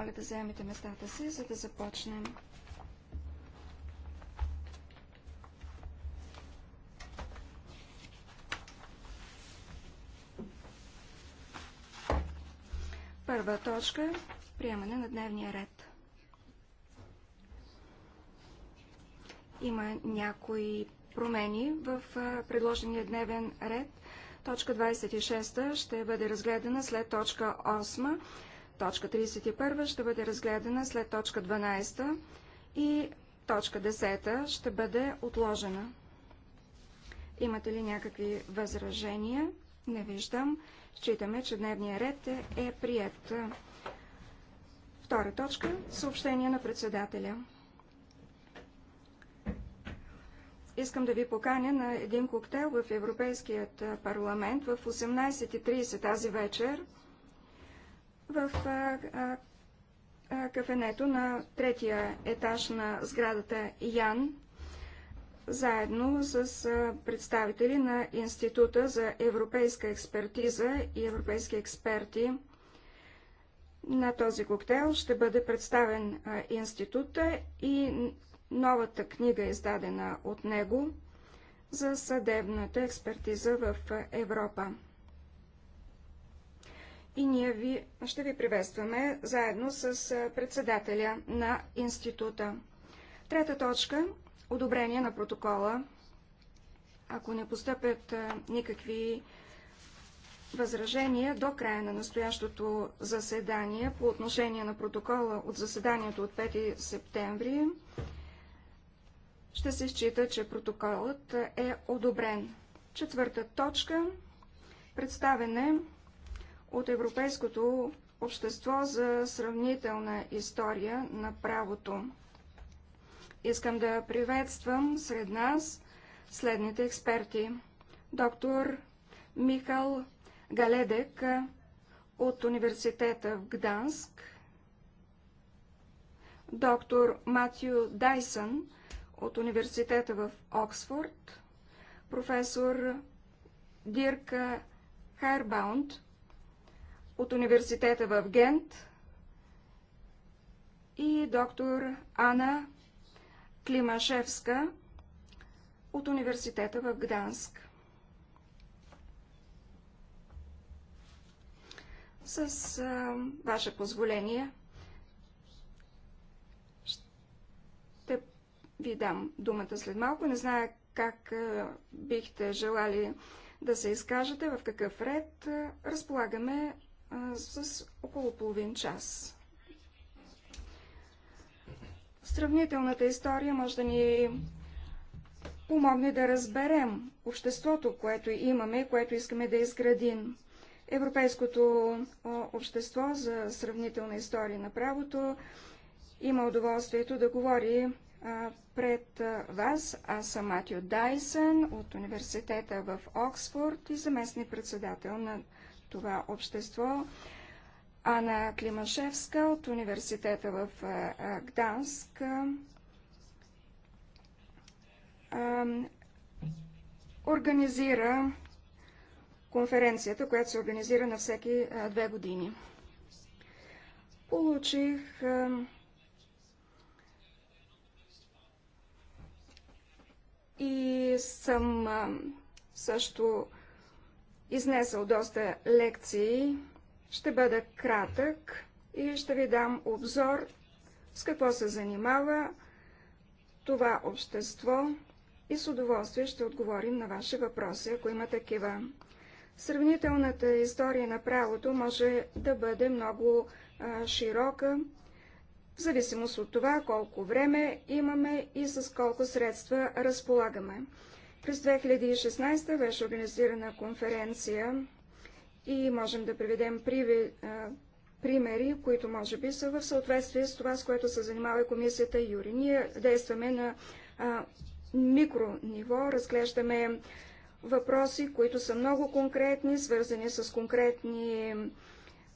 Моля да заемете местата си, за да започнем. Първа точка – приемане на дневния ред. Има някои промени в предложения дневен ред. Точка 26 ще бъде разгледана след точка 8. Точка 31 ще бъде разгледана след точка 12 и точка 10 ще бъде отложена. Имате ли някакви възражения? Не виждам. Считаме, че дневния ред е, е прият. Втора точка – съобщение на председателя. Искам да ви поканя на един коктейл в Европейският парламент в 18.30 тази вечер – в кафенето на третия етаж на сградата Ян, заедно с представители на Института за европейска експертиза и европейски експерти. На този коктейл ще бъде представен института и новата книга, издадена от него, за съдебната експертиза в Европа и ние ви, ще ви приветстваме заедно с председателя на института. Трета точка – одобрение на протокола. Ако не поступят никакви възражения до края на настоящото заседание по отношение на протокола от заседанието от 5 септември, ще се счита, че протоколът е одобрен. Четвърта точка – представене от Европейското общество за сравнителна история на правото. Искам да приветствам сред нас следните експерти. Доктор Михал Галедек от университета в Гданск, доктор Матю Дайсън от университета в Оксфорд, професор Дирка Хайрбаунд от университета в Гент и доктор Ана Климашевска от университета в Гданск. С а, ваше позволение ще ви дам думата след малко. Не зная как а, бихте желали да се изкажете, в какъв ред. А, разполагаме а, с около половин час. Сравнителната история може да ни помогне да разберем обществото, което имаме, което искаме да изградим. Европейското общество за сравнителна история на правото има удоволствието да говори пред вас. Аз съм Матио Дайсън от университета в Оксфорд и заместник председател на това общество. Ана Климашевска от университета в Гданск организира конференцията, която се организира на всеки две години. Получих и съм също изнесъл доста лекции. Ще бъда кратък и ще ви дам обзор с какво се занимава това общество и с удоволствие ще отговорим на ваши въпроси, ако има такива. Сравнителната история на правото може да бъде много а, широка, в зависимост от това колко време имаме и с колко средства разполагаме. През 2016 беше организирана конференция и можем да приведем примери, които може би са в съответствие с това, с което се занимава и комисията Юри. Ние действаме на микро микрониво, разглеждаме въпроси, които са много конкретни, свързани с конкретни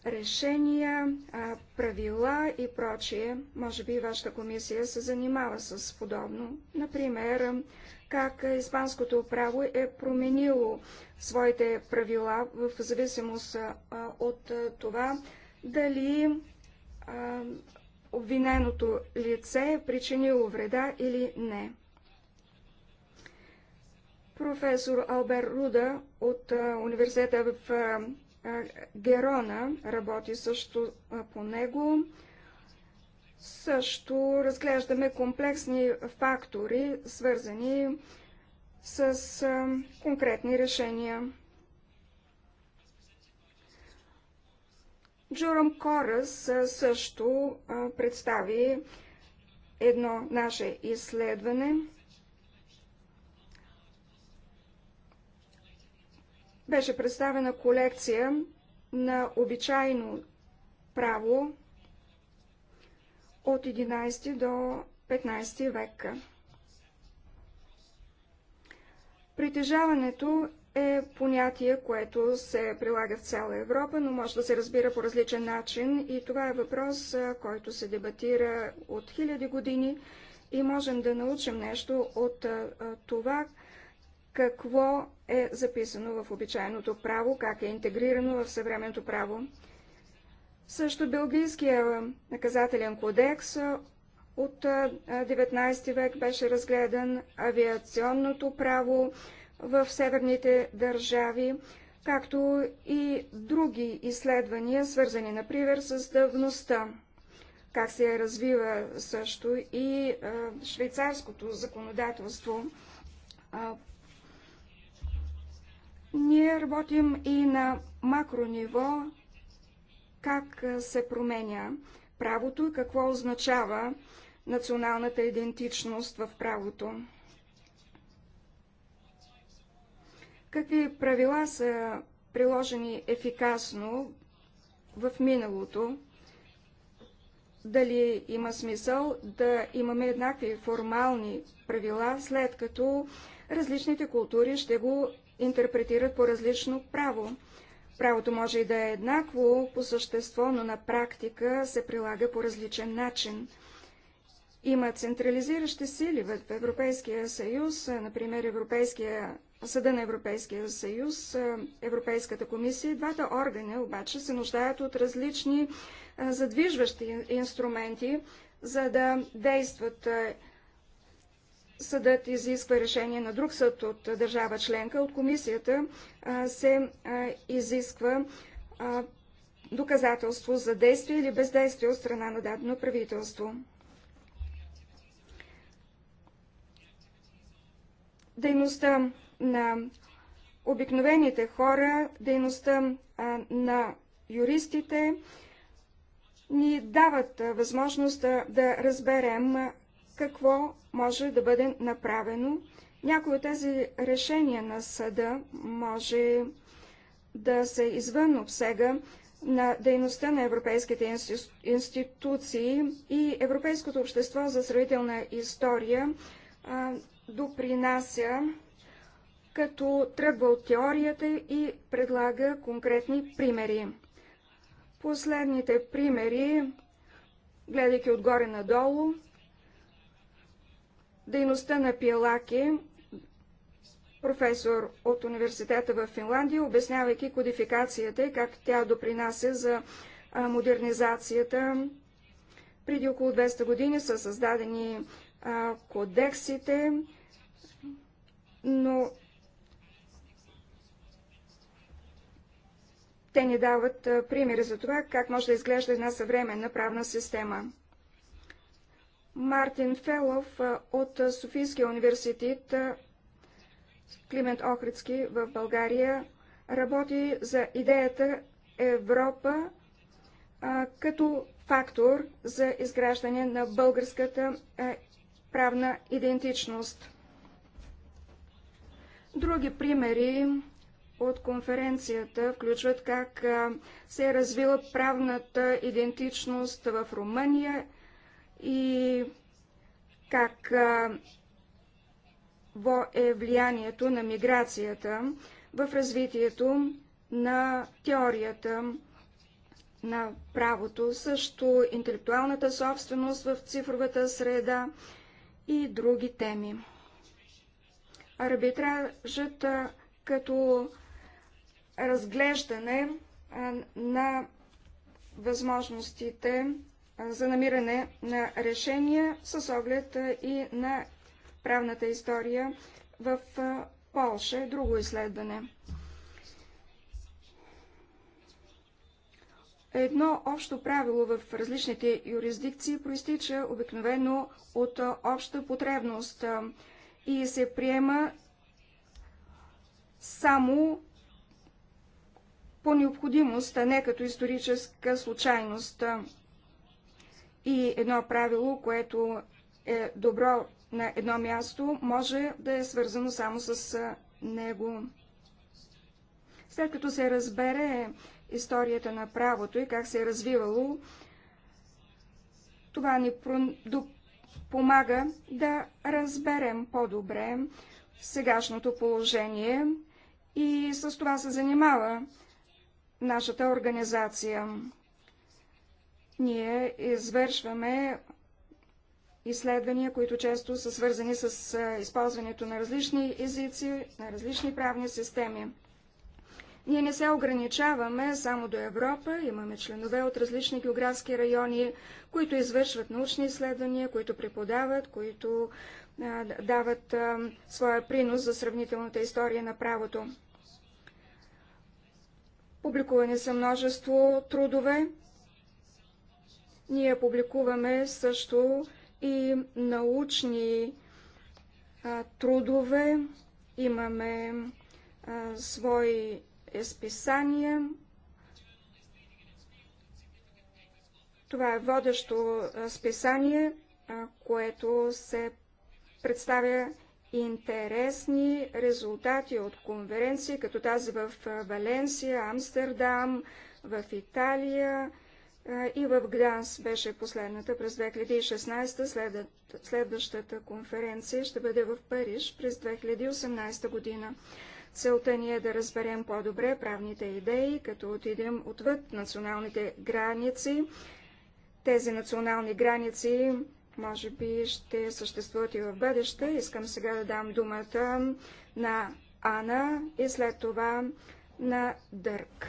решения, правила и прочие. Може би вашата комисия се занимава с подобно. Например, как испанското право е променило своите правила в зависимост от това дали обвиненото лице е причинило вреда или не. Професор Албер Руда от университета в Герона работи също по него. Също разглеждаме комплексни фактори, свързани с конкретни решения. Джорам Корас също представи едно наше изследване. Беше представена колекция на обичайно право от 11 до 15 века. Притежаването е понятие, което се прилага в цяла Европа, но може да се разбира по различен начин и това е въпрос, който се дебатира от хиляди години и можем да научим нещо от това, какво е записано в обичайното право, как е интегрирано в съвременното право. Също Белгийския наказателен кодекс от 19 век беше разгледан авиационното право в северните държави, както и други изследвания, свързани, например, с давността. Как се развива също и швейцарското законодателство. Ние работим и на макрониво, как се променя правото и какво означава националната идентичност в правото. Какви правила са приложени ефикасно в миналото? Дали има смисъл да имаме еднакви формални правила, след като различните култури ще го интерпретират по различно право? Правото може и да е еднакво по същество, но на практика се прилага по различен начин. Има централизиращи сили в Европейския съюз, например Европейския Съда на Европейския съюз, Европейската комисия. Двата органа обаче се нуждаят от различни задвижващи инструменти, за да действат съдът изисква решение на друг съд от държава членка, от комисията се изисква доказателство за действие или бездействие от страна на дадено правителство. Дейността на обикновените хора, дейността на юристите ни дават възможност да разберем какво може да бъде направено. Някои от тези решения на съда може да са извън обсега на дейността на европейските институции и Европейското общество за сравнителна история а, допринася като тръгва от теорията и предлага конкретни примери. Последните примери, гледайки отгоре надолу, дейността на Пиелаки, професор от университета в Финландия, обяснявайки кодификацията и как тя допринася за модернизацията. Преди около 200 години са създадени кодексите, но те ни дават примери за това, как може да изглежда една съвременна правна система. Мартин Фелов от Софийския университет Климент Охридски в България работи за идеята Европа като фактор за изграждане на българската правна идентичност. Други примери от конференцията включват как се е развила правната идентичност в Румъния, и как во е влиянието на миграцията в развитието на теорията на правото, също интелектуалната собственост в цифровата среда и други теми. Арбитражът като разглеждане на възможностите за намиране на решения с оглед и на правната история в Полша друго изследване. Едно общо правило в различните юрисдикции проистича обикновено от обща потребност и се приема само по необходимост, а не като историческа случайност. И едно правило, което е добро на едно място, може да е свързано само с него. След като се разбере историята на правото и как се е развивало, това ни помага да разберем по-добре сегашното положение и с това се занимава нашата организация. Ние извършваме изследвания, които често са свързани с използването на различни езици, на различни правни системи. Ние не се ограничаваме само до Европа, имаме членове от различни географски райони, които извършват научни изследвания, които преподават, които а, дават а, своя принос за сравнителната история на правото. Публикувани са множество трудове, ние публикуваме също и научни а, трудове, имаме а, свои изписания. Това е водещо списание, а, което се представя интересни резултати от конференции, като тази в Валенсия, Амстердам, в Италия, и в Глянс беше последната през 2016, след... следващата конференция ще бъде в Париж през 2018 година. Целта ни е да разберем по-добре правните идеи, като отидем отвъд националните граници. Тези национални граници може би ще съществуват и в бъдеще. Искам сега да дам думата на Ана и след това на Дърк.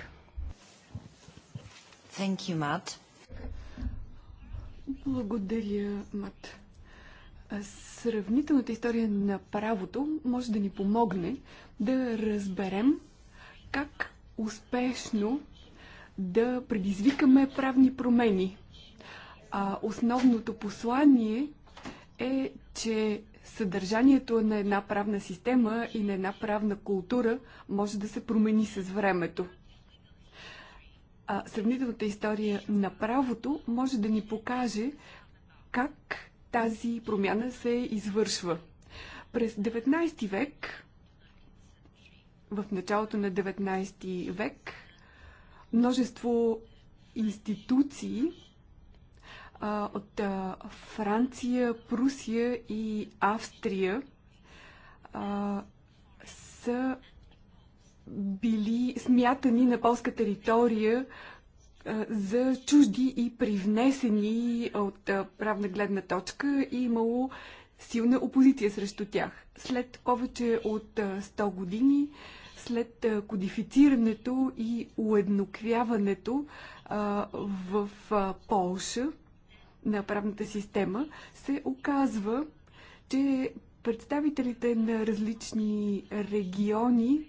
Thank you, Matt. Благодаря, Мат. Сравнителната история на правото може да ни помогне да разберем как успешно да предизвикаме правни промени. А основното послание е, че съдържанието на една правна система и на една правна култура може да се промени с времето а, сравнителната история на правото може да ни покаже как тази промяна се извършва. През 19 век, в началото на 19 век, множество институции а, от а, Франция, Прусия и Австрия а, са били смятани на полска територия за чужди и привнесени от правна гледна точка и имало силна опозиция срещу тях. След повече от 100 години, след кодифицирането и уеднокряването в Полша на правната система, се оказва, че представителите на различни региони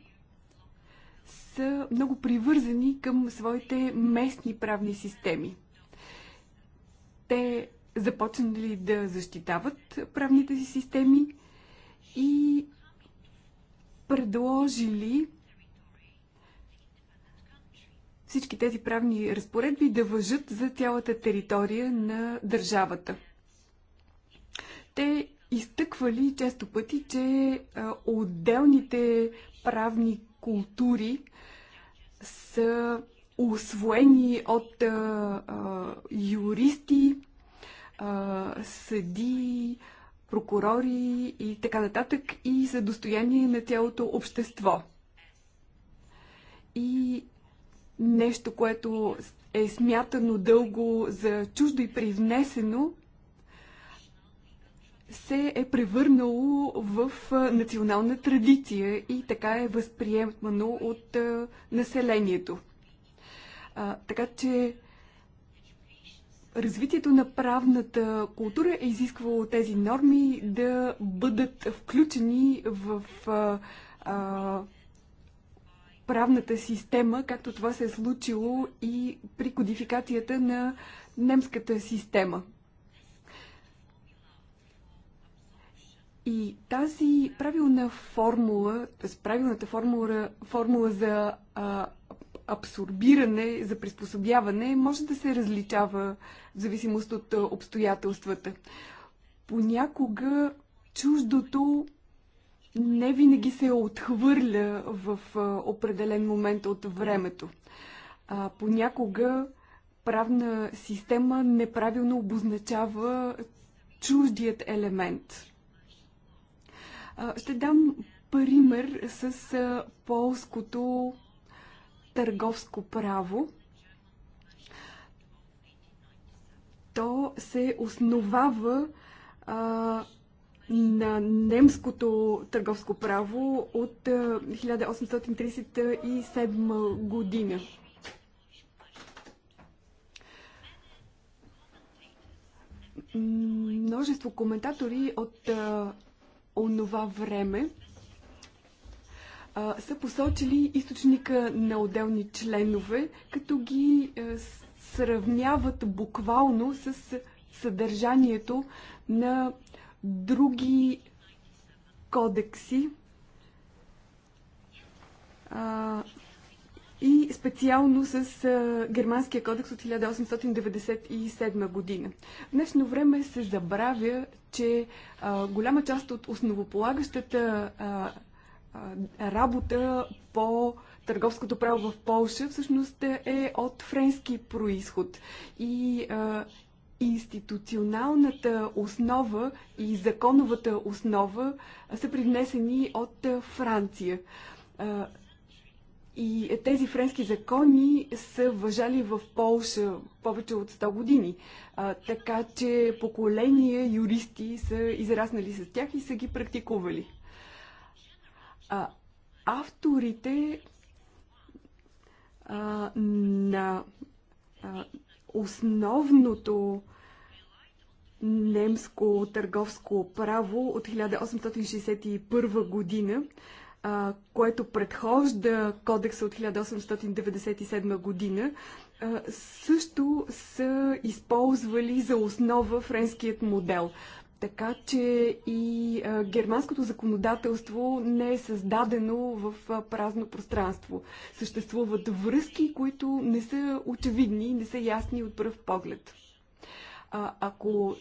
са много привързани към своите местни правни системи. Те започнали да защитават правните си системи и предложили всички тези правни разпоредби да въжат за цялата територия на държавата. Те изтъквали често пъти, че отделните правни култури са освоени от а, а, юристи, а, съди, прокурори и така нататък и за достояние на цялото общество. И нещо, което е смятано дълго за чуждо и привнесено, се е превърнало в национална традиция и така е възприемано от населението. А, така че развитието на правната култура е изисквало тези норми да бъдат включени в а, а, правната система, както това се е случило и при кодификацията на немската система – И тази правилна формула, т.е. правилната формула, формула за а, абсорбиране, за приспособяване, може да се различава в зависимост от обстоятелствата. Понякога чуждото не винаги се отхвърля в определен момент от времето. А, понякога правна система неправилно обозначава чуждият елемент. Ще дам пример с полското търговско право. То се основава а, на немското търговско право от 1837 година. Множество коментатори от а, онова време са посочили източника на отделни членове, като ги сравняват буквално с съдържанието на други кодекси, и специално с а, Германския кодекс от 1897 година. В днешно време се забравя, че а, голяма част от основополагащата а, а, работа по търговското право в Полша всъщност е от френски происход. И а, институционалната основа и законовата основа са привнесени от Франция и тези френски закони са въжали в Полша повече от 100 години. А, така че поколения юристи са израснали с тях и са ги практикували. А, авторите а, на а, основното немско търговско право от 1861 година а, което предхожда кодекса от 1897 година, а, също са използвали за основа френският модел. Така че и а, германското законодателство не е създадено в а, празно пространство. Съществуват връзки, които не са очевидни, не са ясни от пръв поглед. А, ако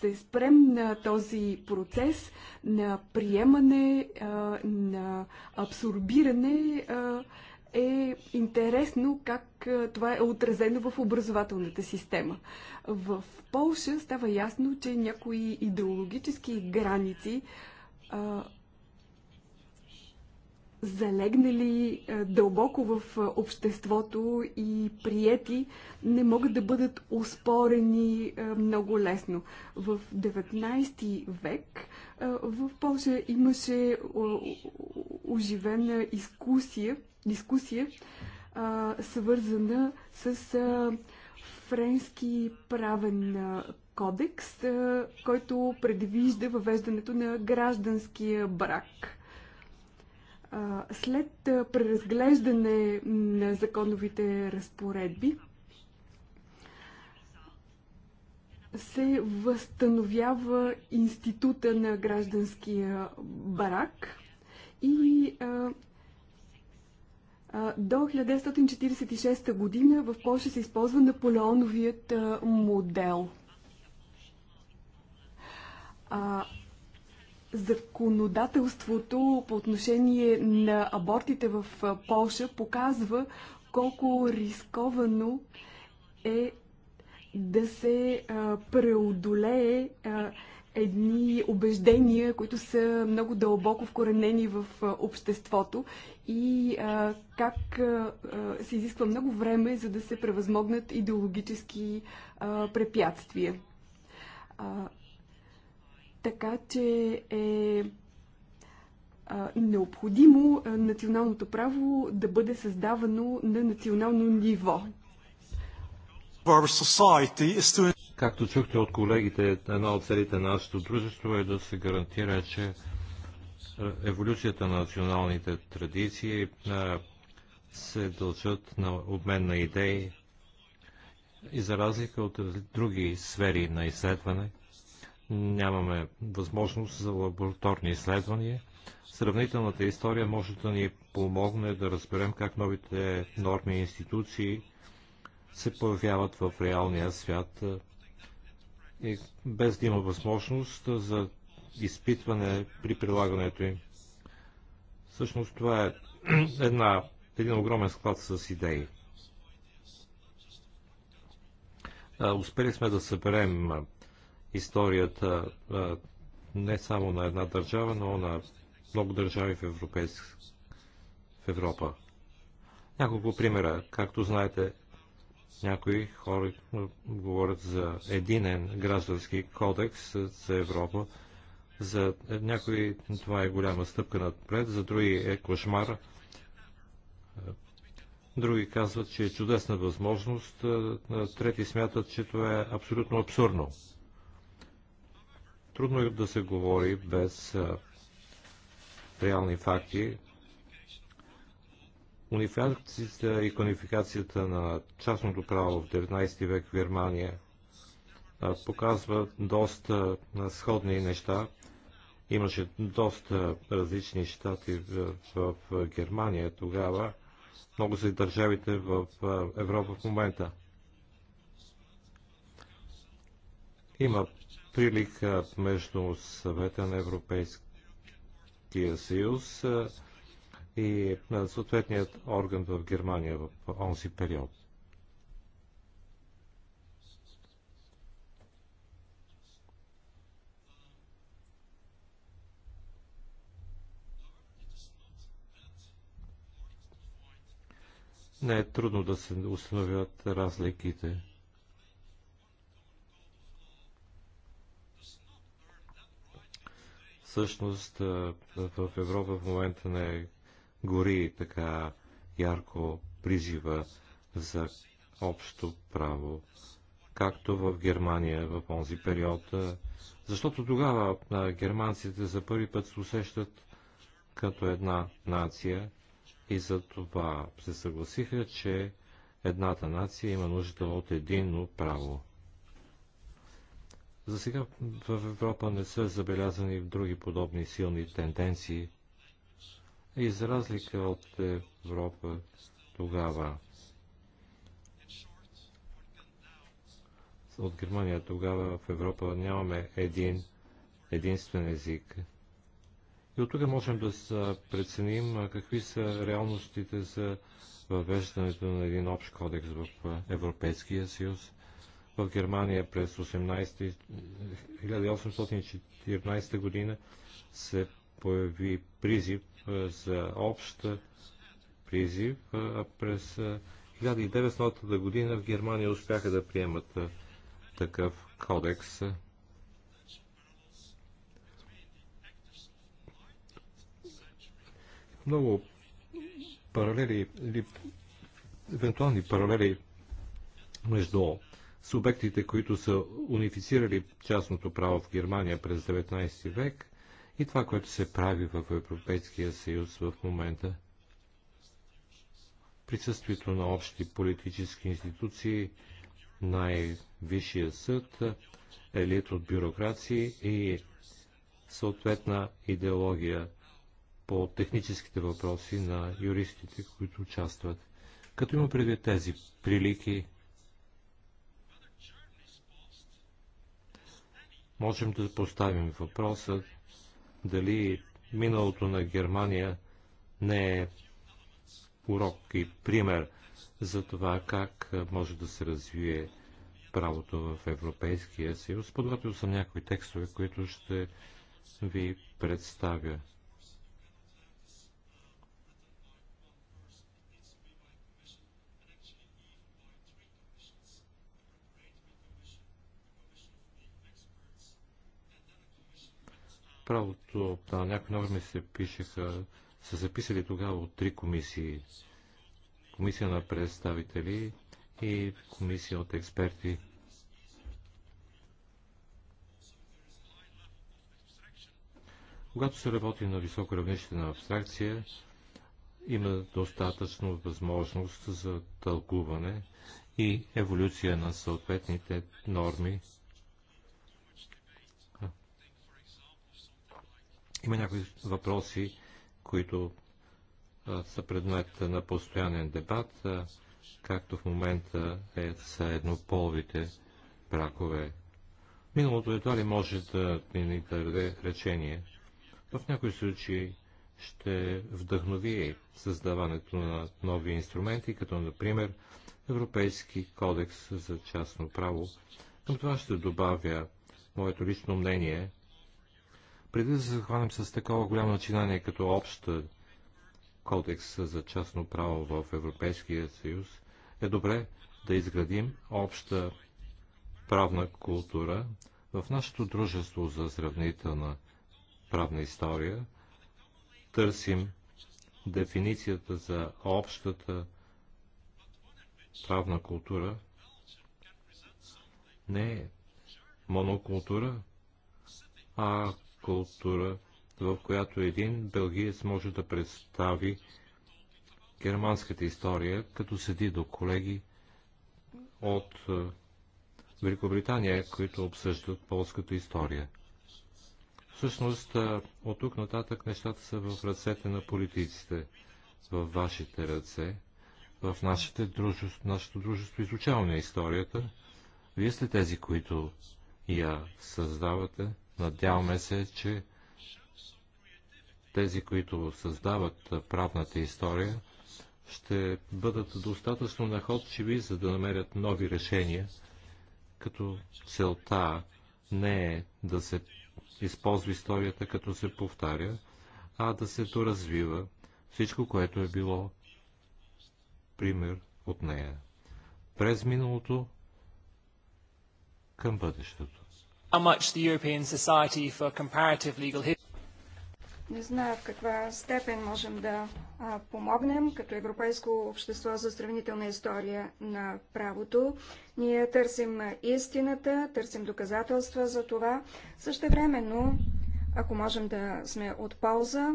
се спрем на този процес на приемане, а, на абсорбиране, а, е интересно как това е отразено в образователната система. В Полша става ясно, че някои идеологически граници залегнали е, дълбоко в е, обществото и приети, не могат да бъдат успорени е, много лесно. В 19 век в Польша имаше оживена изкусия, дискусия, свързана с френски правен кодекс, който предвижда въвеждането на гражданския брак след преразглеждане на законовите разпоредби се възстановява института на гражданския барак и до 1946 година в Польша се използва наполеоновият модел законодателството по отношение на абортите в Полша показва колко рисковано е да се преодолее едни убеждения, които са много дълбоко вкоренени в обществото и как се изисква много време, за да се превъзмогнат идеологически препятствия. Така че е необходимо националното право да бъде създавано на национално ниво. Както чухте от колегите, една от целите на нашето дружество е да се гарантира, че еволюцията на националните традиции се дължат на обмен на идеи и за разлика от други сфери на изследване, нямаме възможност за лабораторни изследвания. Сравнителната история може да ни помогне да разберем как новите норми и институции се появяват в реалния свят и без да има възможност за изпитване при прилагането им. Всъщност това е една, един огромен склад с идеи. Успели сме да съберем историята не само на една държава, но на много държави в, европейск, в Европа. Няколко примера. Както знаете, някои хора говорят за единен граждански кодекс за Европа. За някои това е голяма стъпка напред, за други е кошмар. Други казват, че е чудесна възможност, трети смятат, че това е абсолютно абсурдно. Трудно е да се говори без реални факти. Унификацията и конификацията на частното право в 19 век в Германия показва доста сходни неща. Имаше доста различни щати в, в, Германия тогава. Много са и държавите в Европа в момента. Има прилика между съвета на Европейския съюз и съответният орган в Германия в онзи период. Не е трудно да се установят разликите. всъщност в Европа в момента не гори така ярко призива за общо право, както в Германия в този период, защото тогава германците за първи път се усещат като една нация и за това се съгласиха, че едната нация има нужда от единно право. За сега в Европа не са забелязани други подобни силни тенденции. И за разлика от Европа тогава, от Германия тогава в Европа нямаме един единствен език. И от тук можем да преценим какви са реалностите за въвеждането на един общ кодекс в Европейския съюз в Германия през 18... 1814 година се появи призив за общ призив, а през 1900 година в Германия успяха да приемат такъв кодекс. Много паралели или евентуални паралели между субектите, които са унифицирали частното право в Германия през 19 век и това, което се прави в Европейския съюз в момента. Присъствието на общи политически институции, най-висшия съд, елит от бюрокрации и съответна идеология по техническите въпроси на юристите, които участват. Като има предвид тези прилики, Можем да поставим въпроса дали миналото на Германия не е урок и пример за това как може да се развие правото в Европейския съюз. Подготвил съм някои текстове, които ще ви представя. правото на някои норми се пишеха, са записали тогава от три комисии. Комисия на представители и комисия от експерти. Когато се работи на високо равнище на абстракция, има достатъчно възможност за тълкуване и еволюция на съответните норми Има някои въпроси, които са предмет на постоянен дебат, както в момента е, са еднополовите бракове. Миналото едва ли може да ни даде речение. В някои случаи ще вдъхнови създаването на нови инструменти, като например Европейски кодекс за частно право. Към това ще добавя моето лично мнение, преди да се захванем с такова голямо начинание като общ кодекс за частно право в Европейския съюз, е добре да изградим обща правна култура. В нашето дружество за сравнителна правна история търсим дефиницията за общата правна култура не е монокултура, а култура, в която един белгиец може да представи германската история, като седи до колеги от е, Великобритания, които обсъждат полската история. Всъщност, е, от тук нататък нещата са в ръцете на политиците, в вашите ръце, в нашите дружество, нашето дружество изучаване историята. Вие сте тези, които я създавате. Надяваме се, че тези, които създават правната история, ще бъдат достатъчно находчиви, за да намерят нови решения, като целта не е да се използва историята, като се повтаря, а да се доразвива всичко, което е било пример от нея. През миналото към бъдещето how much the European Society for Comparative Legal History не зная в каква степен можем да а, помогнем като Европейско общество за сравнителна история на правото. Ние търсим истината, търсим доказателства за това. Същевременно, ако можем да сме от полза,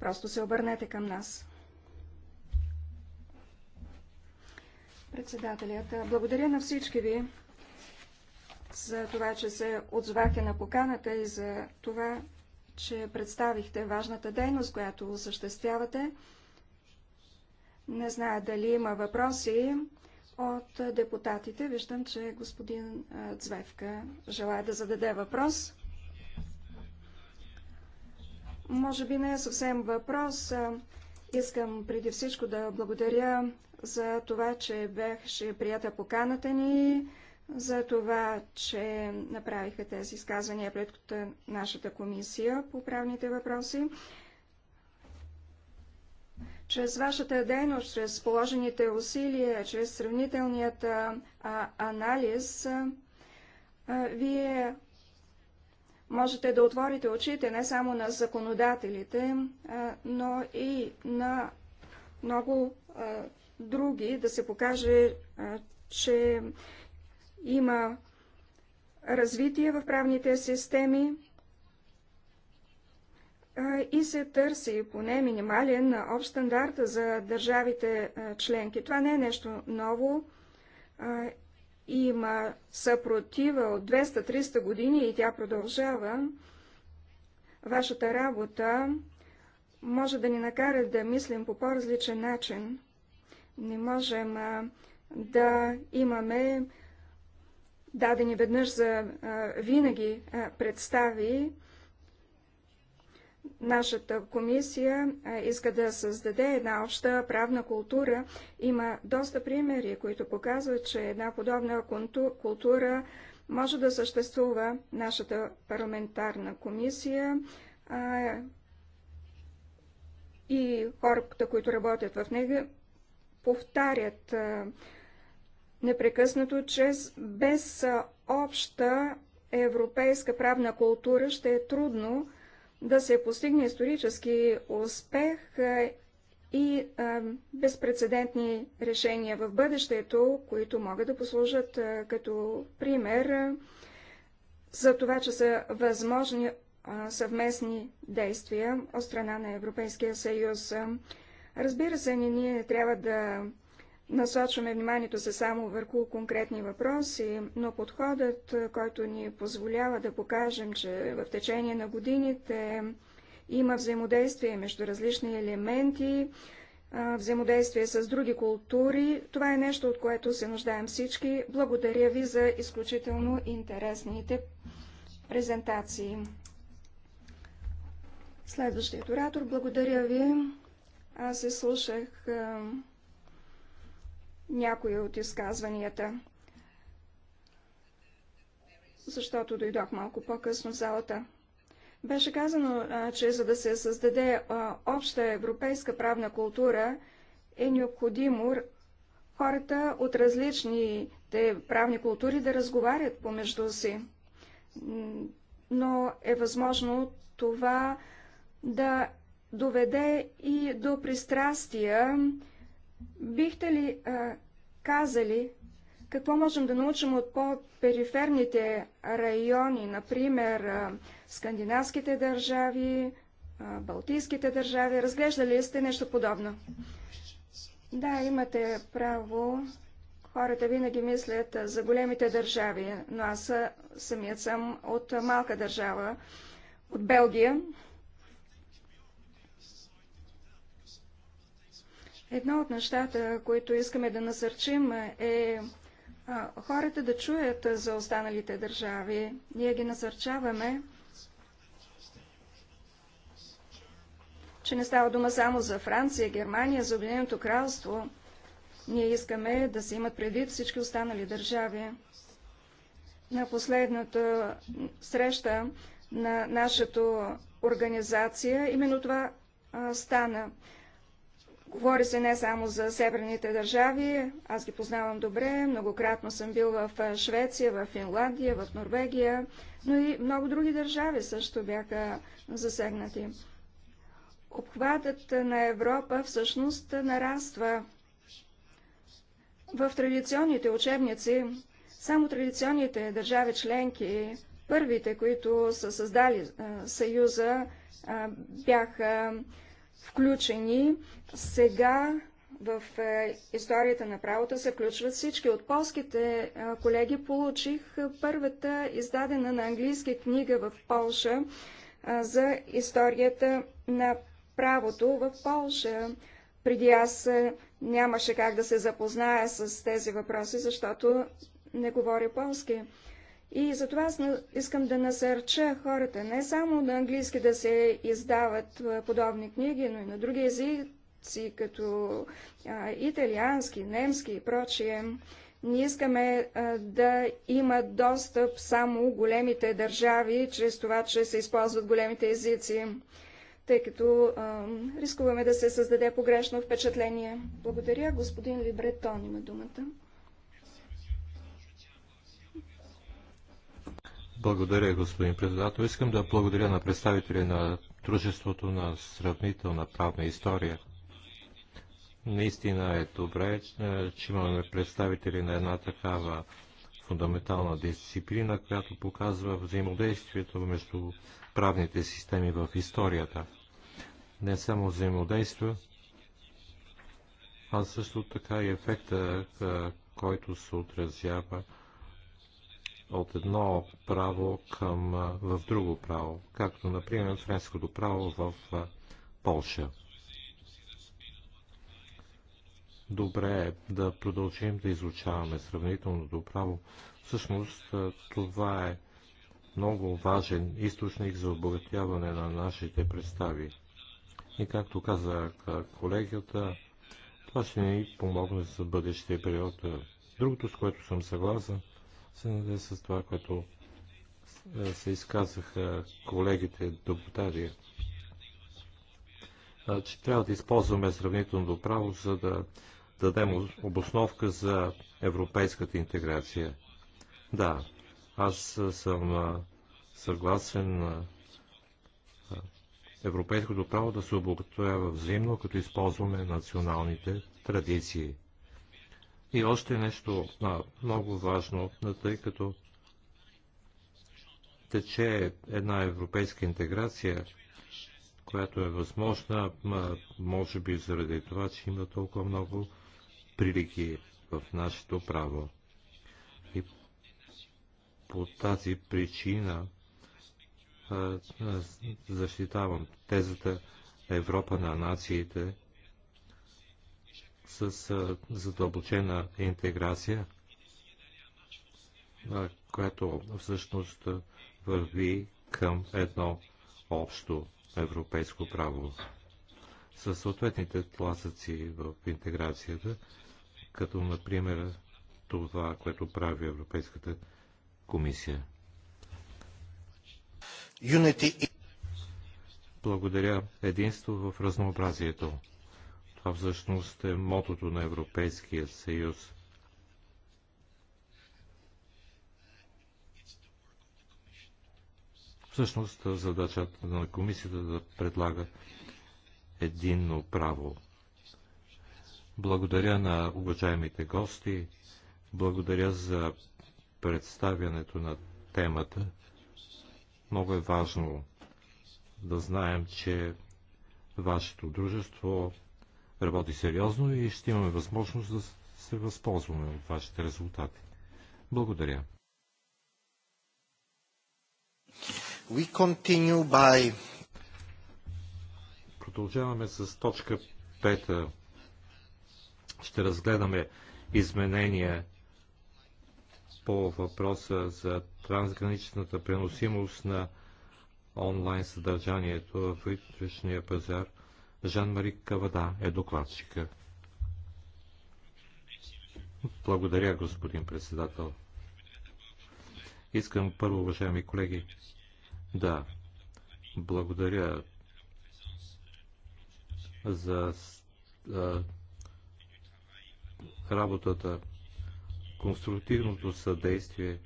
просто се обърнете към нас. Председателят, благодаря на всички ви за това, че се отзвахте на поканата и за това, че представихте важната дейност, която осъществявате. Не зная дали има въпроси от депутатите. Виждам, че господин Цвевка желая да зададе въпрос. Може би не е съвсем въпрос. Искам преди всичко да благодаря за това, че беше прията поканата ни за това, че направиха тези изказвания пред нашата комисия по правните въпроси. Чрез вашата дейност, чрез положените усилия, чрез сравнителният а, анализ, а, вие можете да отворите очите не само на законодателите, а, но и на много а, други, да се покаже, а, че а, има развитие в правните системи и се търси поне минимален общ стандарт за държавите членки. Това не е нещо ново. Има съпротива от 200-300 години и тя продължава. Вашата работа може да ни накара да мислим по по-различен начин. Не можем да имаме дадени веднъж за винаги представи, нашата комисия иска да създаде една обща правна култура. Има доста примери, които показват, че една подобна култура може да съществува. Нашата парламентарна комисия а, и хората, които работят в нега, повтарят а, непрекъснато, чрез без обща европейска правна култура ще е трудно да се постигне исторически успех и а, безпредседентни решения в бъдещето, които могат да послужат а, като пример а, за това, че са възможни а, съвместни действия от страна на Европейския съюз. Разбира се, ние, ние трябва да насочваме вниманието се само върху конкретни въпроси, но подходът, е, който ни позволява да покажем, че в течение на годините има взаимодействие между различни елементи, е, взаимодействие с други култури. Това е нещо, от което се нуждаем всички. Благодаря ви за изключително интересните презентации. Следващият оратор, благодаря ви. Аз се слушах е, някои от изказванията, защото дойдох малко по-късно в залата. Беше казано, че за да се създаде обща европейска правна култура, е необходимо хората от различните правни култури да разговарят помежду си. Но е възможно това да доведе и до пристрастия Бихте ли а, казали какво можем да научим от по-периферните райони, например а, скандинавските държави, а, балтийските държави? Разглеждали сте нещо подобно? Да, имате право. Хората винаги мислят за големите държави, но аз самият съм от малка държава, от Белгия. Едно от нещата, които искаме да насърчим е хората да чуят за останалите държави. Ние ги насърчаваме, че не става дума само за Франция, Германия, за Обединеното кралство. Ние искаме да се имат предвид всички останали държави. На последната среща на нашата организация именно това а, стана. Говори се не само за северните държави, аз ги познавам добре, многократно съм бил в Швеция, в Финландия, в Норвегия, но и много други държави също бяха засегнати. Обхватът на Европа всъщност нараства. В традиционните учебници, само традиционните държави членки, първите, които са създали а, Съюза, а, бяха включени. Сега в е, историята на правото се включват всички. От полските е, колеги получих е, първата издадена на английски книга в Полша за историята на правото в Полша. Преди аз нямаше как да се запозная с тези въпроси, защото не говоря полски. И затова аз искам да насърча хората не само на английски да се издават подобни книги, но и на други езици, като а, италиански, немски и прочие. Ние искаме а, да имат достъп само големите държави, чрез това, че се използват големите езици, тъй като а, рискуваме да се създаде погрешно впечатление. Благодаря. Господин Либретон има думата. Благодаря, господин председател. Искам да благодаря на представители на Дружеството на сравнителна правна история. Наистина е добре, е, че имаме представители на една такава фундаментална дисциплина, която показва взаимодействието между правните системи в историята. Не само взаимодействие, а също така и ефекта, е, който се отразява от едно право към, в друго право, както например френското право в Полша. Добре е да продължим да изучаваме сравнителното право. Всъщност това е много важен източник за обогатяване на нашите представи. И както каза колегията, това ще ни помогне за бъдещия период. Другото, с което съм съгласен, се с това, което е, се изказаха колегите депутати, че значи, трябва да използваме сравнителното право, за да дадем обосновка за европейската интеграция. Да, аз съм съгласен европейското право да се облаготворява взаимно, като използваме националните традиции. И още нещо а, много важно, тъй като тече една европейска интеграция, която е възможна, може би заради това, че има толкова много прилики в нашето право. И по тази причина защитавам тезата Европа на нациите с задълбочена интеграция, което всъщност върви към едно общо европейско право с съответните тласъци в интеграцията, като например това, което прави Европейската комисия. Unity. Благодаря единство в разнообразието. Това всъщност е мотото на Европейския съюз. Всъщност задачата на комисията е да предлага единно право. Благодаря на уважаемите гости, благодаря за представянето на темата. Много е важно да знаем, че вашето дружество работи сериозно и ще имаме възможност да се възползваме от вашите резултати. Благодаря. We continue by... Продължаваме с точка 5. Ще разгледаме изменения по въпроса за трансграничната преносимост на онлайн съдържанието в вътрешния пазар Жан-Мари Кавада е докладчика. Благодаря, господин председател. Искам първо, уважаеми колеги, да благодаря за а, работата, конструктивното съдействие,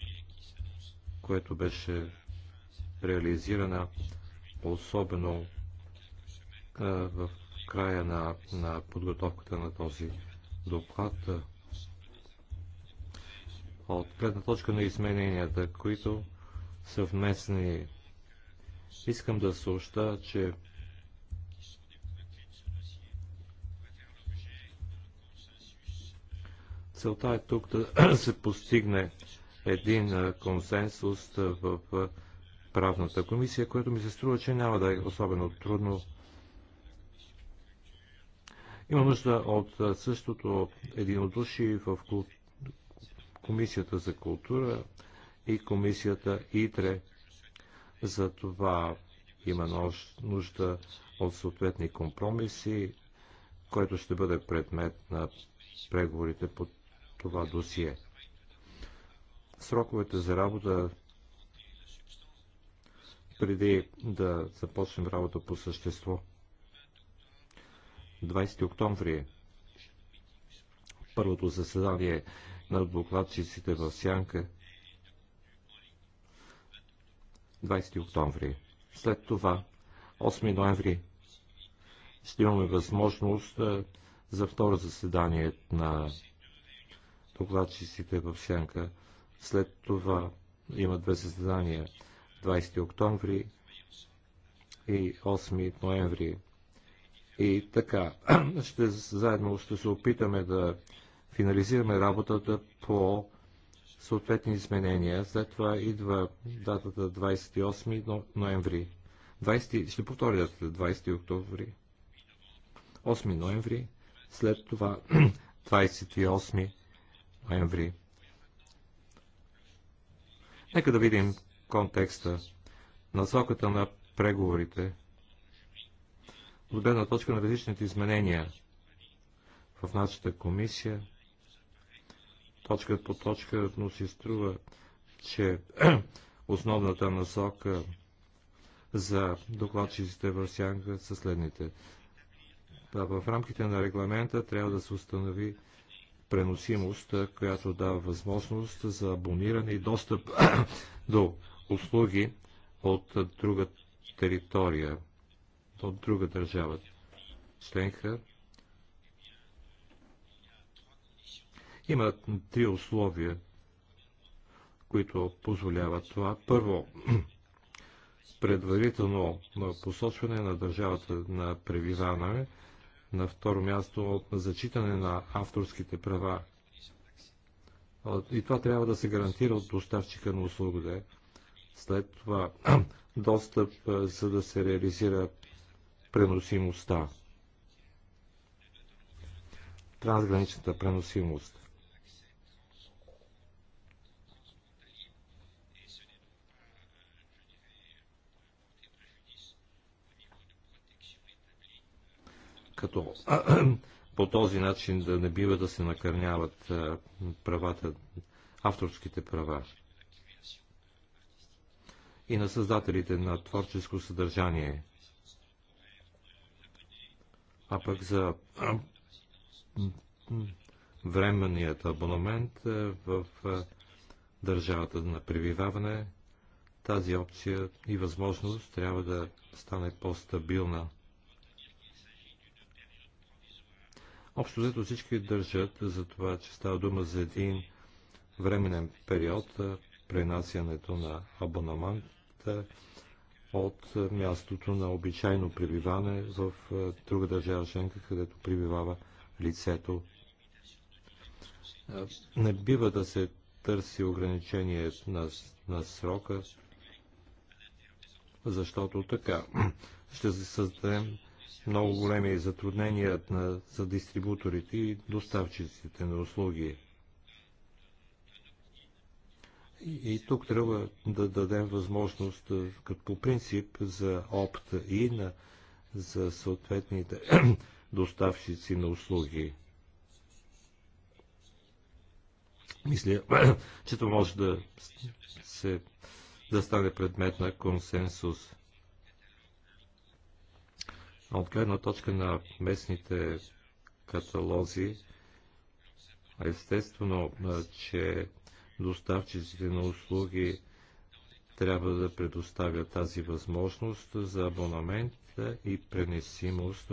което беше реализирана, особено е, в края на, на подготовката на този доклад е, от гледна точка на измененията, които са вместни. Искам да съобща, че целта е тук да се постигне един е, консенсус в правната комисия, което ми се струва, че няма да е особено трудно има нужда от същото единодуши в Комисията за култура и Комисията ИТРЕ. За това има нужда от съответни компромиси, който ще бъде предмет на преговорите по това досие. Сроковете за работа преди да започнем работа по същество – 20 октомври. Първото заседание на адвокатчиците в Сянка 20 октомври. След това 8 ноември ще имаме възможност за второ заседание на докладчиците в Сянка. След това има две заседания 20 октомври и 8 ноември. И така, ще, заедно ще се опитаме да финализираме работата по съответни изменения. След това идва датата 28 ноември. 20, ще повторя датата 20 октомври. 8 ноември. След това 28 ноември. Нека да видим контекста, насоката на преговорите – от гледна точка на различните изменения в нашата комисия, точка по точка, но си струва, че основната насока за докладчиците в сянка са следните. Да, в рамките на регламента трябва да се установи преносимост, която дава възможност за абониране и достъп до услуги от друга територия от друга държава членка. Има три условия, които позволяват това. Първо, предварително посочване на държавата на превиване, На второ място, зачитане на авторските права. И това трябва да се гарантира от доставчика на услугите. След това достъп, за да се реализира преносимостта. Трансграничната преносимост. Като по този начин да не бива да се накърняват правата, авторските права и на създателите на творческо съдържание – а пък за временният абонамент е в държавата на прививаване, тази опция и възможност трябва да стане по-стабилна. Общо взето всички държат за това, че става дума за един временен период, пренасянето на абонамента от мястото на обичайно прививане в е, друга държава членка, където прибивава лицето. Е, не бива да се търси ограничение на, на срока, защото така ще се създадем много големи затруднения на, за дистрибуторите и доставчиците на услуги. И тук трябва да дадем възможност, е, като по принцип, за опта и на за съответните доставчици на услуги. Мисля, че това може да, се, да стане предмет на консенсус. От гледна точка на местните каталози, естествено, е, че доставчиците на услуги трябва да предоставят тази възможност за абонамент и пренесимост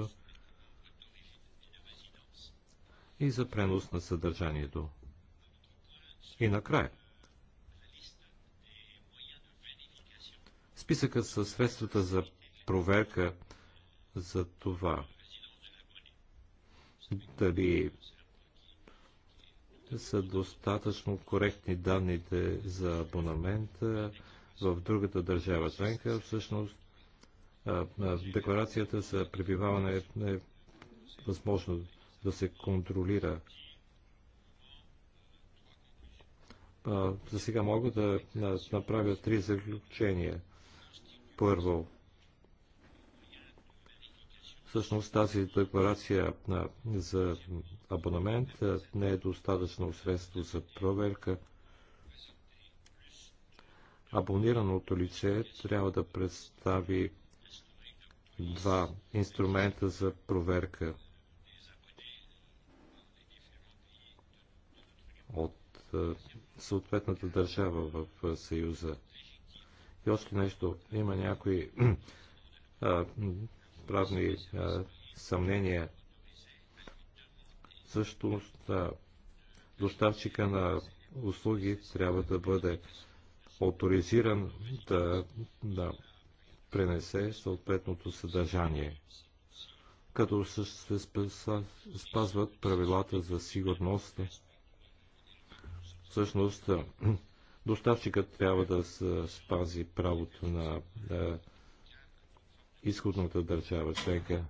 и за пренос на съдържанието. И накрая. Списъкът със средствата за проверка за това дали са достатъчно коректни данните за абонамент в другата държава членка. Всъщност декларацията за пребиваване е възможно да се контролира. За сега мога да направя три заключения. Първо, Всъщност тази декларация за абонамент не е достатъчно средство за проверка. Абонираното лице трябва да представи два инструмента за проверка от съответната държава в Съюза. И още нещо, има някои правни а, съмнения. Също а, доставчика на услуги трябва да бъде авторизиран да, да пренесе съответното съдържание, като се спазват правилата за сигурност. Всъщност, доставчикът трябва да спази правото на, на изходната държава членка.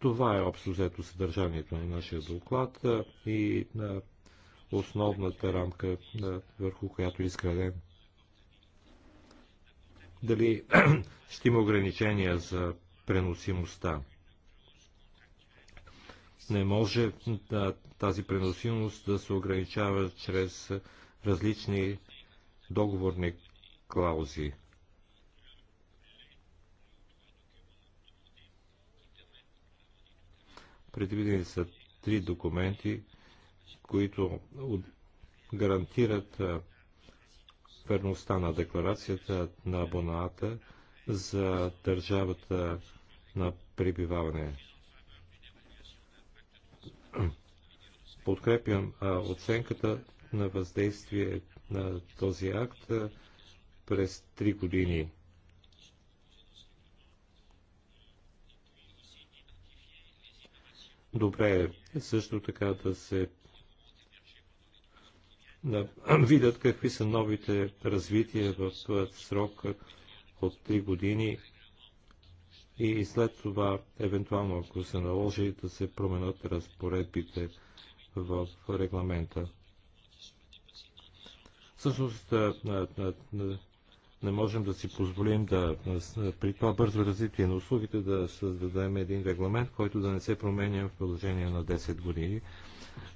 Това е общо взето съдържанието на нашия доклад и на основната рамка, върху която е изграден. Дали ще има ограничения за преносимостта? Не може да, тази преносимост да се ограничава чрез различни договорни клаузи. Предвидени са три документи, които гарантират верността на декларацията на абоната за държавата на пребиваване. Подкрепям оценката на въздействие на този акт през три години. Добре е също така да се да видят какви са новите развития в този срок от 3 години и след това, евентуално, ако се наложи, да се променят разпоредбите в регламента. Същност, не можем да си позволим да при това бързо развитие на услугите да създадем един регламент, който да не се променя в продължение на 10 години,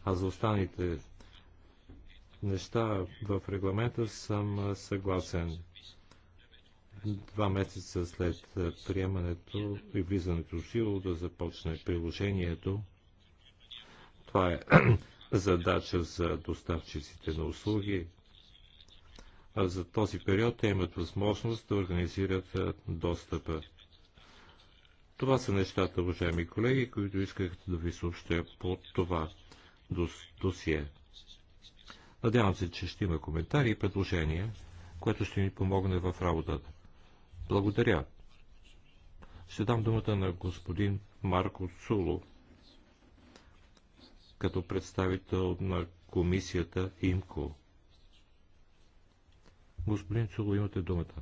а за останалите неща в регламента съм съгласен. Два месеца след приемането и влизането в сила да започне приложението. Това е задача за доставчиците на услуги, за този период те имат възможност да организират достъпа. Това са нещата, уважаеми колеги, които исках да ви съобщя по това досие. Надявам се, че ще има коментари и предложения, което ще ни помогне в работата. Благодаря. Ще дам думата на господин Марко Цуло, като представител на комисията ИМКО. Господин Цуго, имате думата.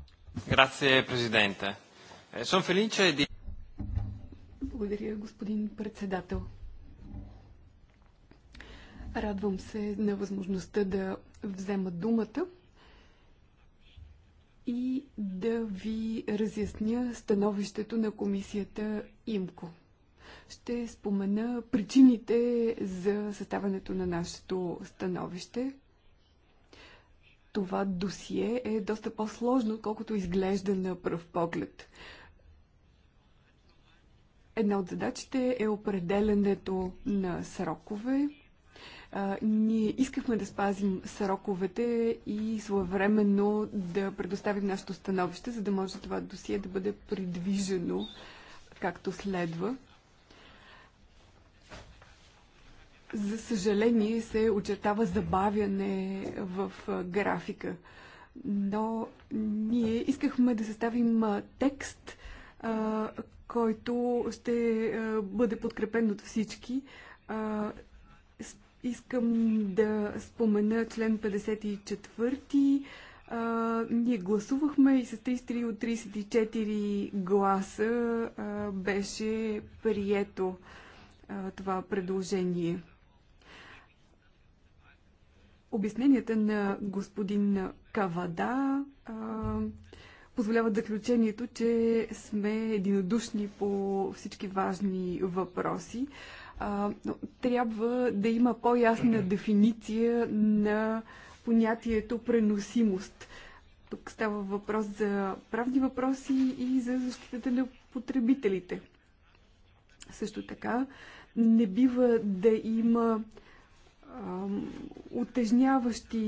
Грация, президенте. Е, съм Фелинча е... Благодаря, господин председател. Радвам се на възможността да взема думата и да ви разясня становището на комисията ИМКО. Ще спомена причините за съставането на нашето становище, това досие е доста по-сложно, отколкото изглежда на пръв поглед. Една от задачите е определенето на срокове. А, ние искахме да спазим сроковете и своевременно да предоставим нашето становище, за да може това досие да бъде придвижено както следва. За съжаление се очертава забавяне в графика, но ние искахме да съставим текст, който ще бъде подкрепен от всички. Искам да спомена член 54. А, ние гласувахме и с 33 от 34 гласа беше прието това предложение. Обясненията на господин Кавада а, позволяват заключението, че сме единодушни по всички важни въпроси. А, но трябва да има по-ясна дефиниция на понятието преносимост. Тук става въпрос за правни въпроси и за защитата на потребителите. Също така, не бива да има отежняващи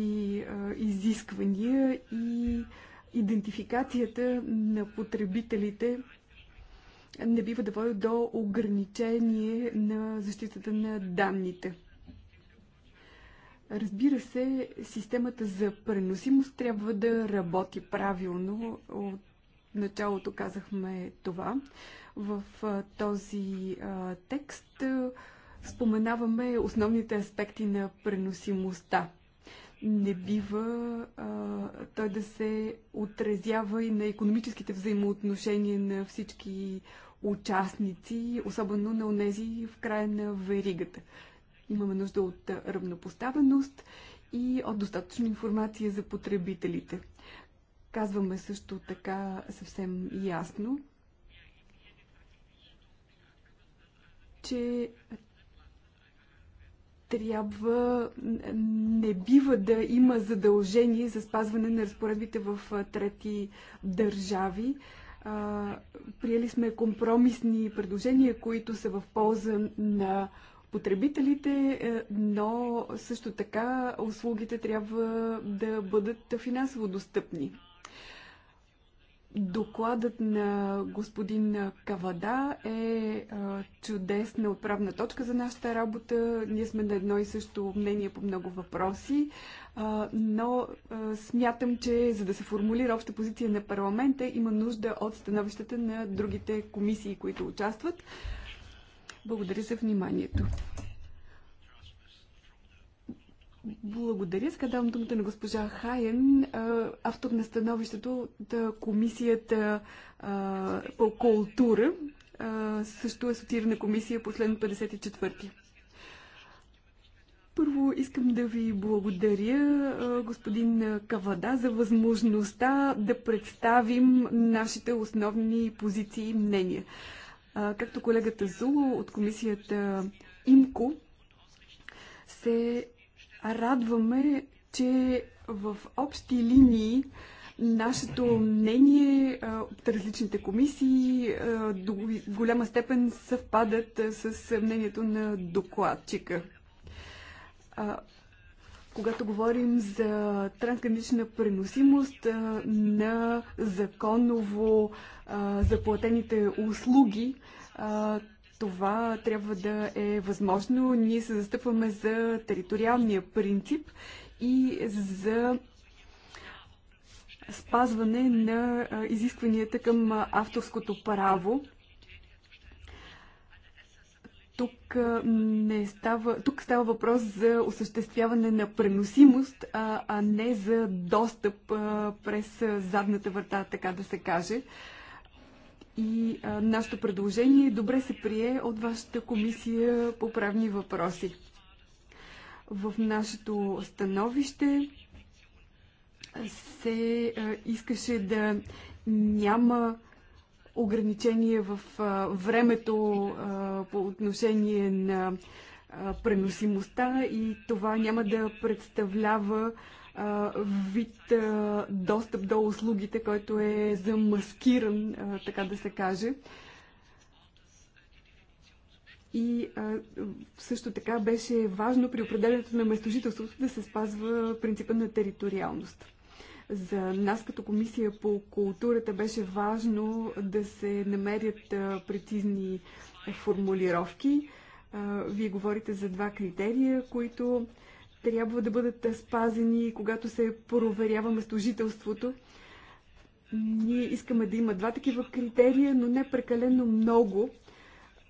изисквания и идентификацията на потребителите не бива да води до ограничение на защитата на данните. Разбира се, системата за преносимост трябва да работи правилно. От началото казахме това. В този текст споменаваме основните аспекти на преносимостта. Не бива а, той да се отразява и на економическите взаимоотношения на всички участници, особено на онези в края на веригата. Имаме нужда от равнопоставеност и от достатъчно информация за потребителите. Казваме също така съвсем ясно, че трябва, не бива да има задължение за спазване на разпоредбите в трети държави. Приели сме компромисни предложения, които са в полза на потребителите, е, но също така услугите трябва да бъдат финансово достъпни. Докладът на господин Кавада е чудесна отправна точка за нашата работа. Ние сме на едно и също мнение по много въпроси, но смятам, че за да се формулира обща позиция на парламента, има нужда от становищата на другите комисии, които участват. Благодаря за вниманието. Благодаря. Сега давам думата на госпожа Хайен, автор на становището от Комисията по култура, също е сотирана комисия по член 54. Първо искам да ви благодаря, господин Кавада, за възможността да представим нашите основни позиции и мнения. Както колегата Зуло от комисията ИМКО се радваме, че в общи линии нашето мнение от различните комисии до голяма степен съвпадат с мнението на докладчика. Когато говорим за трансгранична преносимост на законово заплатените услуги, това трябва да е възможно. Ние се застъпваме за териториалния принцип и за спазване на изискванията към авторското право. Тук, не става, тук става въпрос за осъществяване на преносимост, а, не за достъп през задната врата, така да се каже. И а, нашето предложение добре се прие от вашата комисия по правни въпроси. В нашето становище се а, искаше да няма ограничение в а, времето а, по отношение на а, преносимостта и това няма да представлява а, вид достъп до услугите, който е замаскиран, така да се каже. И също така беше важно при определенето на местожителството да се спазва принципа на териториалност. За нас като комисия по културата беше важно да се намерят прецизни формулировки. вие говорите за два критерия, които трябва да бъдат спазени, когато се проверява местожителството. Ние искаме да има два такива критерия, но не прекалено много,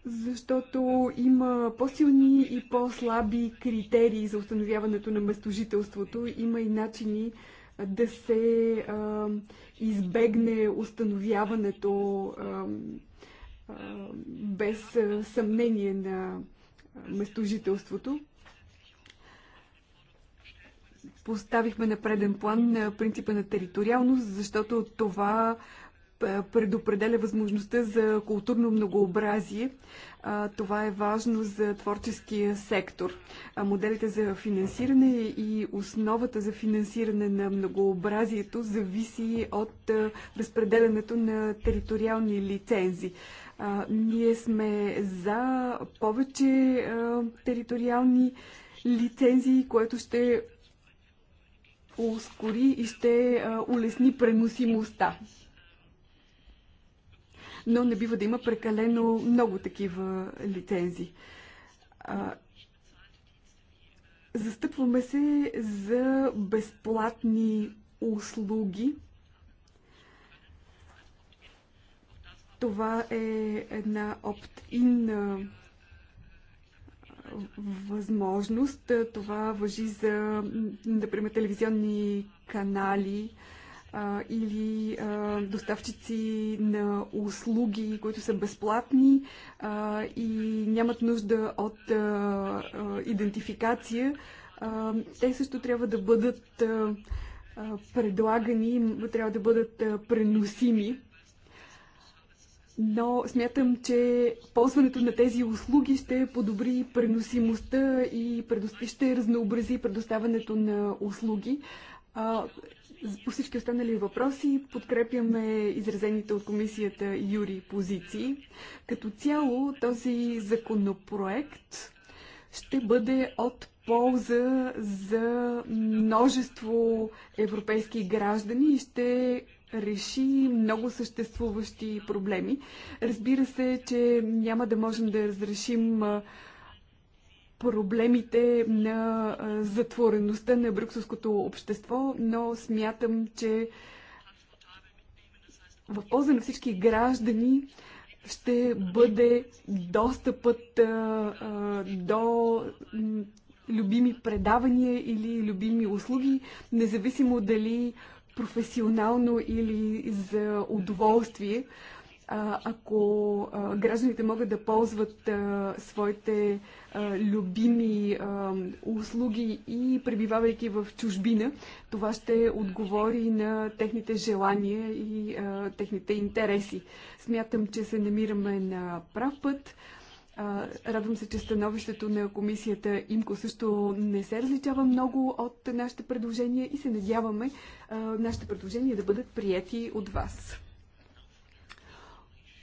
защото има по-силни и по-слаби критерии за установяването на местожителството. Има и начини да се а, избегне установяването а, а, без съмнение на местожителството поставихме на преден план на принципа на териториалност, защото това предопределя възможността за културно многообразие. Това е важно за творческия сектор. Моделите за финансиране и основата за финансиране на многообразието зависи от разпределянето на териториални лицензи. Ние сме за повече териториални лицензии, което ще ускори и ще улесни преносимостта. Но не бива да има прекалено много такива лицензии. Застъпваме се за безплатни услуги. Това е една опт-ин възможност. Това въжи за, например, телевизионни канали а, или а, доставчици на услуги, които са безплатни а, и нямат нужда от а, а, идентификация. А, те също трябва да бъдат а, предлагани, трябва да бъдат а, преносими но смятам, че ползването на тези услуги ще подобри преносимостта и ще разнообрази предоставянето на услуги. По всички останали въпроси подкрепяме изразените от комисията Юри позиции. Като цяло този законопроект ще бъде от полза за множество европейски граждани и ще реши много съществуващи проблеми. Разбира се, че няма да можем да разрешим проблемите на затвореността на брюкселското общество, но смятам, че в полза на всички граждани ще бъде достъпът а, а, до любими предавания или любими услуги, независимо дали професионално или за удоволствие, ако гражданите могат да ползват своите любими услуги и пребивавайки в чужбина, това ще отговори на техните желания и техните интереси. Смятам, че се намираме на прав път. Радвам се, че становището на комисията ИМКО също не се различава много от нашите предложения и се надяваме нашите предложения да бъдат прияти от вас.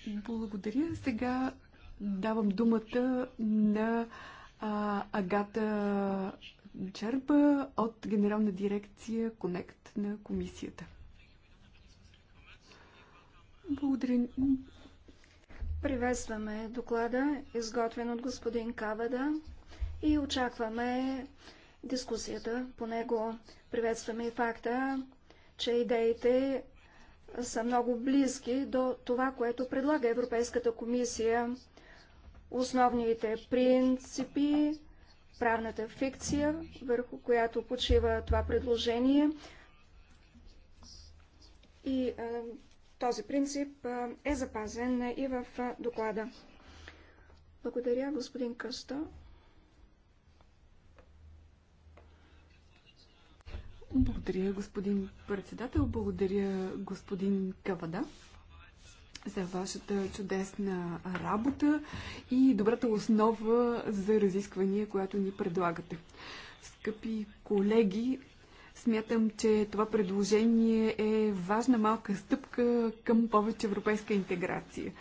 Благодаря. Сега давам думата на Агата Джерба от Генерална дирекция Конект на комисията. Благодаря. Приветстваме доклада, изготвен от господин Кавада и очакваме дискусията по него. Приветстваме и факта, че идеите са много близки до това, което предлага Европейската комисия. Основните принципи, правната фикция, върху която почива това предложение и този принцип е запазен и в доклада. Благодаря, господин Къста. Благодаря, господин председател. Благодаря, господин Кавада, за вашата чудесна работа и добрата основа за разисквания, която ни предлагате. Скъпи колеги, Смятам, че това предложение е важна малка стъпка към повече европейска интеграция.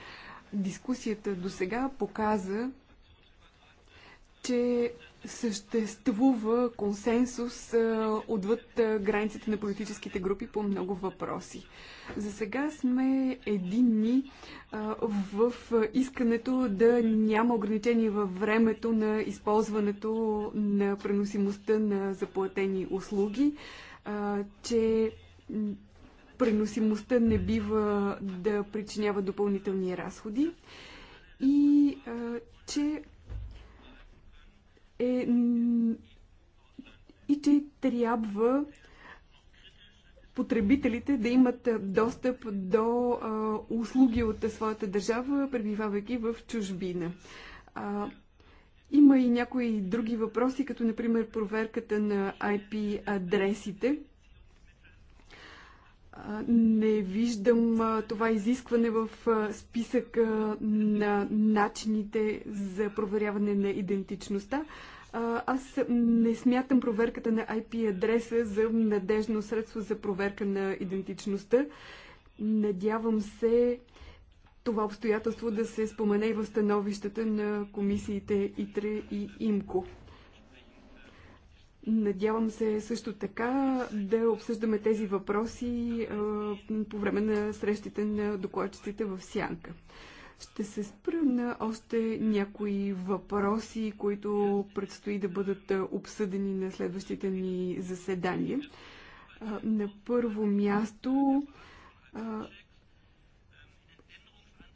Дискусията до сега показа, че съществува консенсус отвъд границите на политическите групи по много въпроси. За сега сме единни в искането да няма ограничение във времето на използването на преносимостта на заплатени услуги, че преносимостта не бива да причинява допълнителни разходи и че е и че трябва потребителите да имат достъп до а, услуги от своята държава, пребивавайки в чужбина. А, има и някои други въпроси, като например проверката на IP адресите не виждам това изискване в списък на начините за проверяване на идентичността. Аз не смятам проверката на IP адреса за надежно средство за проверка на идентичността. Надявам се това обстоятелство да се спомене и в становищата на комисиите ИТРЕ и ИМКО. Надявам се също така да обсъждаме тези въпроси по време на срещите на докладчиците в Сянка. Ще се спра на още някои въпроси, които предстои да бъдат обсъдени на следващите ни заседания. на първо място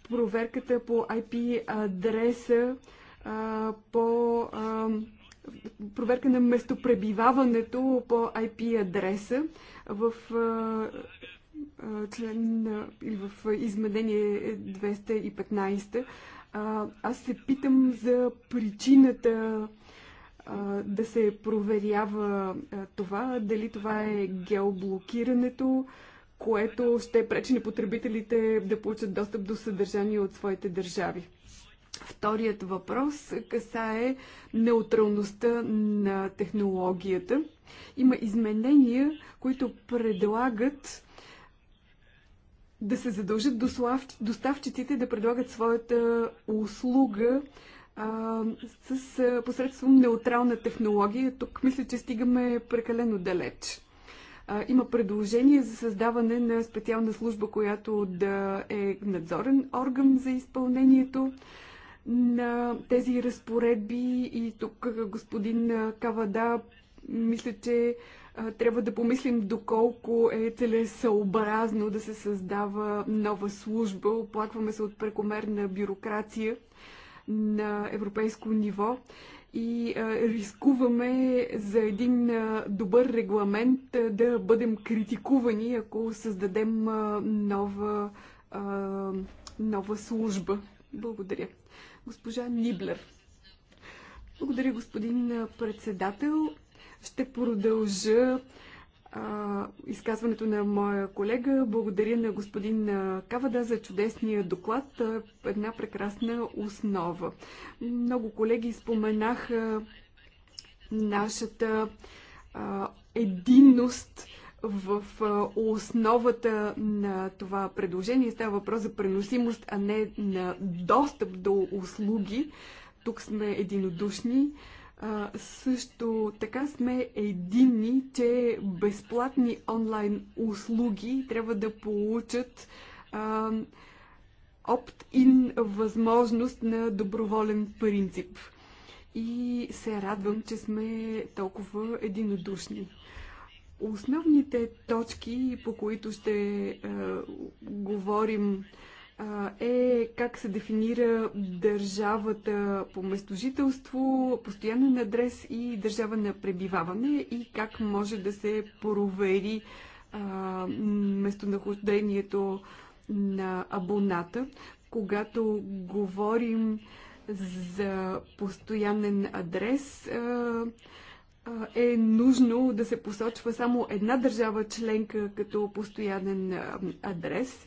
проверката по IP адреса по проверка на местопребиваването по IP адреса в член или в изменение 215. Аз се питам за причината да се проверява това, дали това е геоблокирането, което ще пречи на потребителите да получат достъп до съдържание от своите държави. Вторият въпрос касае неутралността на технологията. Има изменения, които предлагат да се задължат доставчиците да предлагат своята услуга а, с посредством неутрална технология. Тук мисля, че стигаме прекалено далеч. А, има предложение за създаване на специална служба, която да е надзорен орган за изпълнението на тези разпоредби и тук господин Кавада мисля, че трябва да помислим доколко е целесъобразно да се създава нова служба. Оплакваме се от прекомерна бюрокрация на европейско ниво и рискуваме за един добър регламент да бъдем критикувани, ако създадем нова, нова служба. Благодаря. Госпожа Ниблер. Благодаря, господин председател. Ще продължа а, изказването на моя колега. Благодаря на господин Кавада за чудесния доклад. Една прекрасна основа. Много колеги споменаха нашата а, единност в основата на това предложение става въпрос за преносимост, а не на достъп до услуги. Тук сме единодушни. А, също така сме единни, че безплатни онлайн услуги трябва да получат опт-ин възможност на доброволен принцип. И се радвам, че сме толкова единодушни. Основните точки, по които ще е, говорим, е, е как се дефинира държавата по местожителство, постоянен адрес и държава на пребиваване и как може да се провери а, е, местонахождението на абоната. Когато говорим за постоянен адрес, а, е, е нужно да се посочва само една държава членка като постоянен адрес.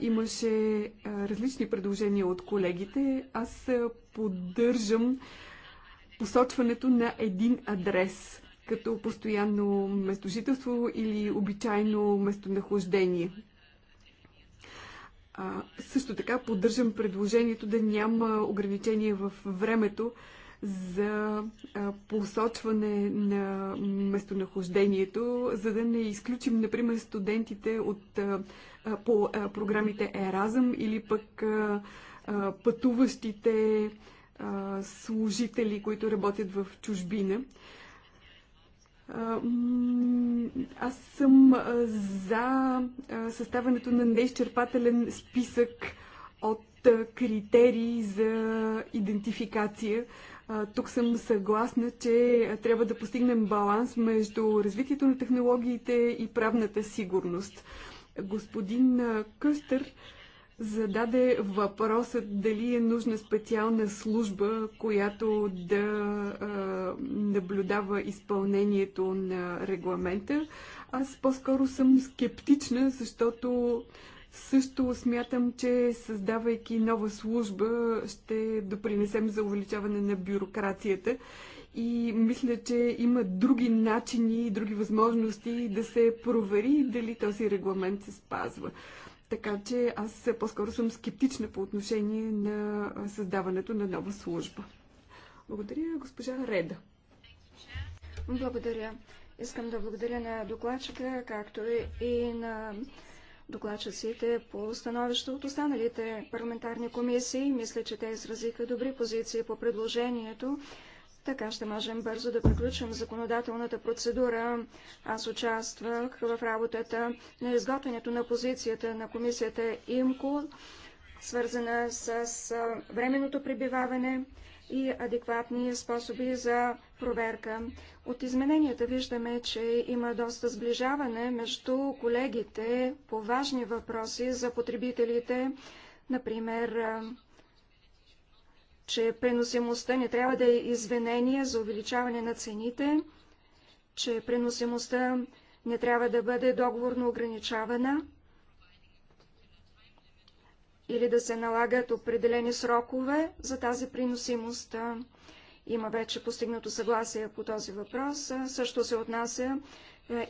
Имаше различни предложения от колегите. Аз поддържам посочването на един адрес като постоянно местожителство или обичайно местонахождение. също така поддържам предложението да няма ограничение в времето, за посочване на местонахождението, за да не изключим, например, студентите от, по програмите Еразъм или пък пътуващите служители, които работят в чужбина. Аз съм за съставането на неизчерпателен списък от критерии за идентификация, тук съм съгласна, че трябва да постигнем баланс между развитието на технологиите и правната сигурност. Господин Къстър зададе въпросът дали е нужна специална служба, която да наблюдава изпълнението на регламента. Аз по-скоро съм скептична, защото също смятам, че създавайки нова служба ще допринесем за увеличаване на бюрокрацията и мисля, че има други начини и други възможности да се провери дали този регламент се спазва. Така че аз по-скоро съм скептична по отношение на създаването на нова служба. Благодаря, госпожа Реда. Благодаря. Искам да благодаря на докладчика, както и на докладчиците по становища от останалите парламентарни комисии. Мисля, че те изразиха добри позиции по предложението. Така ще можем бързо да приключим законодателната процедура. Аз участвах в работата на изготвянето на позицията на комисията ИМКО, свързана с временното пребиваване и адекватни способи за проверка. От измененията виждаме, че има доста сближаване между колегите по важни въпроси за потребителите, например, че преносимостта не трябва да е извинение за увеличаване на цените, че преносимостта не трябва да бъде договорно ограничавана или да се налагат определени срокове за тази приносимост. Има вече постигнато съгласие по този въпрос. Също се отнася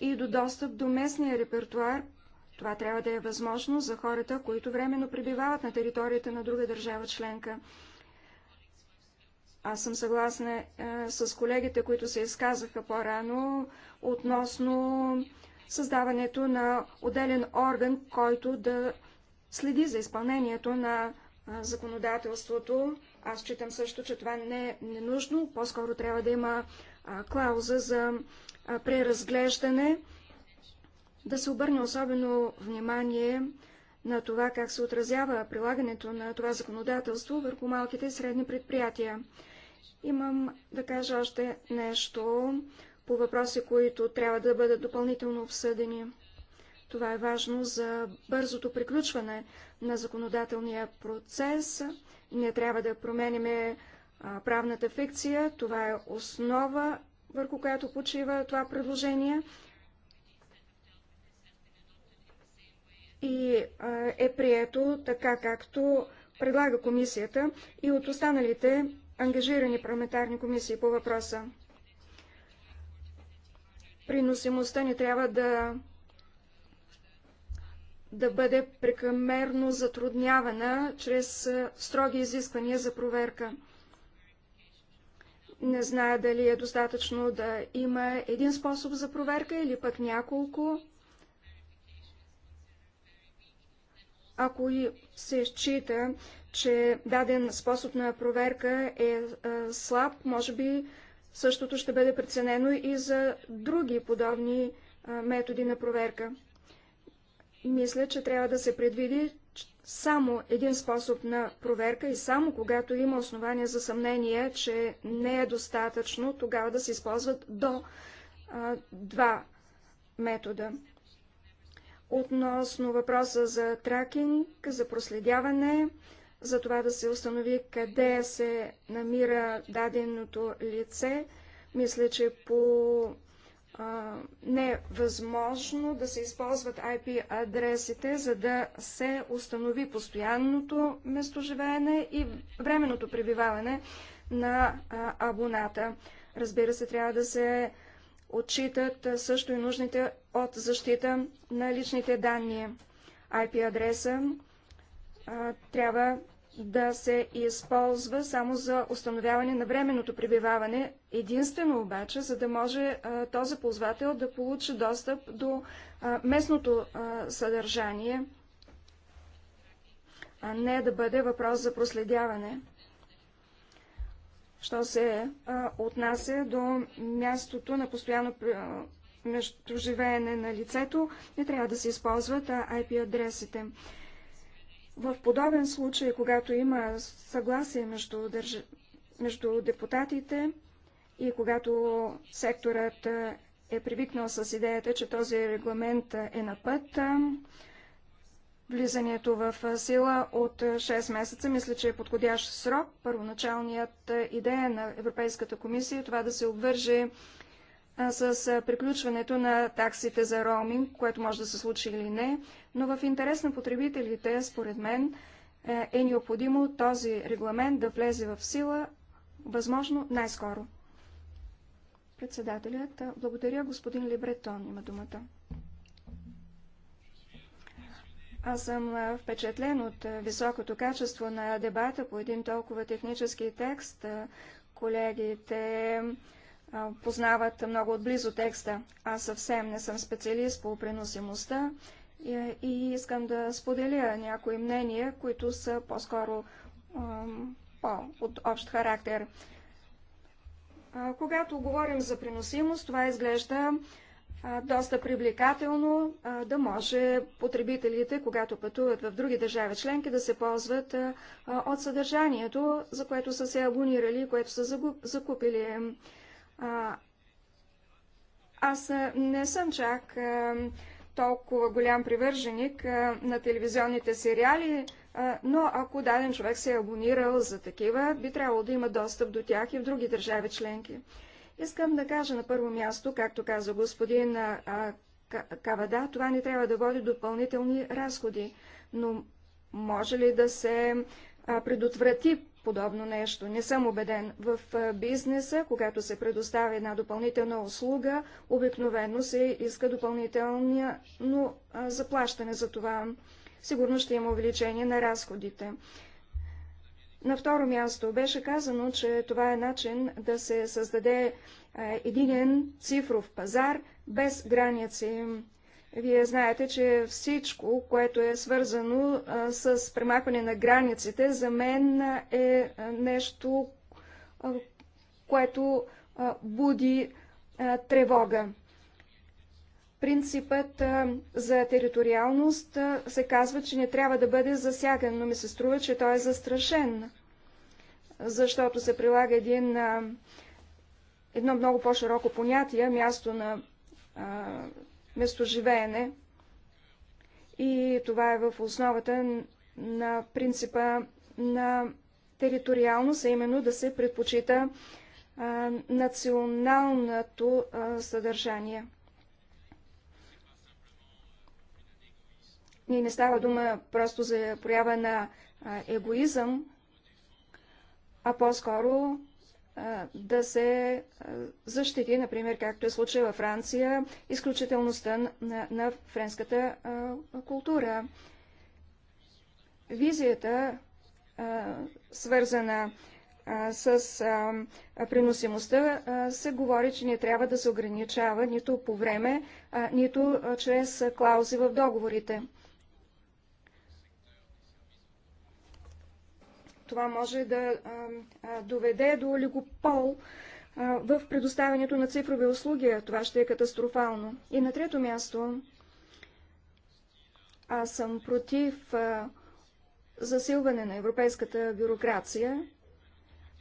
и до достъп до местния репертуар. Това трябва да е възможно за хората, които временно пребивават на територията на друга държава членка. Аз съм съгласна е, с колегите, които се изказаха по-рано относно създаването на отделен орган, който да следи за изпълнението на законодателството аз считам също, че това не е ненужно. По-скоро трябва да има а, клауза за а, преразглеждане. Да се обърне особено внимание на това как се отразява прилагането на това законодателство върху малките и средни предприятия. Имам да кажа още нещо по въпроси, които трябва да бъдат допълнително обсъдени. Това е важно за бързото приключване на законодателния процес не трябва да променяме правната фикция. Това е основа, върху която почива това предложение. И е прието така, както предлага комисията и от останалите ангажирани парламентарни комисии по въпроса. Приносимостта ни трябва да да бъде прекамерно затруднявана чрез строги изисквания за проверка. Не зная дали е достатъчно да има един способ за проверка или пък няколко. Ако се счита, че даден способ на проверка е слаб, може би същото ще бъде преценено и за други подобни методи на проверка мисля, че трябва да се предвиди само един способ на проверка и само когато има основания за съмнение, че не е достатъчно, тогава да се използват до а, два метода. Относно въпроса за тракинг, за проследяване, за това да се установи къде се намира даденото лице, мисля, че по не е възможно да се използват IP адресите, за да се установи постоянното местоживеене и временното пребиваване на абоната. Разбира се, трябва да се отчитат също и нужните от защита на личните данни. IP адреса трябва да се използва само за установяване на временното пребиваване, единствено обаче, за да може а, този ползвател да получи достъп до а, местното а, съдържание, а не да бъде въпрос за проследяване. Що се а, отнася до мястото на постоянно живеене на лицето, не трябва да се използват IP-адресите. В подобен случай, когато има съгласие между, държ... между депутатите и когато секторът е привикнал с идеята, че този регламент е на път, влизането в сила от 6 месеца, мисля, че е подходящ срок. Първоначалният идея на Европейската комисия е това да се обвърже с приключването на таксите за роуминг, което може да се случи или не, но в интерес на потребителите, според мен, е, е необходимо този регламент да влезе в сила, възможно най-скоро. Председателят, благодаря, господин Либретон има думата. Аз съм впечатлен от високото качество на дебата по един толкова технически текст. Колегите познават много отблизо текста. Аз съвсем не съм специалист по преносимостта и, искам да споделя някои мнения, които са по-скоро от общ характер. когато говорим за преносимост, това изглежда доста привлекателно да може потребителите, когато пътуват в други държави членки, да се ползват от съдържанието, за което са се абонирали, което са закупили. Аз не съм чак толкова голям привърженик на телевизионните сериали, но ако даден човек се е абонирал за такива, би трябвало да има достъп до тях и в други държави членки. Искам да кажа на първо място, както каза господин Кавада, това не трябва да води допълнителни разходи, но може ли да се предотврати подобно нещо. Не съм убеден. В бизнеса, когато се предоставя една допълнителна услуга, обикновено се иска но заплащане за това. Сигурно ще има увеличение на разходите. На второ място беше казано, че това е начин да се създаде единен цифров пазар без граници. Вие знаете, че всичко, което е свързано а, с премахване на границите, за мен е нещо, а, което а, буди тревога. Принципът за териториалност се казва, че не трябва да бъде засяган, но ми се струва, че той е застрашен, защото се прилага един, едно много по-широко понятие, място на местоживеене. И това е в основата на принципа на териториалност, а именно да се предпочита а, националното а, съдържание. Ние не става дума просто за проява на егоизъм, а по-скоро да се защити, например, както е случай във Франция, изключителността на, на френската а, култура. Визията, а, свързана а, с а, приносимостта, а, се говори, че не трябва да се ограничава нито по време, а, нито а, чрез клаузи в договорите. Това може да доведе до олигопол в предоставянето на цифрови услуги. Това ще е катастрофално. И на трето място, аз съм против засилване на европейската бюрокрация.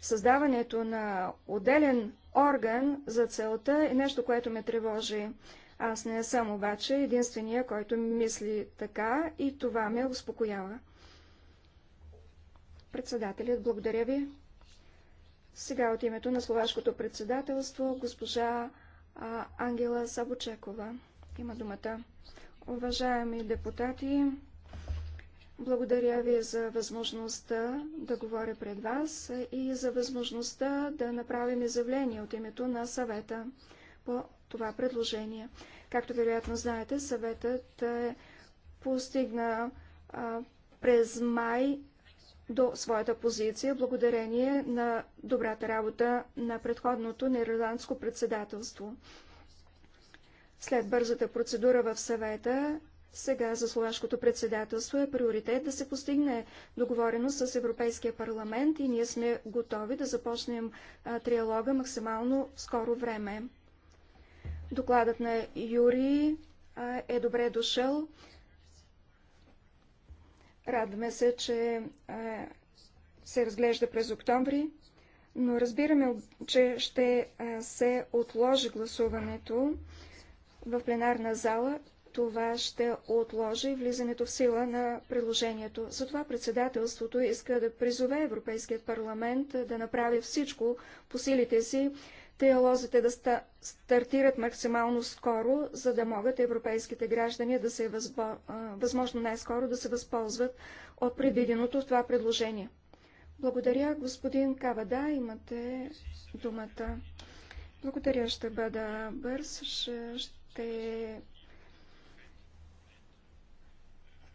Създаването на отделен орган за целта е нещо, което ме тревожи. Аз не съм обаче единствения, който мисли така и това ме успокоява. Председателят, благодаря ви. Сега от името на словашкото председателство госпожа а, Ангела Сабочекова има думата. Уважаеми депутати, благодаря ви за възможността да говоря пред вас и за възможността да направим изявление от името на съвета по това предложение. Както вероятно знаете, съветът е постигна а, през май до своята позиция, благодарение на добрата работа на предходното нирландско председателство. След бързата процедура в съвета, сега за словашкото председателство е приоритет да се постигне договореност с Европейския парламент и ние сме готови да започнем а, триалога максимално скоро време. Докладът на Юрий е добре дошъл Радваме се, че се разглежда през октомври, но разбираме, че ще се отложи гласуването в пленарна зала. Това ще отложи влизането в сила на предложението. Затова председателството иска да призове Европейският парламент да направи всичко по силите си, Теолозите да ста, стартират максимално скоро, за да могат европейските граждани да се възбо, възможно най-скоро да се възползват от предвиденото това предложение. Благодаря, господин Кавада, имате думата. Благодаря, ще бъда бърз, ще, ще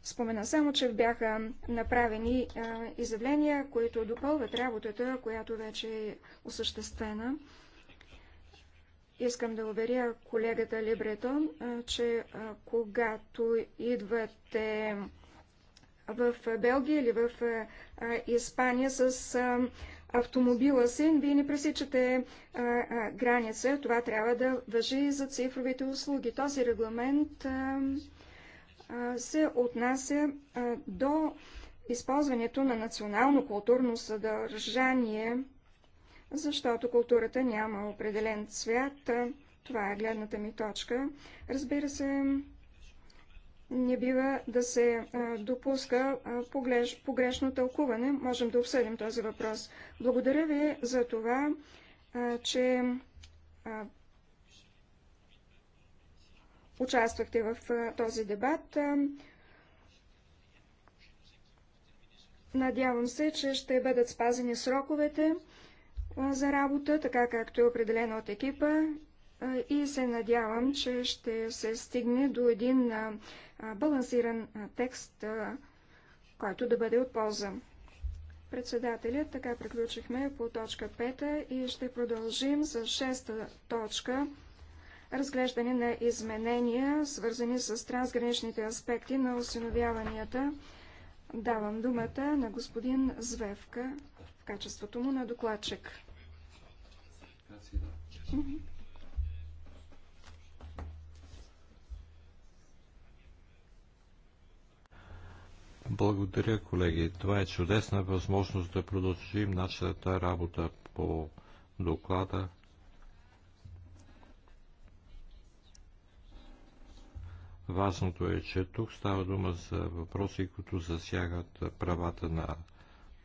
Спомена само, че бяха направени а, изявления, които допълват работата, която вече е осъществена. Искам да уверя колегата Либретон, че когато идвате в Белгия или в Испания с автомобила си, вие не пресичате граница. Това трябва да въжи и за цифровите услуги. Този регламент се отнася до използването на национално културно съдържание защото културата няма определен цвят. Това е гледната ми точка. Разбира се, не бива да се допуска погрешно тълкуване. Можем да обсъдим този въпрос. Благодаря ви за това, че участвахте в този дебат. Надявам се, че ще бъдат спазени сроковете за работа, така както е определено от екипа и се надявам, че ще се стигне до един балансиран текст, който да бъде от полза. Председателят, така приключихме по точка 5 и ще продължим с 6 точка разглеждане на изменения, свързани с трансграничните аспекти на осиновяванията. Давам думата на господин Звевка в качеството му на докладчик. Благодаря, колеги. Това е чудесна възможност да продължим нашата работа по доклада. Важното е, че тук става дума за въпроси, които засягат правата на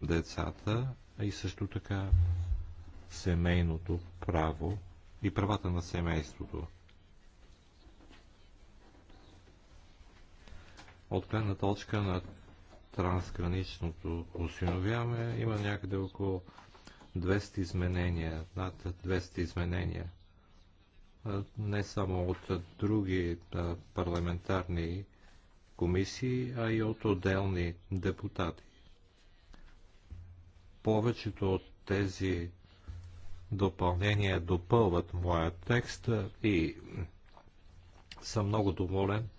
децата и също така семейното право и правата на семейството. От гледна точка на трансграничното осиновяване има някъде около 200 изменения, над 200 изменения. Не само от други парламентарни комисии, а и от отделни депутати. Повечето от тези допълнения допълват моя текст и съм много доволен,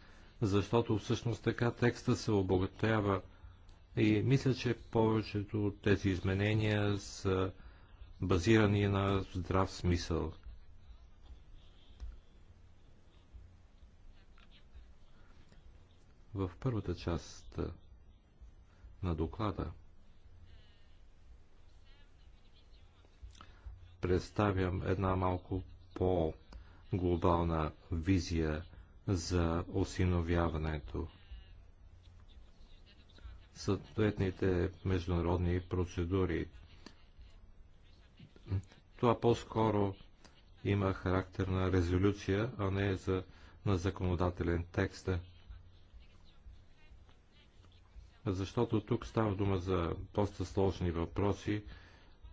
защото всъщност така текста се обогатява и мисля, че повечето от тези изменения са базирани на здрав смисъл. В първата част на доклада представям една малко по-глобална визия за осиновяването. Съответните международни процедури. Това по-скоро има характер на резолюция, а не за, на законодателен текст. Защото тук става дума за доста сложни въпроси,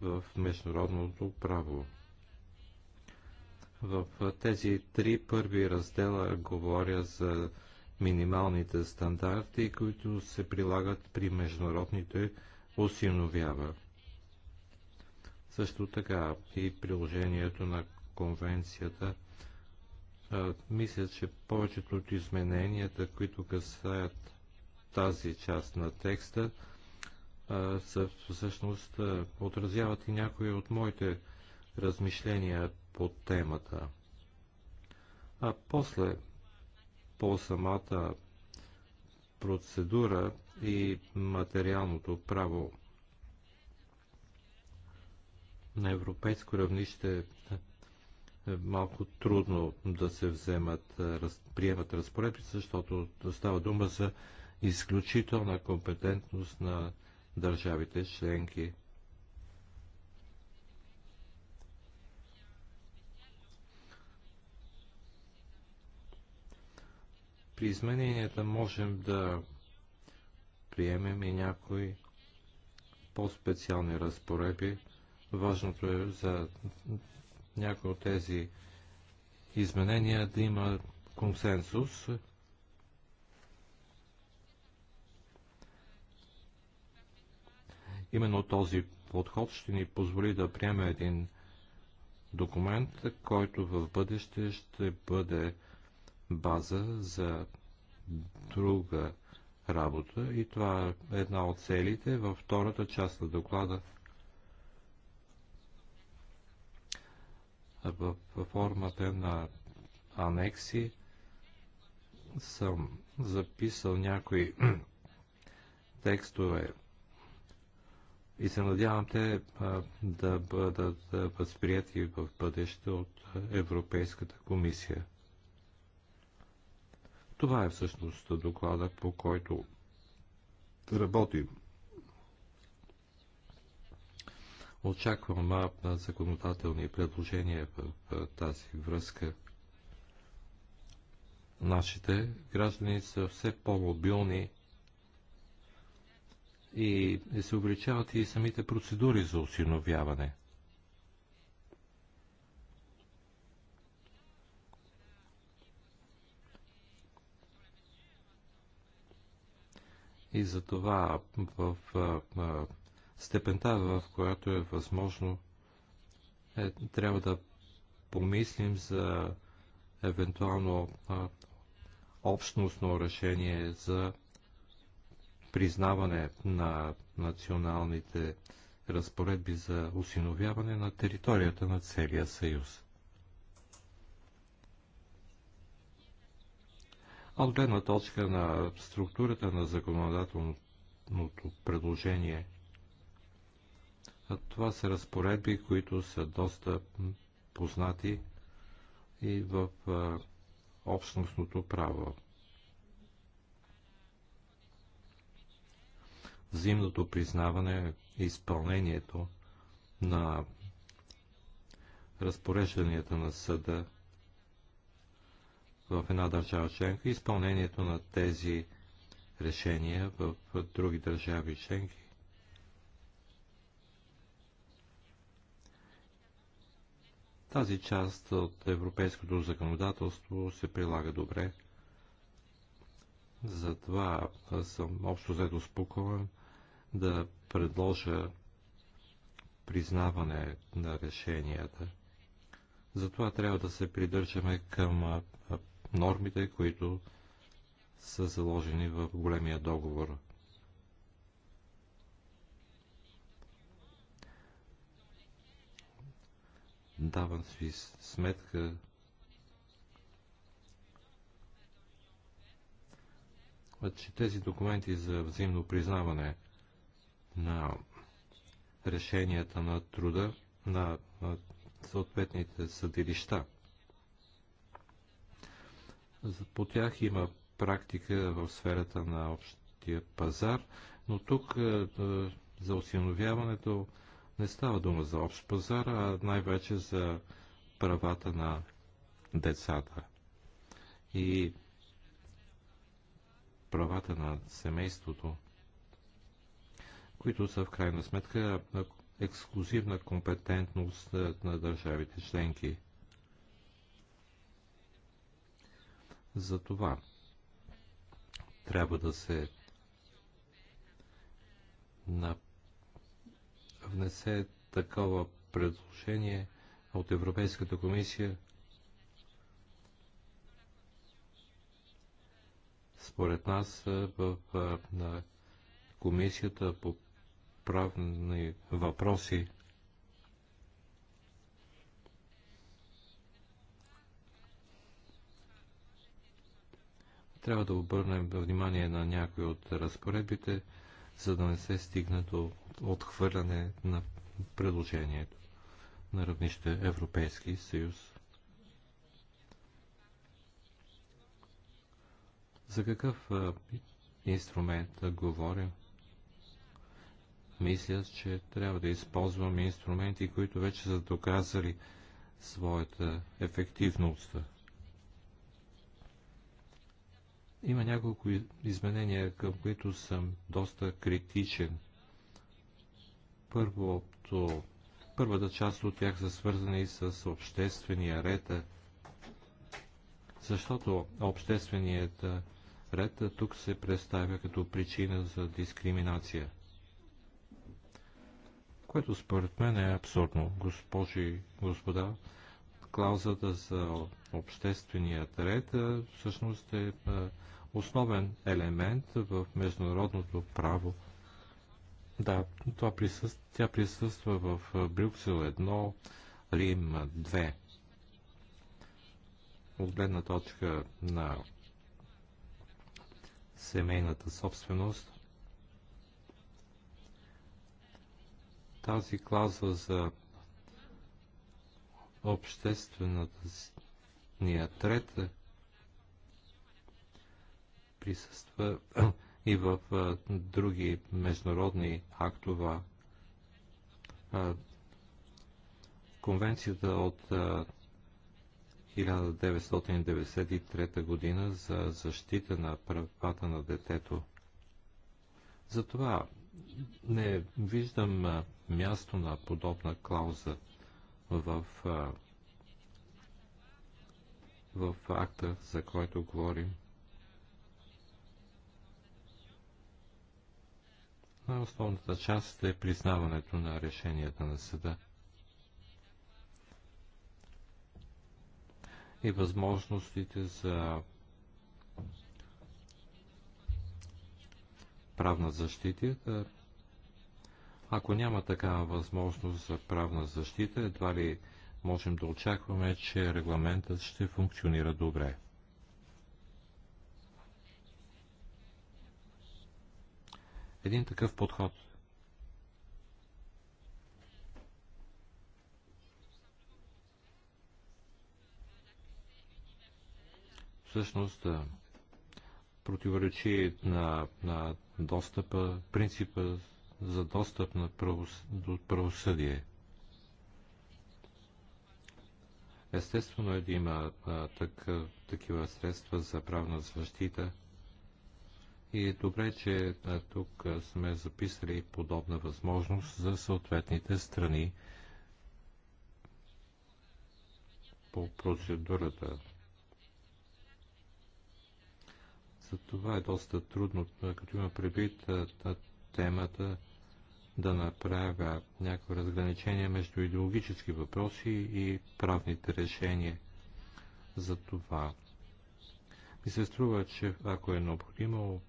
в международното право. В тези три първи раздела говоря за минималните стандарти, които се прилагат при международните осиновява. Също така и приложението на конвенцията. мисля, че повечето от измененията, които касаят тази част на текста, са, всъщност отразяват и някои от моите размишления по темата. А после по самата процедура и материалното право на европейско равнище е малко трудно да се вземат, раз, приемат разпоредби, защото става дума за изключителна компетентност на държавите членки. При измененията можем да приемем и някои по-специални разпореби. Важното е за някои от тези изменения да има консенсус Именно този подход ще ни позволи да приемем един документ, който в бъдеще ще бъде база за друга работа и това е една от целите във втората част на доклада в формата на анекси съм записал някои текстове и се надявам те да бъдат възприяти в бъдеще от Европейската комисия. Това е всъщност доклада, по който работим. Очаквам на законодателни предложения в тази връзка. Нашите граждани са все по-мобилни и се увеличават и самите процедури за осиновяване. И за това в, в, в степента, в която е възможно, е, трябва да помислим за евентуално общностно решение за признаване на националните разпоредби за осиновяване на територията на целия съюз. от гледна точка на структурата на законодателното предложение, това са разпоредби, които са доста познати и в общностното право. взаимното признаване и изпълнението на разпорежданията на съда в една държава членка и изпълнението на тези решения в други държави членки. Тази част от европейското законодателство се прилага добре. Затова съм общо взето спокоен да предложа признаване на решенията. Затова трябва да се придържаме към нормите, които са заложени в големия договор. Давам си сметка, че тези документи за взаимно признаване – на решенията на труда на съответните съдилища. По тях има практика в сферата на общия пазар, но тук е, е, за осиновяването не става дума за общ пазар, а най-вече за правата на децата. И правата на семейството които са в крайна сметка ексклюзивна компетентност на държавите членки. Затова трябва да се на... внесе такова предложение от Европейската комисия, според нас в на комисията по правни въпроси. Трябва да обърнем внимание на някои от разпоредбите, за да не се стигне до отхвърляне на предложението на равнище Европейски съюз. За какъв инструмент да говорим? Мисля, че трябва да използваме инструменти, които вече са доказали своята ефективност. Има няколко изменения, към които съм доста критичен. Първото, първата част от тях са свързани с обществения ред, защото общественият ред тук се представя като причина за дискриминация което според мен е абсурдно. Госпожи, и господа, клаузата за общественият ред всъщност е основен елемент в международното право. Да, това присъства, тя присъства в Брюксел 1, Рим 2. От гледна точка на семейната собственост, тази клауза за обществената ния трета присъства и в други международни актова. Конвенцията от 1993 година за защита на правата на детето. Затова не виждам място на подобна клауза в, в акта, за който говорим. Най-основната част е признаването на решенията на съда. и възможностите за правна защита, ако няма такава възможност за правна защита, едва ли можем да очакваме, че регламентът ще функционира добре. Един такъв подход всъщност противоречи на, на достъпа, принципа за достъп на правос... до правосъдие. Естествено е да има а, такъв, такива средства за правна защита. И е добре, че а, тук сме записали подобна възможност за съответните страни по процедурата. За това е доста трудно, като има предвид темата да направя някакво разграничение между идеологически въпроси и правните решения за това. Ми се струва, че ако е необходимо,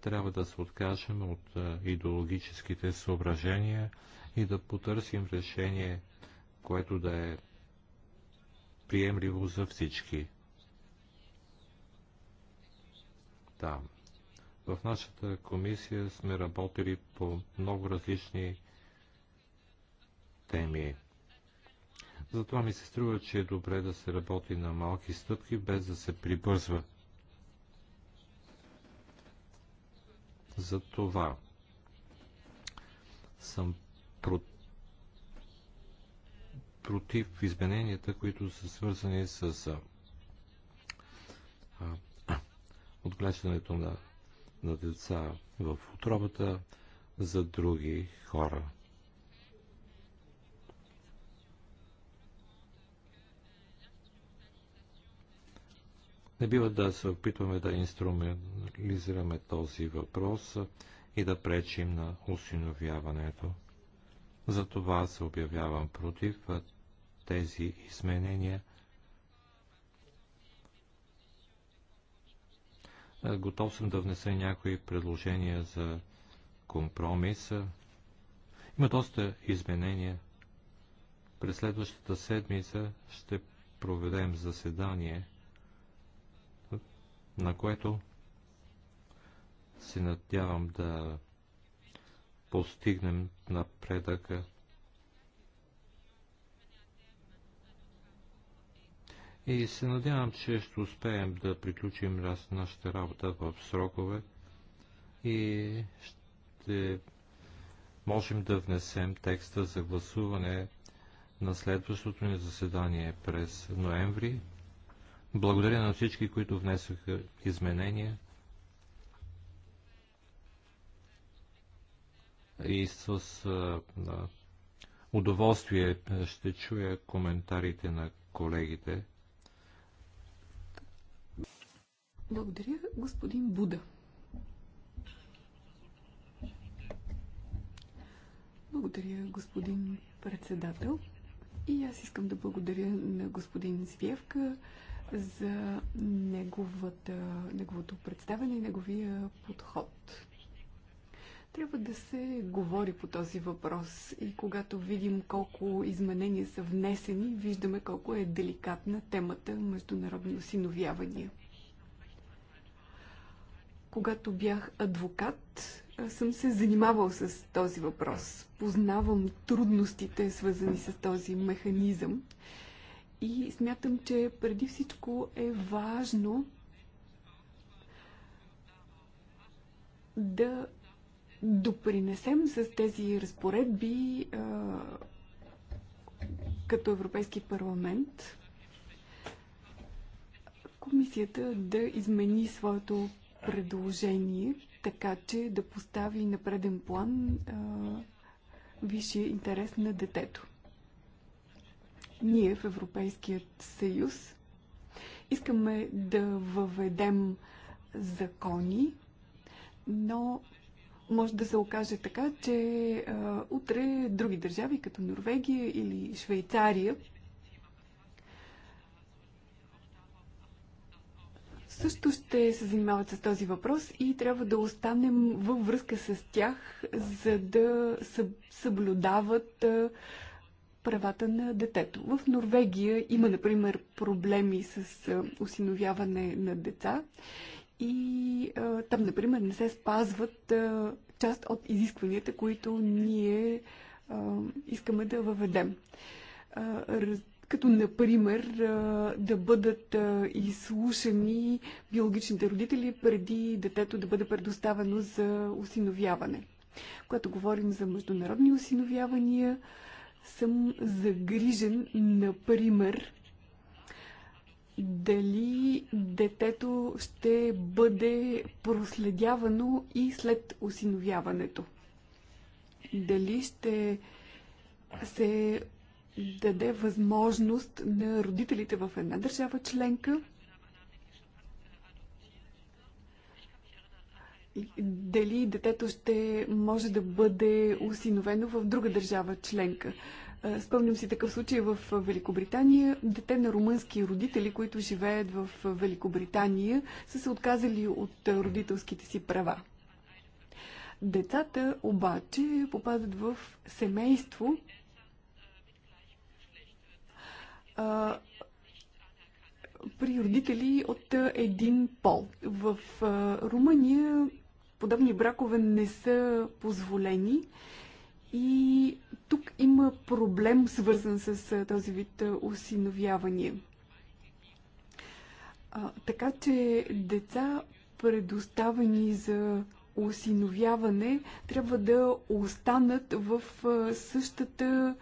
трябва да се откажем от идеологическите съображения и да потърсим решение, което да е приемливо за всички. Там. Да в нашата комисия сме работили по много различни теми. Затова ми се струва, че е добре да се работи на малки стъпки, без да се прибързва. Затова съм про... против измененията, които са свързани с а... отглеждането на на деца в отробата за други хора. Не бива да се опитваме да инструментализираме този въпрос и да пречим на усиновяването. Затова се обявявам против тези изменения – Е, готов съм да внеса някои предложения за компромиса. Има доста изменения. През следващата седмица ще проведем заседание, на което се надявам да постигнем напредъка и се надявам, че ще успеем да приключим раз нашата работа в срокове и ще можем да внесем текста за гласуване на следващото ни заседание през ноември. Благодаря на всички, които внесоха изменения. И с удоволствие ще чуя коментарите на колегите. Благодаря, господин Буда. Благодаря, господин председател. И аз искам да благодаря на господин Звиевка за неговата, неговото представяне и неговия подход. Трябва да се говори по този въпрос и когато видим колко изменения са внесени, виждаме колко е деликатна темата международни осиновявания. Когато бях адвокат, съм се занимавал с този въпрос. Познавам трудностите, свързани с този механизъм. И смятам, че преди всичко е важно да допринесем с тези разпоредби като Европейски парламент комисията да измени своето предложение, така че да постави на преден план а, висшия интерес на детето. Ние в Европейският съюз искаме да въведем закони, но може да се окаже така, че а, утре други държави, като Норвегия или Швейцария, също ще се занимават с този въпрос и трябва да останем във връзка с тях, за да съблюдават правата на детето. В Норвегия има, например, проблеми с осиновяване на деца и там, например, не се спазват част от изискванията, които ние искаме да въведем. раз, като например да бъдат изслушани биологичните родители преди детето да бъде предоставено за осиновяване. Когато говорим за международни осиновявания, съм загрижен, например, дали детето ще бъде проследявано и след осиновяването. Дали ще се даде възможност на родителите в една държава членка дали детето ще може да бъде усиновено в друга държава членка. Спомням си такъв случай в Великобритания. Дете на румънски родители, които живеят в Великобритания, са се отказали от родителските си права. Децата обаче попадат в семейство, при родители от един пол. В Румъния подобни бракове не са позволени и тук има проблем свързан с този вид осиновявания. така че деца предоставени за осиновяване трябва да останат в същата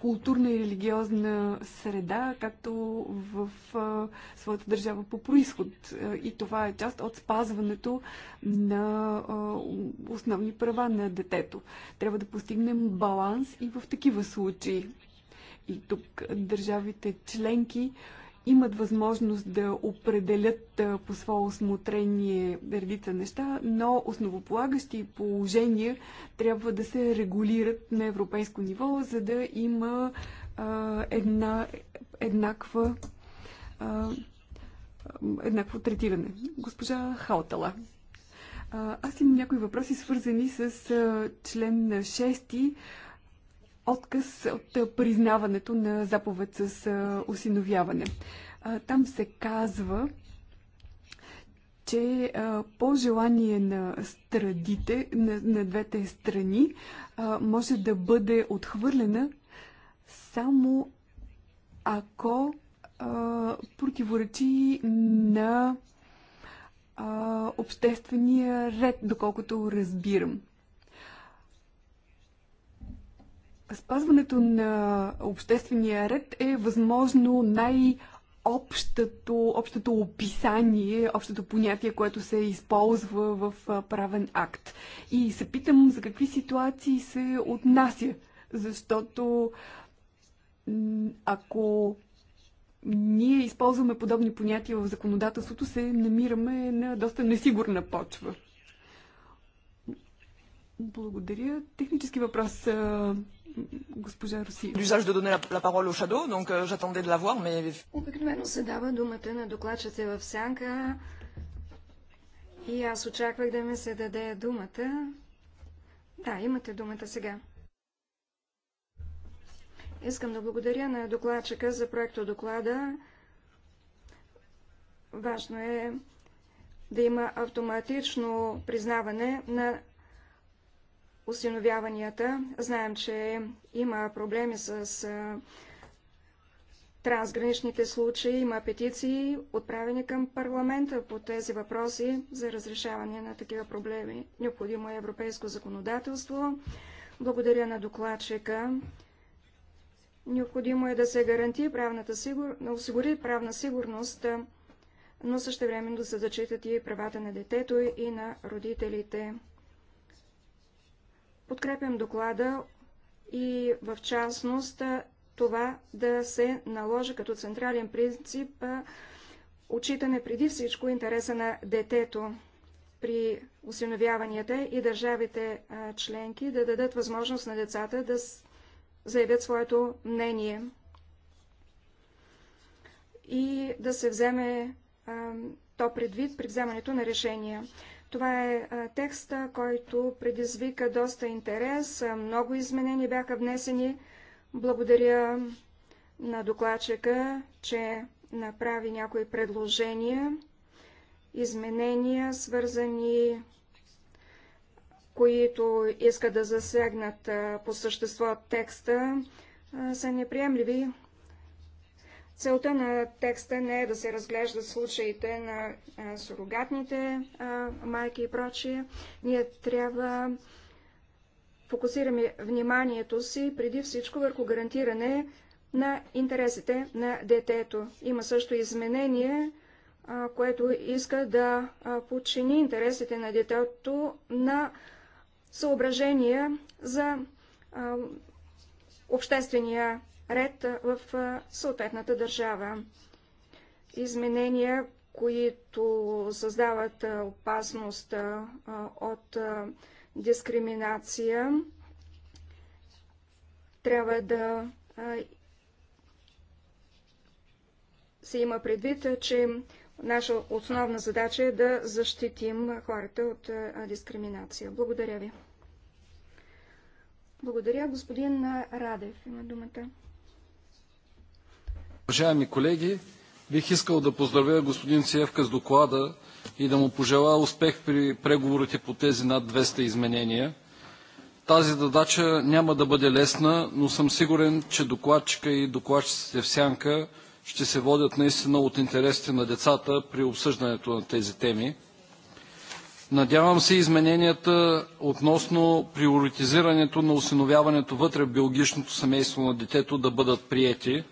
културна и религиозна среда, както в своята държава по происход. И това е част от спазването на основни права на детето. Трябва да постигнем баланс и в такива случаи. И тук държавите членки имат възможност да определят по свое осмотрение редица неща, но основополагащи положения трябва да се регулират на европейско ниво, за да има а, една, еднаква, а, еднакво третиране. Госпожа Хаутала. Аз имам някои въпроси, свързани с член 6 отказ от признаването на заповед с осиновяване. Там се казва, че по желание на страдите, на, на двете страни, може да бъде отхвърлена само ако противоречи на обществения ред, доколкото разбирам. Спазването на обществения ред е възможно най- Общото, общото описание, общото понятие, което се използва в правен акт. И се питам за какви ситуации се отнася, защото ако ние използваме подобни понятия в законодателството, се намираме на доста несигурна почва. Благодаря. Технически въпрос, госпожа Русия. Дюзаж да donner la, parole au shadow, donc euh, j'attendais de la voir, mais... Обикновено се дава думата на докладчите в сянка и аз очаквах да ми се даде думата. Да, имате думата сега. Искам да благодаря на докладчика за проекто доклада. Важно е да има автоматично признаване на осиновяванията. Знаем, че има проблеми с трансграничните случаи, има петиции, отправени към парламента по тези въпроси за разрешаване на такива проблеми. Необходимо е европейско законодателство. Благодаря на докладчика. Необходимо е да се гаранти правната сигур... осигури правна сигурност, но също времено да се зачитат и правата на детето и на родителите. Подкрепям доклада и в частност това да се наложи като централен принцип отчитане преди всичко интереса на детето при осиновяванията и държавите членки да дадат възможност на децата да заявят своето мнение и да се вземе то предвид при вземането на решения. Това е текста, който предизвика доста интерес. Много изменения бяха внесени. Благодаря на докладчика, че направи някои предложения, изменения, свързани, които искат да засегнат по същество текста, са неприемливи Целта на текста не е да се разглеждат случаите на а, сурогатните а, майки и прочие. Ние трябва фокусираме вниманието си преди всичко върху гарантиране на интересите на детето. Има също изменение, а, което иска да подчини интересите на детето на съображения за обществения ред в съответната държава. Изменения, които създават опасност от дискриминация, трябва да се има предвид, че наша основна задача е да защитим хората от дискриминация. Благодаря ви. Благодаря, господин Радев. Има думата. Уважаеми колеги, бих искал да поздравя господин Циевка с доклада и да му пожела успех при преговорите по тези над 200 изменения. Тази задача няма да бъде лесна, но съм сигурен, че докладчика и докладчиците в сянка ще се водят наистина от интересите на децата при обсъждането на тези теми. Надявам се измененията относно приоритизирането на осиновяването вътре в биологичното семейство на детето да бъдат приети,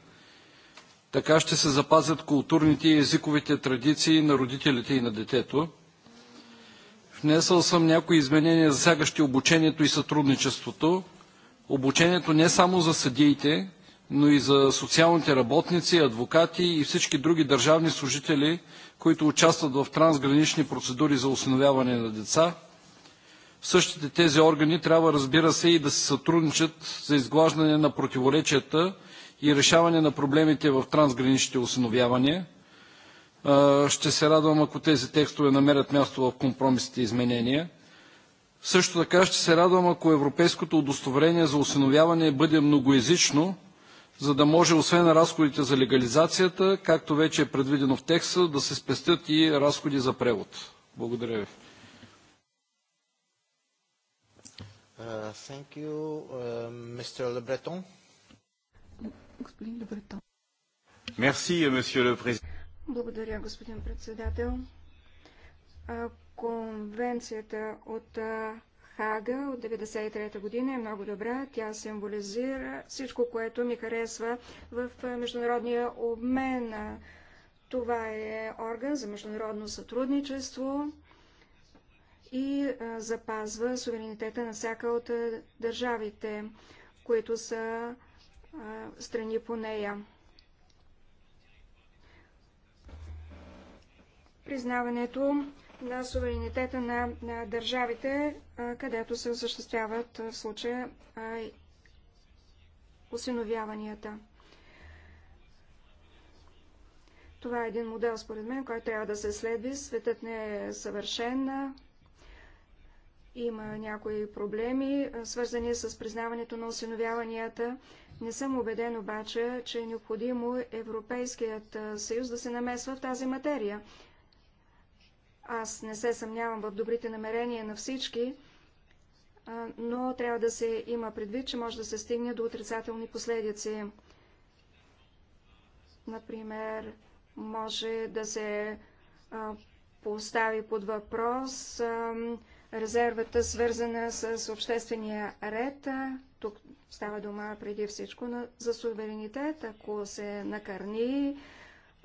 така ще се запазят културните и езиковите традиции на родителите и на детето. Внесъл съм някои изменения, засягащи обучението и сътрудничеството. Обучението не само за съдиите, но и за социалните работници, адвокати и всички други държавни служители, които участват в трансгранични процедури за установяване на деца. Същите тези органи трябва, разбира се, и да се сътрудничат за изглаждане на противоречията и решаване на проблемите в трансграничните осиновявания. Ще се радвам, ако тези текстове намерят място в компромисните изменения. Също така ще се радвам, ако европейското удостоверение за осиновяване бъде многоязично, за да може освен разходите за легализацията, както вече е предвидено в текста, да се спестят и разходи за превод. Благодаря ви. Uh, thank you, uh, Mr. Le Breton господин Лебретон. Мерси, месье президент. Благодаря, господин председател. Конвенцията от Хага от 1993 година е много добра. Тя символизира всичко, което ми харесва в международния обмен. Това е орган за международно сътрудничество и запазва суверенитета на всяка от държавите, които са страни по нея. Признаването на суверенитета на, на държавите, където се осъществяват в случая осиновяванията. Това е един модел, според мен, който трябва да се следи. Светът не е съвършен. Има някои проблеми, свързани с признаването на осиновяванията. Не съм убеден обаче, че е необходимо Европейският съюз да се намесва в тази материя. Аз не се съмнявам в добрите намерения на всички, но трябва да се има предвид, че може да се стигне до отрицателни последици. Например, може да се постави под въпрос резервата, свързана с обществения ред, Става дума преди всичко на, за суверенитет. Ако се накърни,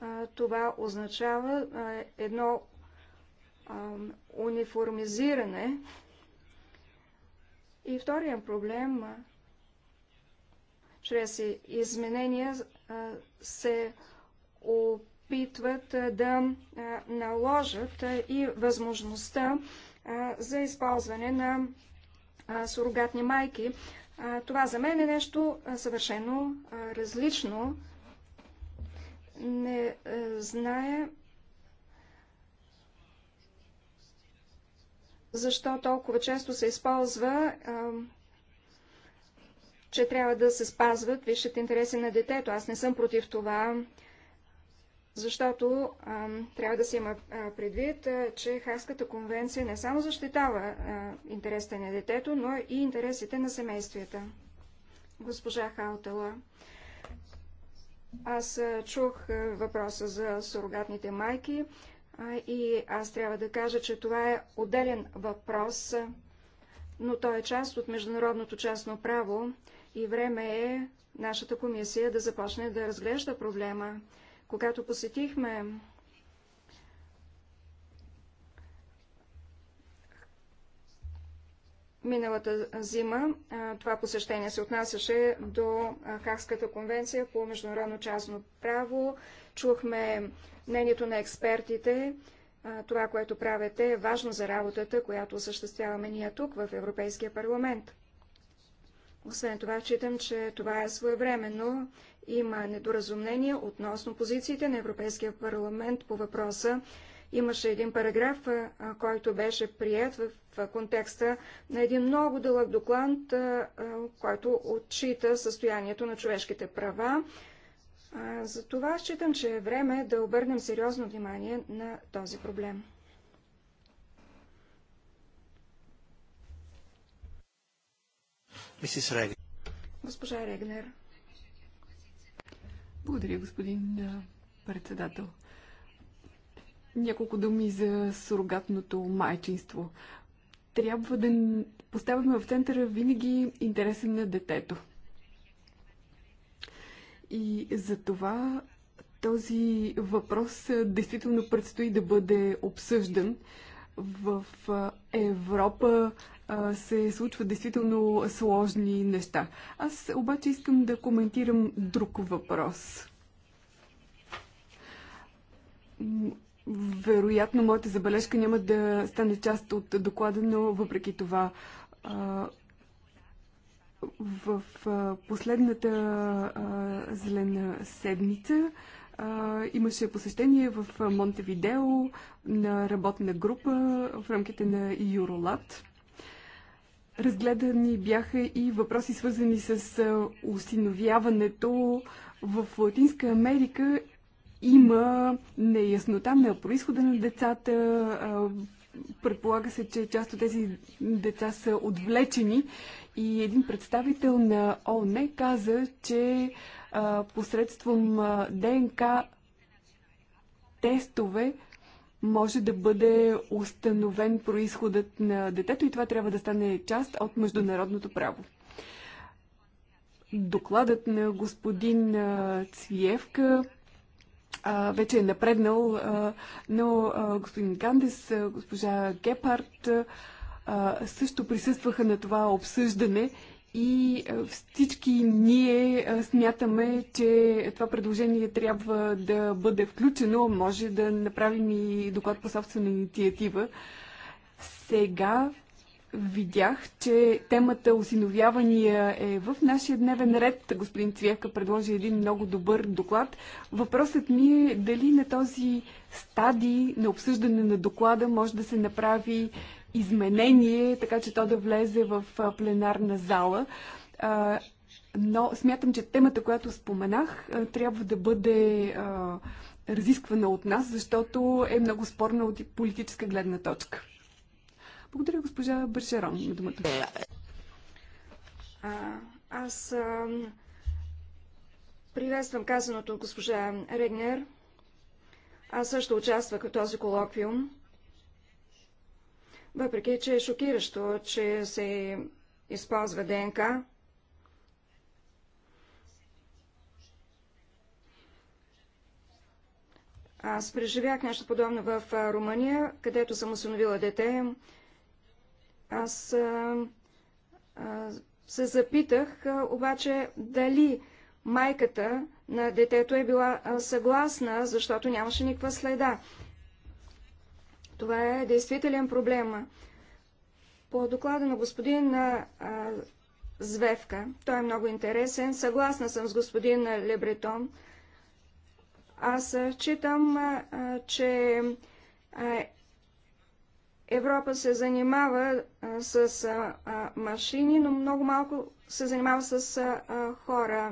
а, това означава а, едно а, униформизиране. И втория проблем, а, чрез изменения а, се опитват да наложат и възможността за използване на сурогатни майки това за мен е нещо съвършено различно. Не зная защо толкова често се използва, че трябва да се спазват висшите интереси на детето. Аз не съм против това защото а, трябва да се има предвид, а, че Харската конвенция не само защитава а, интересите на детето, но и интересите на семействията. Госпожа Хаутала, аз чух въпроса за сурогатните майки и аз трябва да кажа, че това е отделен въпрос, но той е част от международното частно право и време е нашата комисия да започне да разглежда проблема. Когато посетихме миналата зима, това посещение се отнасяше до Хагската конвенция по международно частно право. Чухме мнението на експертите. Това, което правите, е важно за работата, която осъществяваме ние тук в Европейския парламент. Освен това, считам, че това е своевременно има недоразумение относно позициите на Европейския парламент по въпроса. Имаше един параграф, който беше прият в контекста на един много дълъг доклад, който отчита състоянието на човешките права. Затова считам, че е време да обърнем сериозно внимание на този проблем. Госпожа Регнер. Благодаря, господин председател. Няколко думи за сурогатното майчинство. Трябва да поставяме в центъра винаги интереса на детето. И за това този въпрос действително предстои да бъде обсъждан в Европа се случват действително сложни неща. Аз обаче искам да коментирам друг въпрос. Вероятно, моята забележка няма да стане част от доклада, но въпреки това в последната зелена седмица а, имаше посещение в Монтевидео на работна група в рамките на Юролат. Разгледани бяха и въпроси свързани с осиновяването в Латинска Америка има неяснота на происхода на децата, Предполага се, че част от тези деца са отвлечени и един представител на ООН каза, че а, посредством ДНК тестове може да бъде установен происходът на детето и това трябва да стане част от международното право. Докладът на господин Цвиевка а, вече е напреднал, а, но а, господин Гандес, а, госпожа Гепард а, също присъстваха на това обсъждане и всички ние смятаме, че това предложение трябва да бъде включено. Може да направим и доклад по собствена инициатива. Сега видях, че темата осиновявания е в нашия дневен ред. Господин Цвяка предложи един много добър доклад. Въпросът ми е дали на този стадий на обсъждане на доклада може да се направи изменение, така че то да влезе в пленарна зала. Но смятам, че темата, която споменах, трябва да бъде разисквана от нас, защото е много спорна от политическа гледна точка. Благодаря, госпожа Бершерон. думата. А, аз а, приветствам казаното от госпожа Регнер. Аз също участвах в този колоквиум. Въпреки, че е шокиращо, че се използва ДНК, Аз преживях нещо подобно в Румъния, където съм установила дете. Аз а, а, се запитах а, обаче дали майката на детето е била а, съгласна, защото нямаше никаква следа. Това е действителен проблем. По доклада на господин а, Звевка, той е много интересен, съгласна съм с господин Лебретон. Аз читам, а, че Европа се занимава с а, машини, но много малко се занимава с а, хора.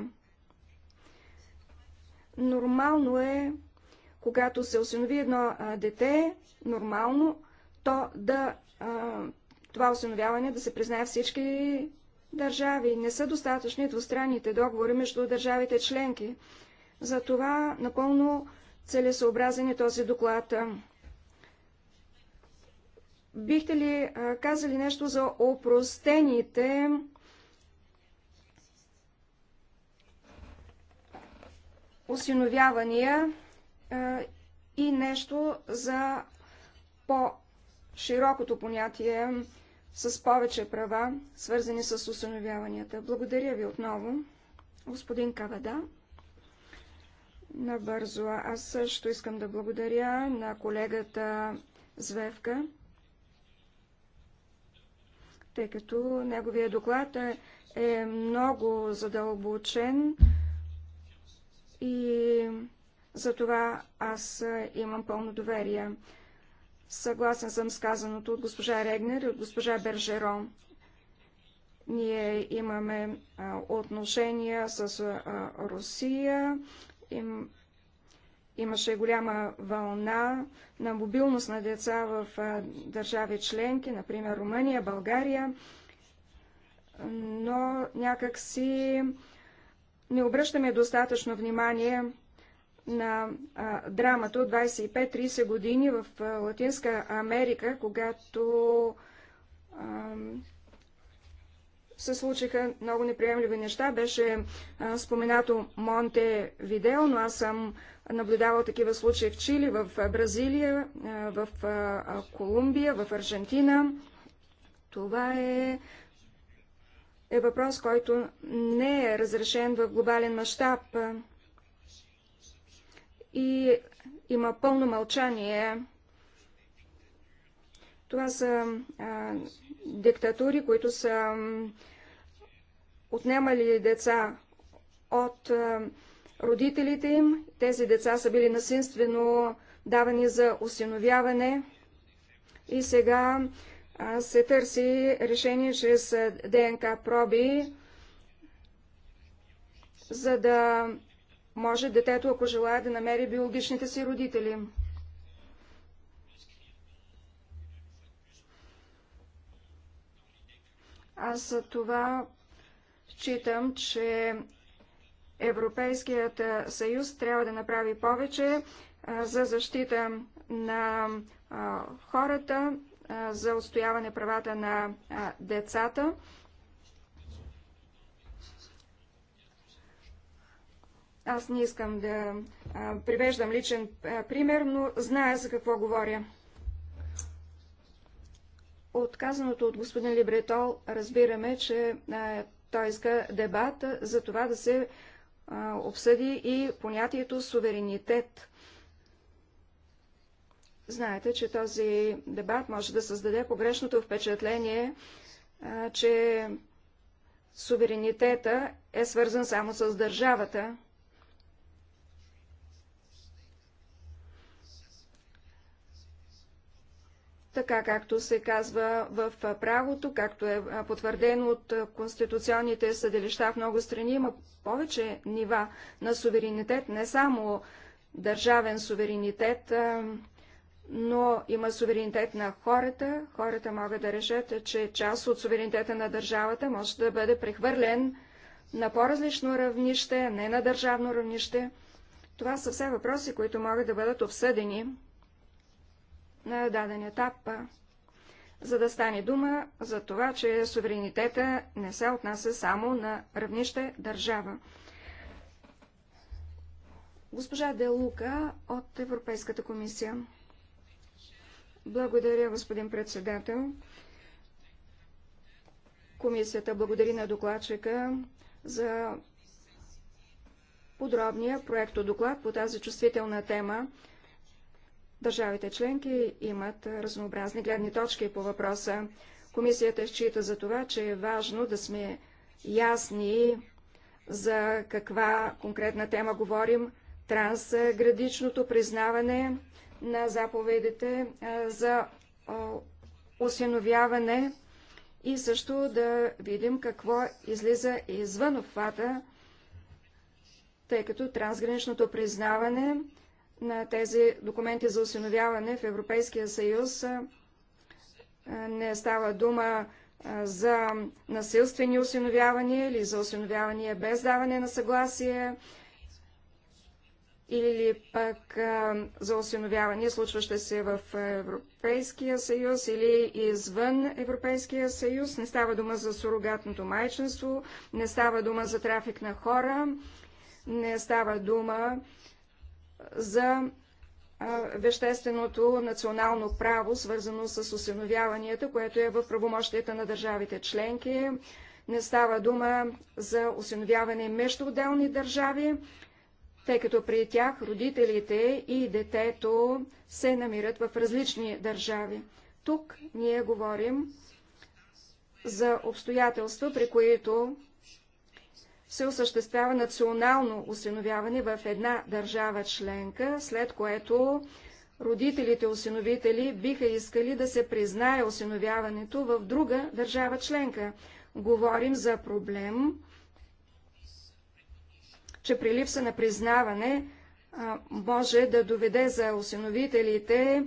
Нормално е, когато се осинови едно дете, нормално, то да това осиновяване да се признае всички държави. Не са достатъчни двустранните договори между държавите членки. Затова напълно целесообразен е този доклад. Бихте ли казали нещо за опростените осиновявания и нещо за по-широкото понятие с повече права, свързани с осиновяванията. Благодаря ви отново, господин Кавада. Набързо аз също искам да благодаря на колегата Звевка тъй като неговия доклад е, е много задълбочен и за това аз е, имам пълно доверие. Съгласен съм с казаното от госпожа Регнер и от госпожа Бержеро. Ние имаме отношения с Русия, Имаше голяма вълна на мобилност на деца в държави членки, например Румъния, България, но някак си не обръщаме достатъчно внимание на а, драмата от 25-30 години в а, Латинска Америка, когато а, се случиха много неприемливи неща. Беше а, споменато Монте Видео, но аз съм наблюдавал такива случаи в Чили, в Бразилия, в Колумбия, в Аржентина. Това е, е въпрос, който не е разрешен в глобален мащаб и има пълно мълчание това са а, диктатури, които са отнемали деца от а, родителите им. Тези деца са били насинствено давани за осиновяване и сега а, се търси решение чрез ДНК проби, за да може детето, ако желая, да намери биологичните си родители. Аз за това считам, че Европейският съюз трябва да направи повече за защита на хората, за отстояване правата на децата. Аз не искам да привеждам личен пример, но зная за какво говоря. От казаното от господин Либретол разбираме, че а, е, той иска дебат за това да се а, е, обсъди и понятието суверенитет. Знаете, че този дебат може да създаде погрешното впечатление, а, е, че суверенитета е свързан само с държавата. така както се казва в правото, както е потвърдено от конституционните съдилища в много страни, има повече нива на суверенитет, не само държавен суверенитет, но има суверенитет на хората. Хората могат да решат, че част от суверенитета на държавата може да бъде прехвърлен на по-различно равнище, не на държавно равнище. Това са все въпроси, които могат да бъдат обсъдени на даден етап, за да стане дума за това, че суверенитета не се отнася само на равнище държава. Госпожа Делука от Европейската комисия. Благодаря, господин председател. Комисията благодари на докладчика за подробния доклад по тази чувствителна тема. Държавите членки имат разнообразни гледни точки по въпроса. Комисията счита за това, че е важно да сме ясни за каква конкретна тема говорим. Трансградичното признаване на заповедите за осиновяване и също да видим какво излиза извън обхвата, тъй като трансграничното признаване на тези документи за осиновяване в Европейския съюз не става дума за насилствени осиновявания или за осиновявания без даване на съгласие или пък за осиновявания, случващи се в Европейския съюз или извън Европейския съюз. Не става дума за сурогатното майчинство, не става дума за трафик на хора, не става дума за вещественото национално право, свързано с осиновяванията, което е в правомощията на държавите членки. Не става дума за осиновяване между отделни държави, тъй като при тях родителите и детето се намират в различни държави. Тук ние говорим за обстоятелства, при които се осъществява национално осиновяване в една държава членка, след което родителите осиновители биха искали да се признае осиновяването в друга държава членка. Говорим за проблем, че при липса на признаване може да доведе за осиновителите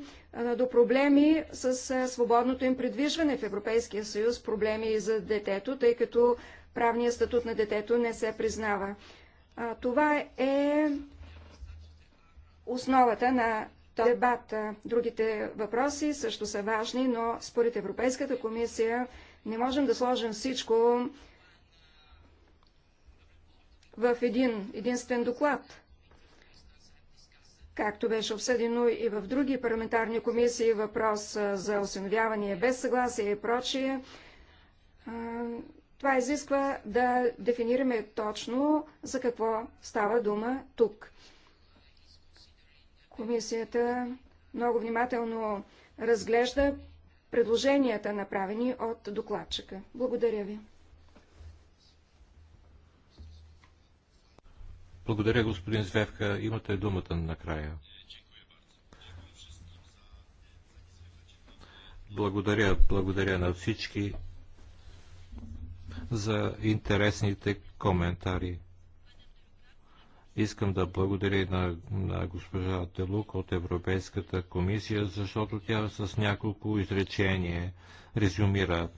до проблеми с свободното им придвижване в Европейския съюз, проблеми и за детето, тъй като правният статут на детето не се признава. А, това е основата на този дебат. Другите въпроси също са важни, но според Европейската комисия не можем да сложим всичко в един единствен доклад. Както беше обсъдено и в други парламентарни комисии, въпрос за осиновяване без съгласие и прочие, това изисква да дефинираме точно за какво става дума тук. Комисията много внимателно разглежда предложенията, направени от докладчика. Благодаря ви. Благодаря, господин Звевка. Имате думата накрая. Благодаря, благодаря на всички за интересните коментари. Искам да благодаря на, на госпожа Телук от Европейската комисия, защото тя с няколко изречения резюмира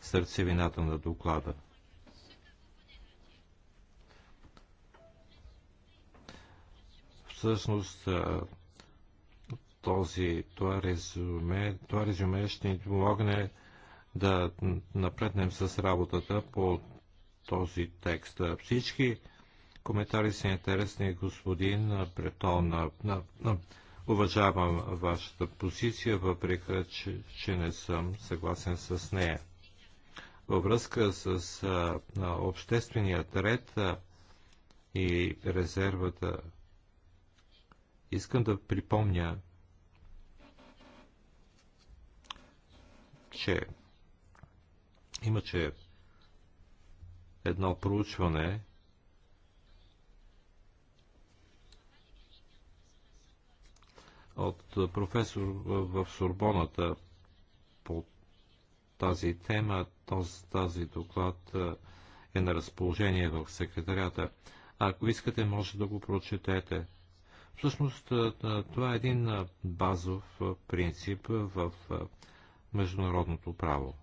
сърцевината на доклада. Всъщност, този, това резюме, това резюме ще ни помогне да напреднем с работата по този текст. Всички коментари са интересни, господин Бретон. Уважавам вашата позиция, въпреки че, че не съм съгласен с нея. Във връзка с а, общественият ред а, и резервата, искам да припомня, че Имаше едно проучване, от професор в Сорбоната по тази тема. Този, тази доклад е на разположение в секретарята. Ако искате, може да го прочетете. Всъщност, това е един базов принцип в международното право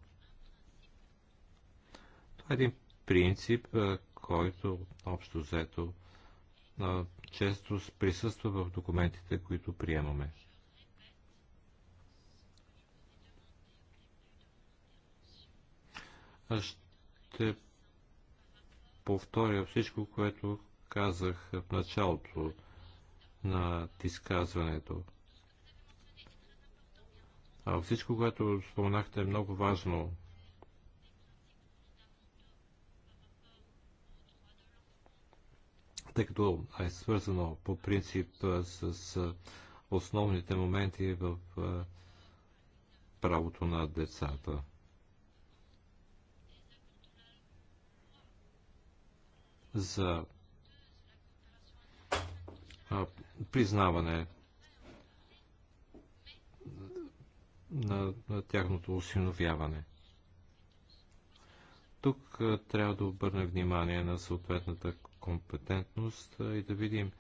един принцип, който общо взето често присъства в документите, които приемаме. Аз ще повторя всичко, което казах в началото на изказването. всичко, което споменахте е много важно тъй като е свързано по принцип с основните моменти в правото на децата. За признаване на, на тяхното осиновяване. Тук трябва да обърне внимание на съответната компетентност и да видим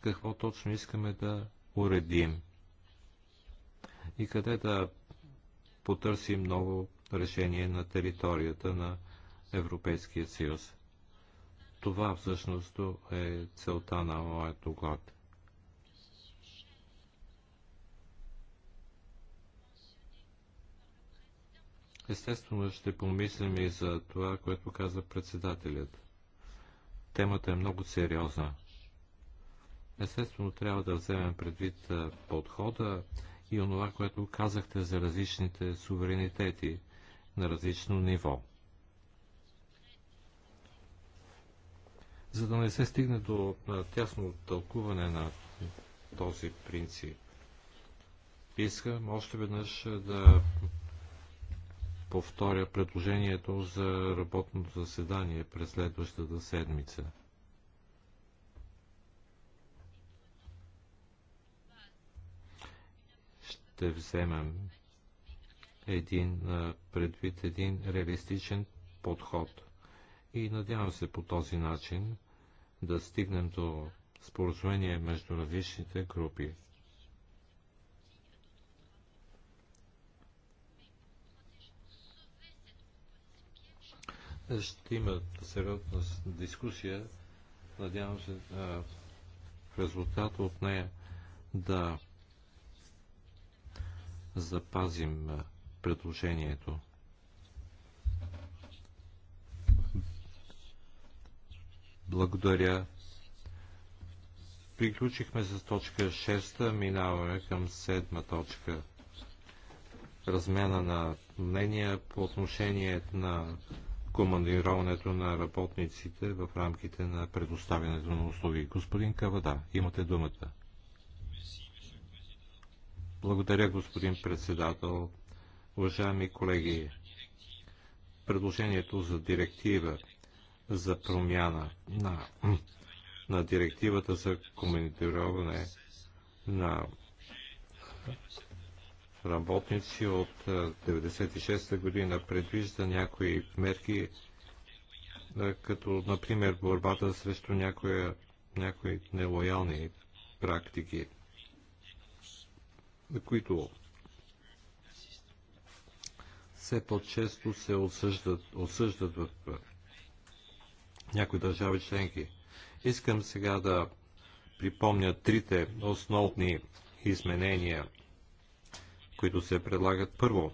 какво точно искаме да уредим и къде да потърсим ново решение на територията на Европейския съюз. Това всъщност е целта на моят доклад. Естествено ще помислим и за това, което каза председателят. Темата е много сериозна. Естествено, трябва да вземем предвид подхода и онова, което казахте за различните суверенитети на различно ниво. За да не се стигне до тясно тълкуване на този принцип, искам още веднъж да повторя предложението за работното заседание през следващата седмица. Ще вземем един предвид, един реалистичен подход и надявам се по този начин да стигнем до споразумение между различните групи. ще има сериозна дискусия. Надявам се в резултата от нея да запазим предложението. Благодаря. Приключихме с точка 6, минаваме към седма точка. Размяна на мнения по отношение на командироването на работниците в рамките на предоставянето на услуги. Господин Кавада, имате думата. Благодаря, господин председател. Уважаеми колеги, предложението за директива за промяна на, на директивата за командироване на работници от 96-та година. Предвижда някои мерки, като например борбата срещу някои, някои нелоялни практики, които все по-често се осъждат, осъждат в някои държави членки. Искам сега да припомня трите основни изменения – които се предлагат първо.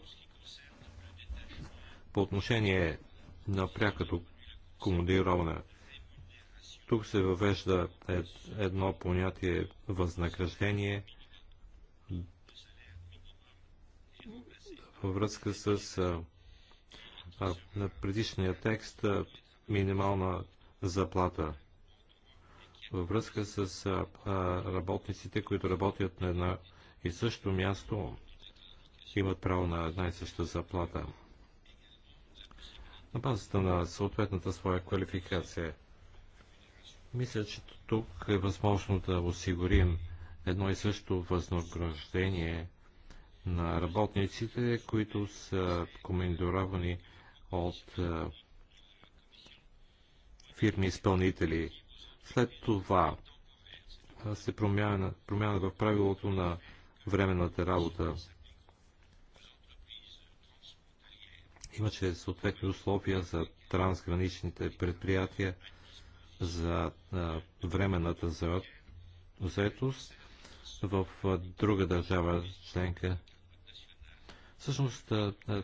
По отношение на прякото комодироване. тук се въвежда едно понятие възнаграждение във връзка с а, на предишния текст минимална заплата. Във връзка с а, работниците, които работят на една и също място, имат право на една и съща заплата на базата на съответната своя квалификация. Мисля, че тук е възможно да осигурим едно и също възнаграждение на работниците, които са комендоравани от е, фирми-изпълнители. След това се промяна, промяна в правилото на временната работа. Имаше съответни условия за трансграничните предприятия, за временната заетост в друга държава членка. Всъщност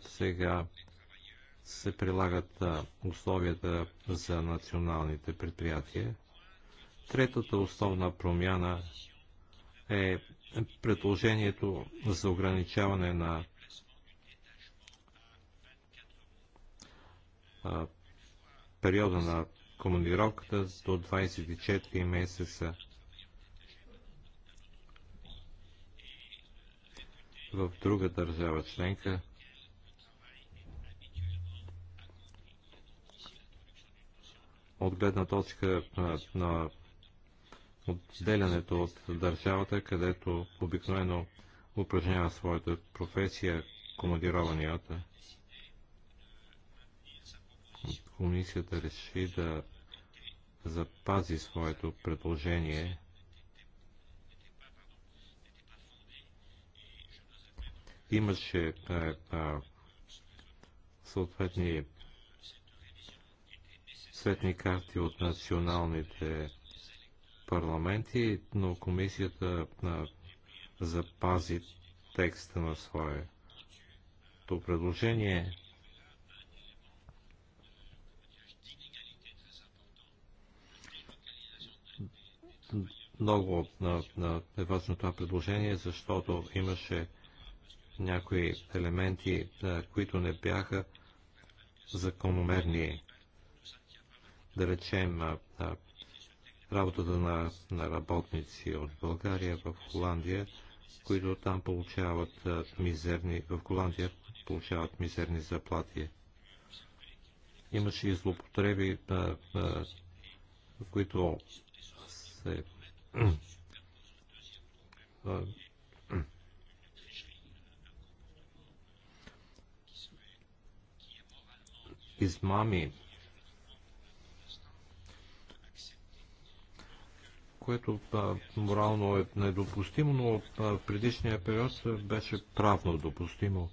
сега се прилагат условията за националните предприятия. Третата основна промяна е предложението за ограничаване на периода на командировката до 24 месеца. В друга държава членка от гледна точка на, на отделянето от държавата, където обикновено упражнява своята професия командированията комисията реши да запази своето предложение имаше а, е, а, е, съответни светни карти от националните парламенти, но комисията а, е, запази текста на своето предложение. много на, на, е важно това предложение, защото имаше някои елементи, е, които не бяха закономерни. Да речем, е, е, работата на, на работници от България в Холандия, които там получават мизерни, в Холандия получават мизерни заплати. Имаше и злопотреби, които се измами, което а, морално е недопустимо, но а, в предишния период беше правно допустимо.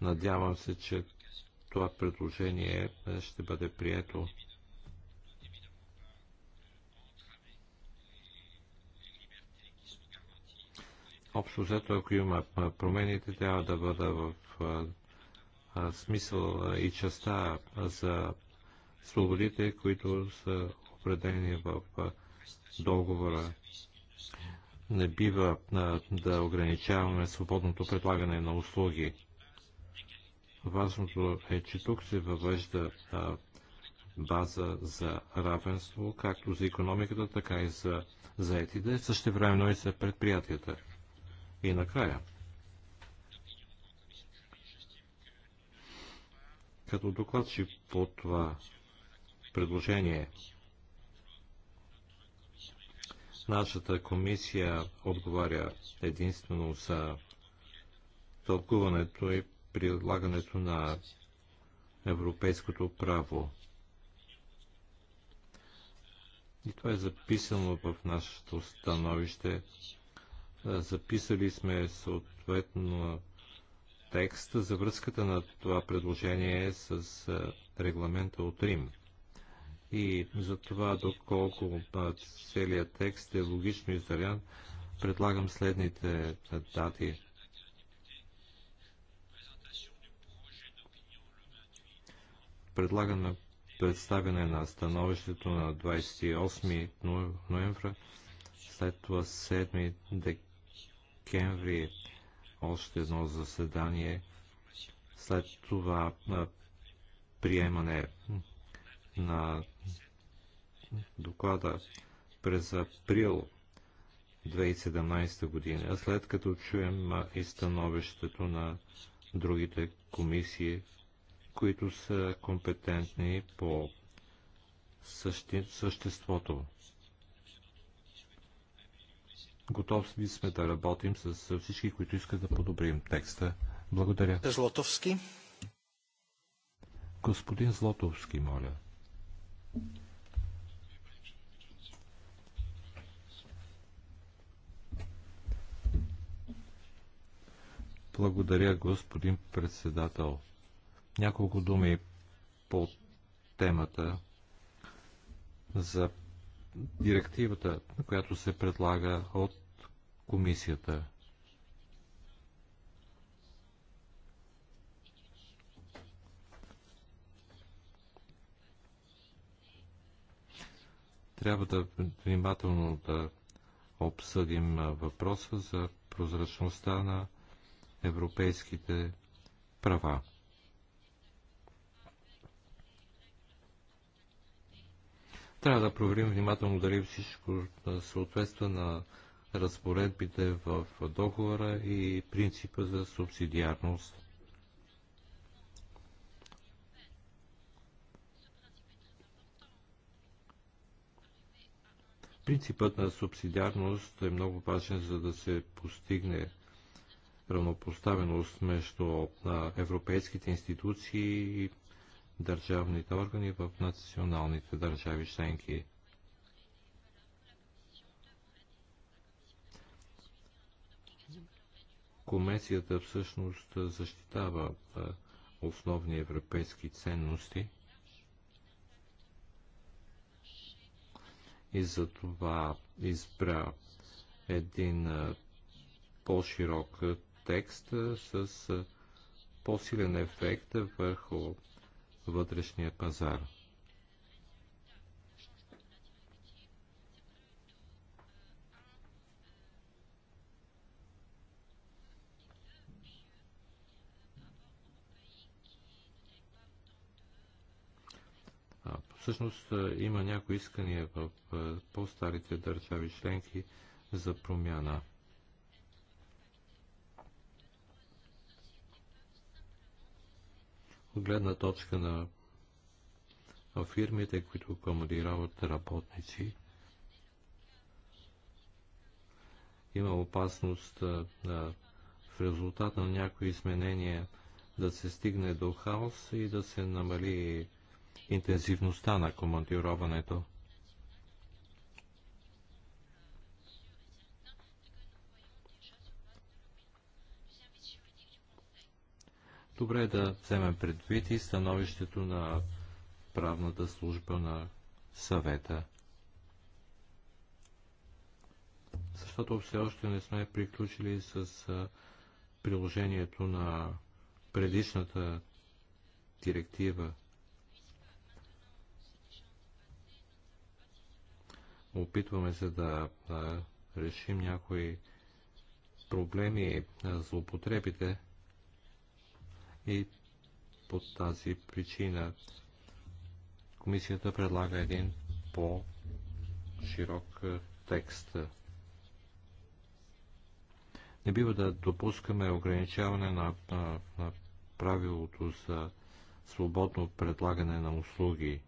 Надявам се, че това предложение ще бъде прието. Общо взето, ако има промените, трябва да бъда в смисъл и частта за свободите, които са определени в договора. Не бива да ограничаваме свободното предлагане на услуги. Важното е, че тук се въвежда база за равенство, както за економиката, така и за заетите, също времено и за предприятията. И накрая, като докладчик по това предложение, нашата комисия отговаря единствено за тълкуването и прилагането на европейското право. И това е записано в нашето становище Записали сме съответно текст за връзката на това предложение с регламента от Рим. И за това доколко целият текст е логично издарян, предлагам следните дати. Предлагаме представяне на становището на 28 ноември, след това 7 декември декември е още едно заседание. След това приемане на доклада през април 2017 година, след като чуем и становището на другите комисии, които са компетентни по същи, съществото Готови сме да работим с всички, които искат да подобрим текста. Благодаря. Злотовски. Господин Злотовски, моля. Благодаря, господин председател. Няколко думи по темата за директивата, която се предлага от комисията. Трябва да внимателно да обсъдим въпроса за прозрачността на европейските права. Трябва да проверим внимателно дали всичко съответства на разпоредбите в договора и принципа за субсидиарност. Принципът на субсидиарност е много важен, за да се постигне равнопоставеност между европейските институции и държавните органи в националните държави членки. Комисията всъщност защитава основни европейски ценности и затова избра един по-широк текст с по-силен ефект върху вътрешния пазар. Всъщност има някои искания в по-старите държави членки за промяна. от гледна точка на фирмите, които командирават работници. Има опасност да, в резултат на някои изменения да се стигне до хаос и да се намали интензивността на командироването. Добре е да вземем предвид и становището на правната служба на съвета. Защото все още не сме приключили с приложението на предишната директива. Опитваме се да, решим някои проблеми, злоупотребите и по тази причина комисията предлага един по-широк е, текст. Не бива да допускаме ограничаване на, на, на правилото за свободно предлагане на услуги.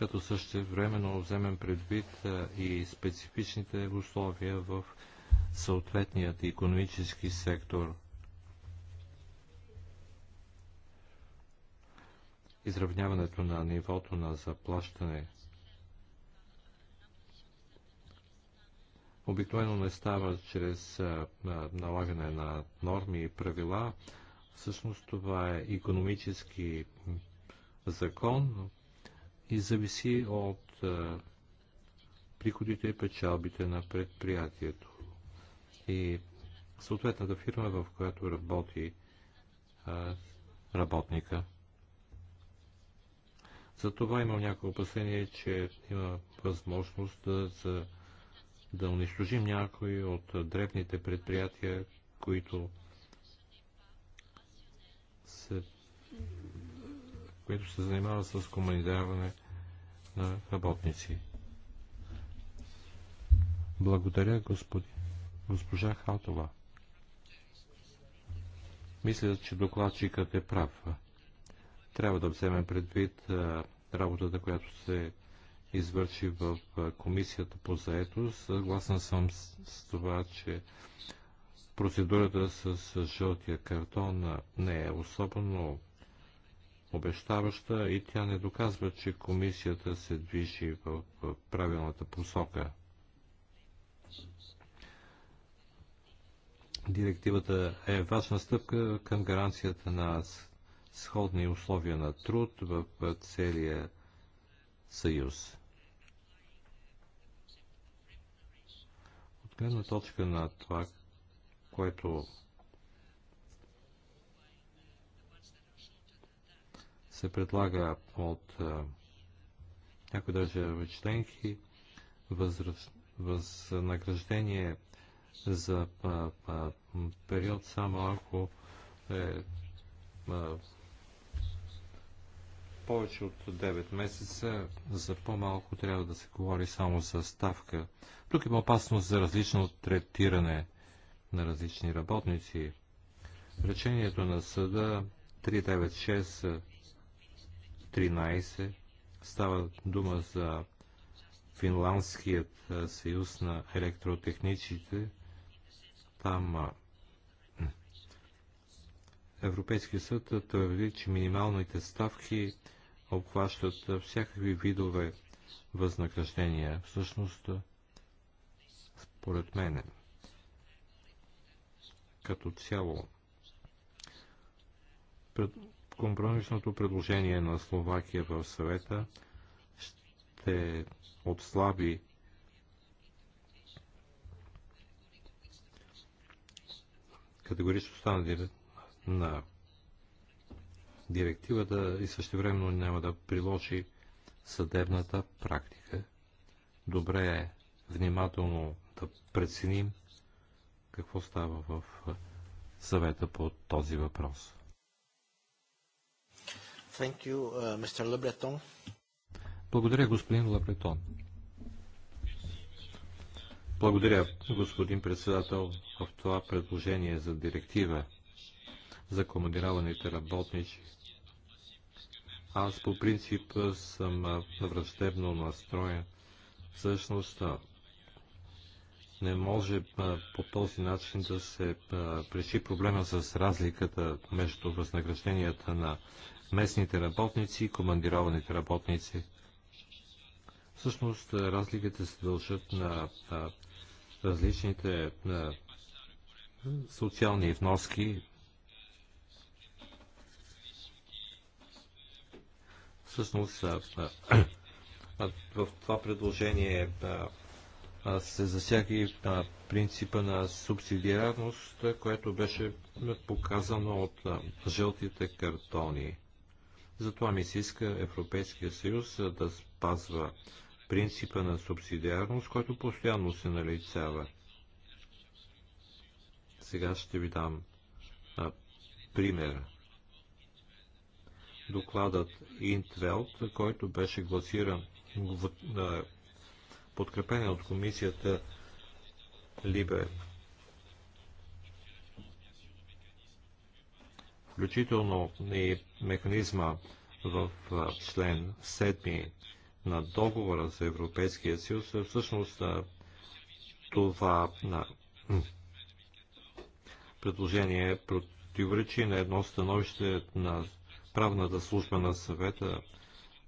като същевременно вземем предвид и специфичните условия в съответният економически сектор. Изравняването на нивото на заплащане обикновено не става чрез налагане на норми и правила. Всъщност това е економически закон, и зависи от е, приходите и печалбите на предприятието. И съответната фирма, в която работи е, работника. Затова имам някакво опасение, че има възможност да, за, да унищожим някои от древните предприятия, които се, които се занимават с командироване на работници. Благодаря, господи, госпожа Хатова. Мисля, че докладчикът е прав. Трябва да вземем предвид работата, която се извърши в комисията по заето. Съгласен съм с, това, че процедурата с, с жълтия картон не е особено обещаваща и тя не доказва, че комисията се движи в правилната посока. Директивата е важна стъпка към гаранцията на сходни условия на труд в целия съюз. От гледна точка на това, което се предлага от някои държави членки възнаграждение за а, а, период само ако е а, повече от 9 месеца, за по-малко трябва да се говори само за ставка. Тук има опасност за различно третиране на различни работници. Речението на съда 396 13 става дума за Финландският съюз на електротехниците. Там Европейския съд твърди, че минималните ставки обхващат всякакви видове възнаграждения. Всъщност, според мен, като цяло, Компромисното предложение на Словакия в съвета ще отслаби категорично стана на директивата и същевременно няма да приложи съдебната практика. Добре е внимателно да преценим какво става в съвета по този въпрос. Thank you, uh, Mr. Le Breton. Благодаря, господин Лабретон. Благодаря, господин председател, в това предложение за директива за командированите работници. Аз по принцип съм враждебно настроен. Всъщност не може по този начин да се реши проблема с разликата между възнагражденията на местните работници и командированите работници. Всъщност разликите се дължат на, на различните на социални вноски. Всъщност в това предложение се засяга и принципа на субсидиарност, което беше показано от жълтите картони. Затова ми се иска Европейския съюз да спазва принципа на субсидиарност, който постоянно се налицава. Сега ще ви дам а, пример. Докладът Интвелт, който беше гласиран, подкрепен от комисията Либе включително и механизма в член 7 на договора за Европейския съюз, е всъщност това на предложение противоречи на едно становище на правната служба на съвета,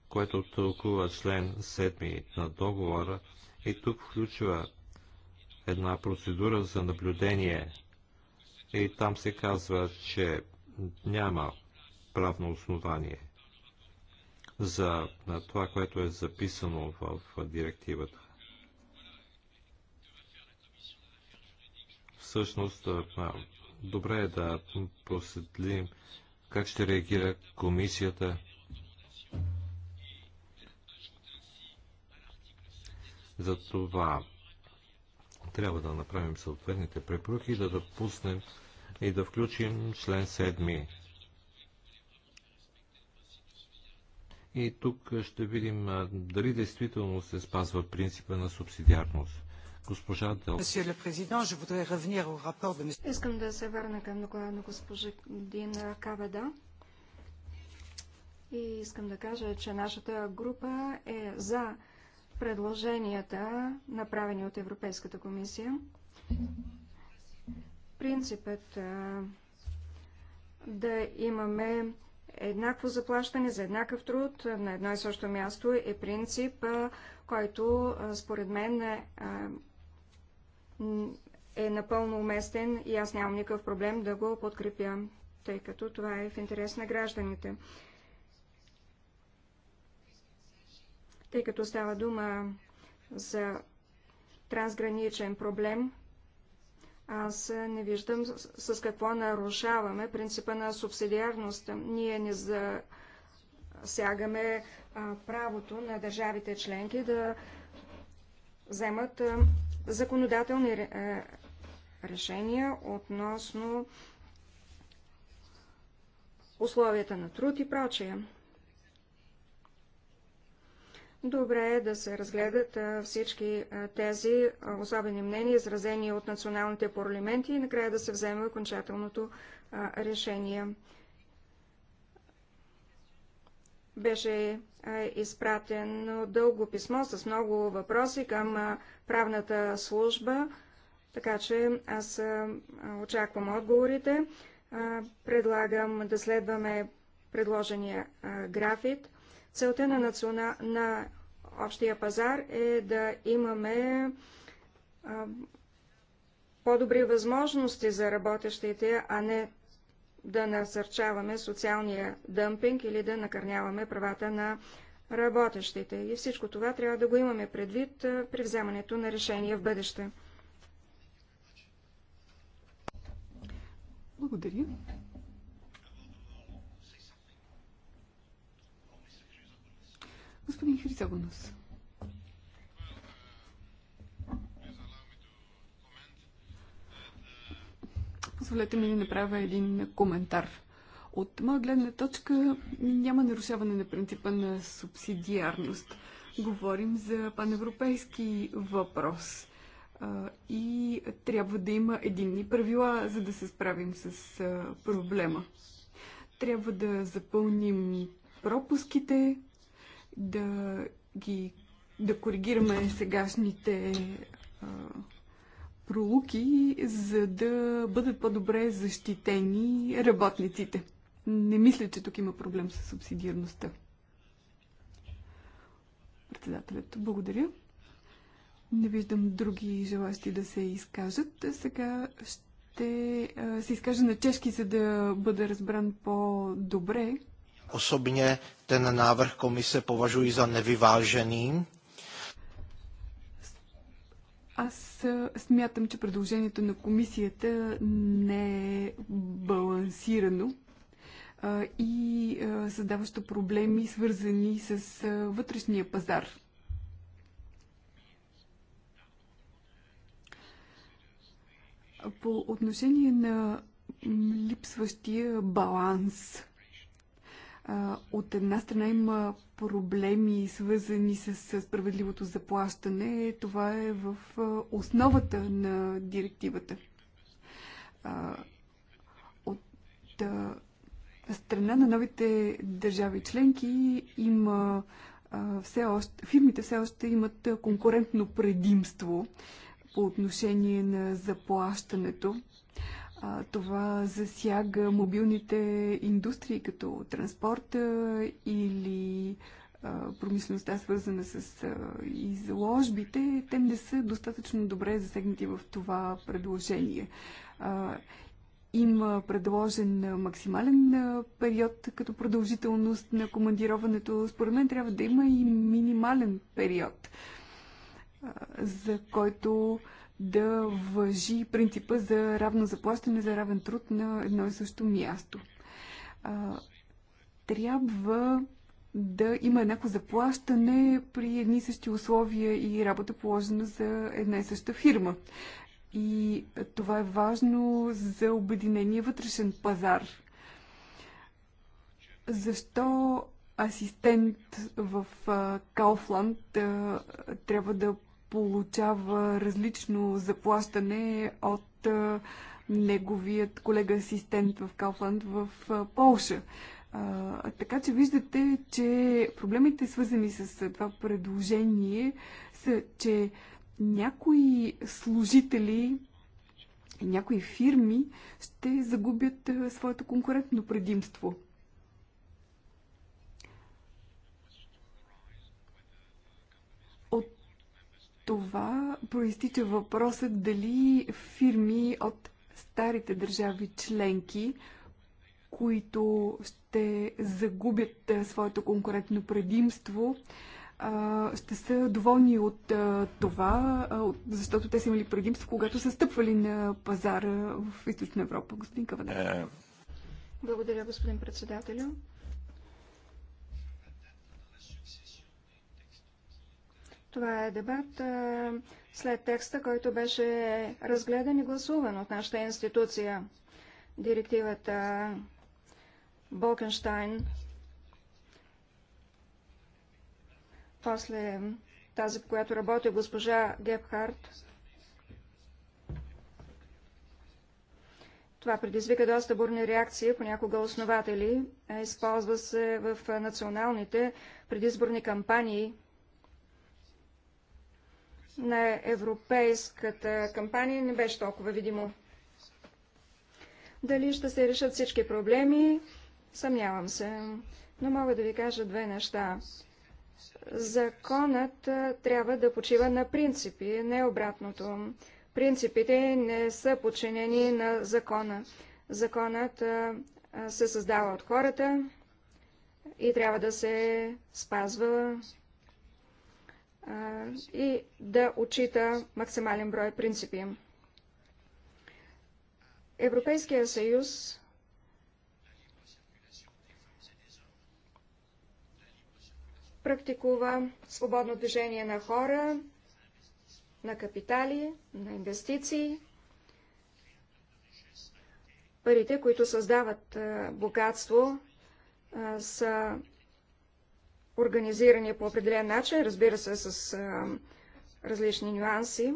което тълкува член 7 на договора и тук включва една процедура за наблюдение. И там се казва, че няма правно основание за това, което е записано в директивата. Всъщност, добре е да проследим как ще реагира комисията. За това трябва да направим съответните препоръки и да допуснем да и да включим член 7. И тук ще видим дали действително се спазва принципа на субсидиарност. Госпожа Дел. Искам да се върна към доклада на госпожа Дина Каведа. И искам да кажа, че нашата група е за предложенията, направени от Европейската комисия принципът да имаме еднакво заплащане за еднакъв труд на едно и също място е принцип, който според мен е, е напълно уместен и аз нямам никакъв проблем да го подкрепя, тъй като това е в интерес на гражданите. Тъй като става дума за трансграничен проблем, аз не виждам с, с какво нарушаваме принципа на субсидиарността. Ние не засягаме а, правото на държавите членки да вземат а, законодателни а, е, решения относно условията на труд и прочее. Добре е да се разгледат всички тези особени мнения, изразени от националните парламенти и накрая да се вземе окончателното решение. Беше изпратено дълго писмо с много въпроси към правната служба, така че аз очаквам отговорите. Предлагам да следваме предложения график Целта на, национа... на общия пазар е да имаме по-добри възможности за работещите, а не да насърчаваме социалния дъмпинг или да накърняваме правата на работещите. И всичко това трябва да го имаме предвид при вземането на решения в бъдеще. Благодаря. Господин Хризагонос. Позволете ми да направя един коментар. От моя гледна точка няма нарушаване на принципа на субсидиарност. Говорим за паневропейски въпрос. И трябва да има единни правила, за да се справим с проблема. Трябва да запълним пропуските, да ги да коригираме сегашните а, пролуки, за да бъдат по-добре защитени работниците. Не мисля, че тук има проблем с субсидиарността. Председателят, благодаря. Не виждам други желащи да се изкажат. Сега ще а, се изкажа на чешки, за да бъда разбран по-добре osobně ten návrh komise považuji za невиваженý. Аз смятам, че предложението на комисията не е балансирано и създаващо проблеми, свързани с вътрешния пазар. По отношение на липсващия баланс от една страна има проблеми, свързани с справедливото заплащане. Това е в основата на директивата. От страна на новите държави членки има все още, фирмите все още имат конкурентно предимство по отношение на заплащането това засяга мобилните индустрии, като транспорта или промишлеността, свързана с изложбите, те не са достатъчно добре засегнати в това предложение. Има предложен максимален период като продължителност на командироването. Според мен трябва да има и минимален период, за който да въжи принципа за равно заплащане за равен труд на едно и също място. А, трябва да има еднакво заплащане при едни и същи условия и работа положена за една и съща фирма. И това е важно за обединения вътрешен пазар. Защо асистент в Кауфланд трябва да получава различно заплащане от неговият колега-асистент в Кауфланд в Полша. така че виждате, че проблемите свързани с това предложение са, че някои служители, някои фирми ще загубят своето конкурентно предимство – това проистича въпросът дали фирми от старите държави членки, които ще загубят своето конкурентно предимство, ще са доволни от това, защото те са имали предимство, когато са стъпвали на пазара в Източна Европа. Господин Кавадар. Е. Благодаря, господин председателю. Това е дебат а, след текста, който беше разгледан и гласуван от нашата институция. Директивата Болкенштайн. После тази, по която работи госпожа Гепхарт. Това предизвика доста бурни реакции, понякога основатели. Е, използва се в националните предизборни кампании на европейската кампания не беше толкова видимо. Дали ще се решат всички проблеми, съмнявам се. Но мога да ви кажа две неща. Законът трябва да почива на принципи, не обратното. Принципите не са подчинени на закона. Законът се създава от хората и трябва да се спазва и да отчита максимален брой принципи. Европейския съюз практикува свободно движение на хора, на капитали, на инвестиции. Парите, които създават богатство, са организирани по определен начин, разбира се, с а, различни нюанси.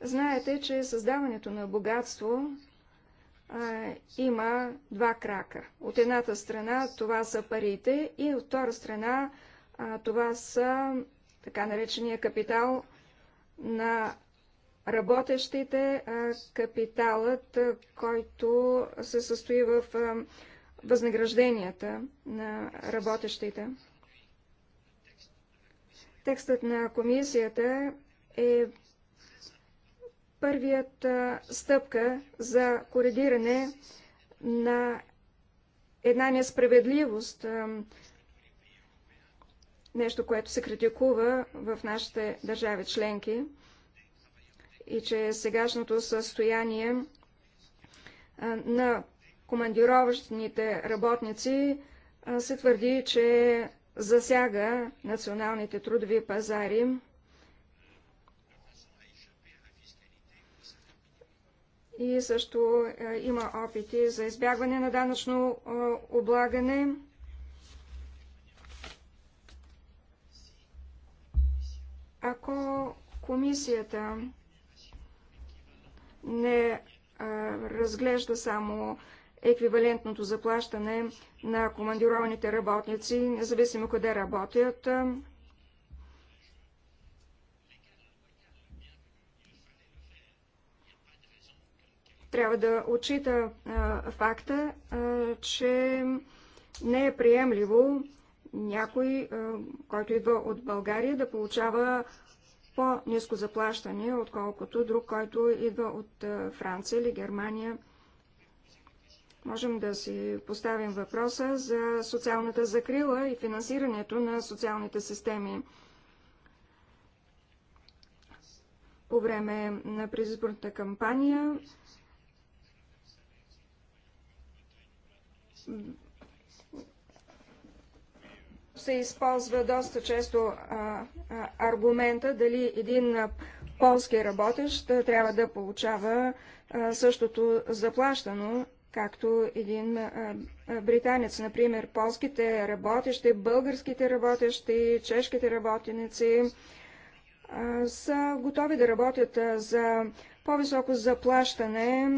Знаете, че създаването на богатство а, има два крака. От едната страна това са парите и от втора страна а, това са така наречения капитал на работещите, а, капиталът, а, който се състои в а, възнагражденията на работещите. Текстът на комисията е първият стъпка за коригиране на една несправедливост, нещо, което се критикува в нашите държави членки и че сегашното състояние на командировъчните работници се твърди, че засяга националните трудови пазари. И също има опити за избягване на данъчно облагане. Ако комисията не разглежда само еквивалентното заплащане на командированите работници, независимо къде работят. Трябва да отчита факта, че не е приемливо някой, който идва от България, да получава по-низко заплащане, отколкото друг, който идва от Франция или Германия. Можем да си поставим въпроса за социалната закрила и финансирането на социалните системи. По време на предизборната кампания се използва доста често аргумента дали един полски работещ трябва да получава същото заплащано както един британец, например, полските работещи, българските работещи, чешките работеници са готови да работят за по-високо заплащане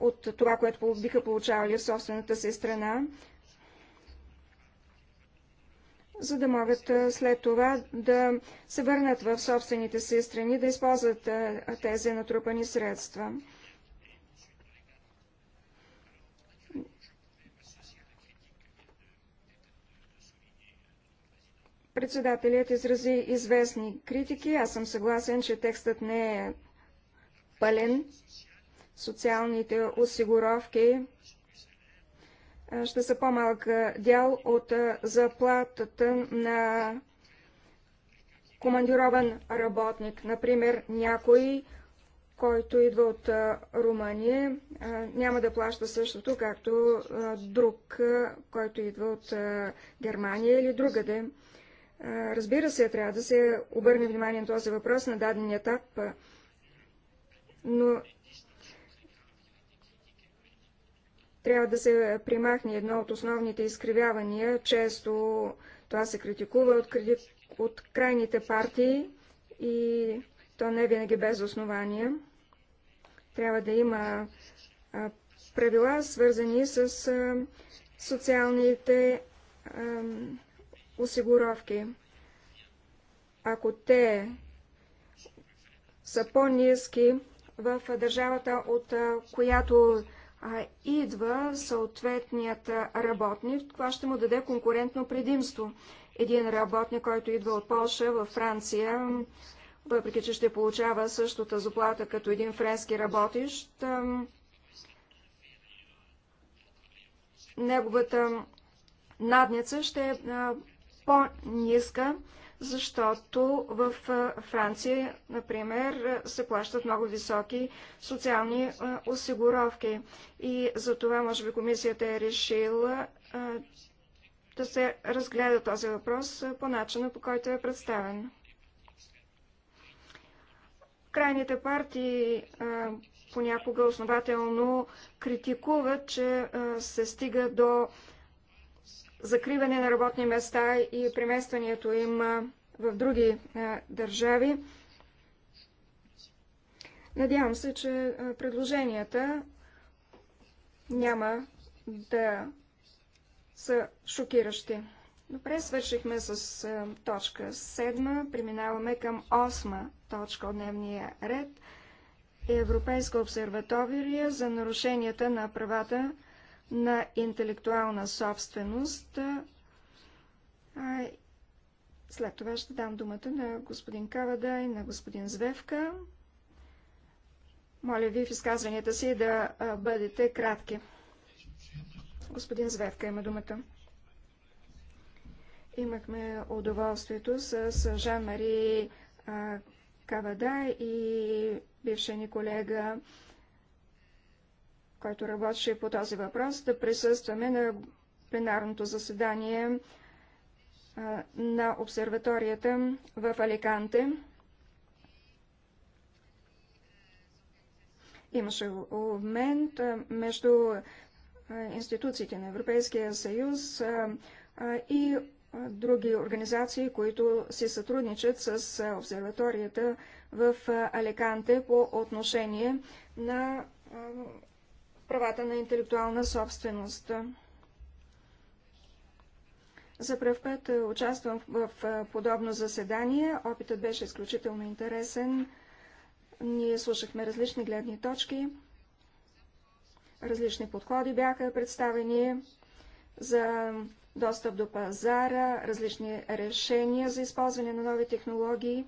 от това, което биха получавали в собствената си страна, за да могат след това да се върнат в собствените си страни, да използват тези натрупани средства. Председателят изрази известни критики. Аз съм съгласен, че текстът не е пълен. Социалните осигуровки ще са по-малък дял от заплатата на командирован работник. Например, някой, който идва от Румъния, няма да плаща същото, както друг, който идва от Германия или другаде. Разбира се, трябва да се обърне внимание на този въпрос на даден етап, но трябва да се примахне едно от основните изкривявания. Често това се критикува от, креди... от крайните партии и то не винаги без основания. Трябва да има правила, свързани с социалните осигуровки. Ако те са по-низки в държавата, от която идва съответният работник, това ще му даде конкурентно предимство. Един работник, който идва от Польша във Франция, въпреки че ще получава същата заплата като един френски работещ, неговата надница ще по-ниска, защото в Франция, например, се плащат много високи социални осигуровки. И за това, може би, комисията е решила да се разгледа този въпрос по начина, по който е представен. Крайните партии понякога основателно критикуват, че се стига до закриване на работни места и преместването им в други държави. Надявам се, че предложенията няма да са шокиращи. Добре, свършихме с точка 7. Преминаваме към 8 точка от дневния ред. Европейска обсерватория за нарушенията на правата на интелектуална собственост. След това ще дам думата на господин Кавада и на господин Звевка. Моля ви в изказванията си да бъдете кратки. Господин Звевка има думата. Имахме удоволствието с Жан-Мари Кавада и бившия ни колега който работеше по този въпрос, да присъстваме на пленарното заседание на обсерваторията в Аликанте. Имаше момент между институциите на Европейския съюз и други организации, които си сътрудничат с обсерваторията в Аликанте по отношение на правата на интелектуална собственост. За пръв път е, участвам в е, подобно заседание. Опитът беше изключително интересен. Ние слушахме различни гледни точки. Различни подходи бяха представени за достъп до пазара, различни решения за използване на нови технологии.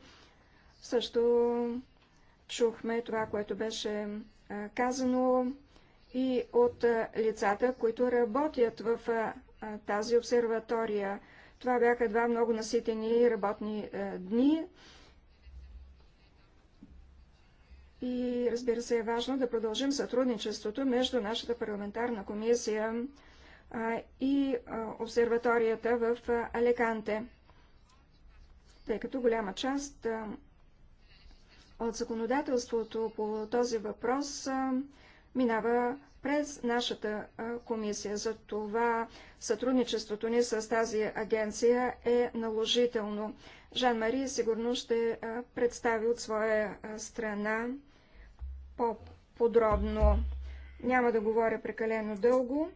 Също чухме това, което беше е, казано и от лицата, които работят в тази обсерватория. Това бяха два много наситени работни дни. И разбира се е важно да продължим сътрудничеството между нашата парламентарна комисия и обсерваторията в Алеканте, тъй като голяма част от законодателството по този въпрос минава през нашата комисия. За това сътрудничеството ни с тази агенция е наложително. Жан-Мари сигурно ще представи от своя страна по-подробно. Няма да говоря прекалено дълго.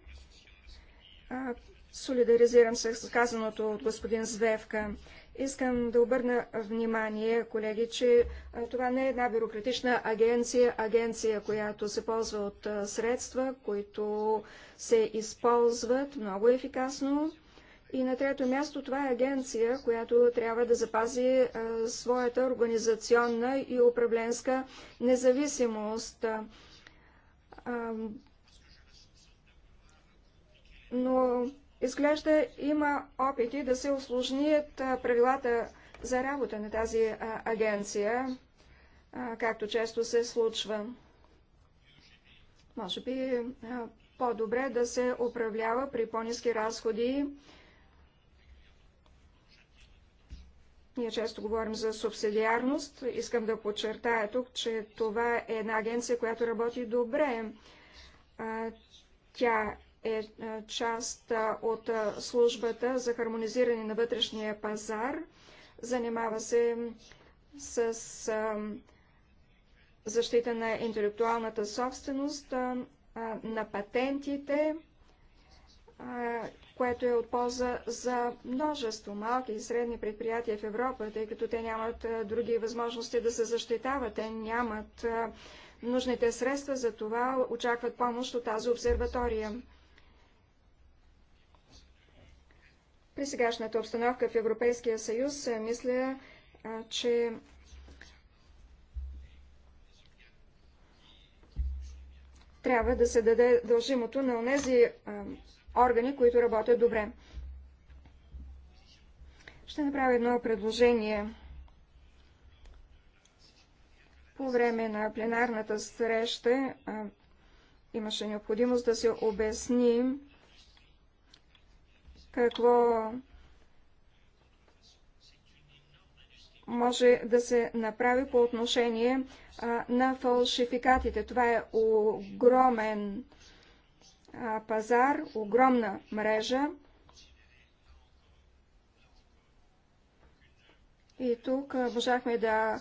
Солидаризирам се с казаното от господин Звевка. Искам да обърна внимание, колеги, че това не е една бюрократична агенция, агенция, която се ползва от средства, които се използват много ефикасно. И на трето място това е агенция, която трябва да запази своята организационна и управленска независимост. но Изглежда има опити да се осложният правилата за работа на тази агенция, както често се случва. Може би по-добре да се управлява при по-низки разходи. Ние често говорим за субсидиарност. Искам да подчертая тук, че това е една агенция, която работи добре. Тя е, е част от службата за хармонизиране на вътрешния пазар. Занимава се с защита на интелектуалната собственост, на патентите, което е от полза за множество малки и средни предприятия в Европа, тъй като те нямат други възможности да се защитават. Те нямат нужните средства, за това очакват помощ от тази обсерватория. При сегашната обстановка в Европейския съюз е, мисля, че трябва да се даде дължимото на тези органи, които работят добре. Ще направя едно предложение. По време на пленарната среща имаше необходимост да се обясним какво може да се направи по отношение а, на фалшификатите. Това е огромен а, пазар, огромна мрежа. И тук можахме да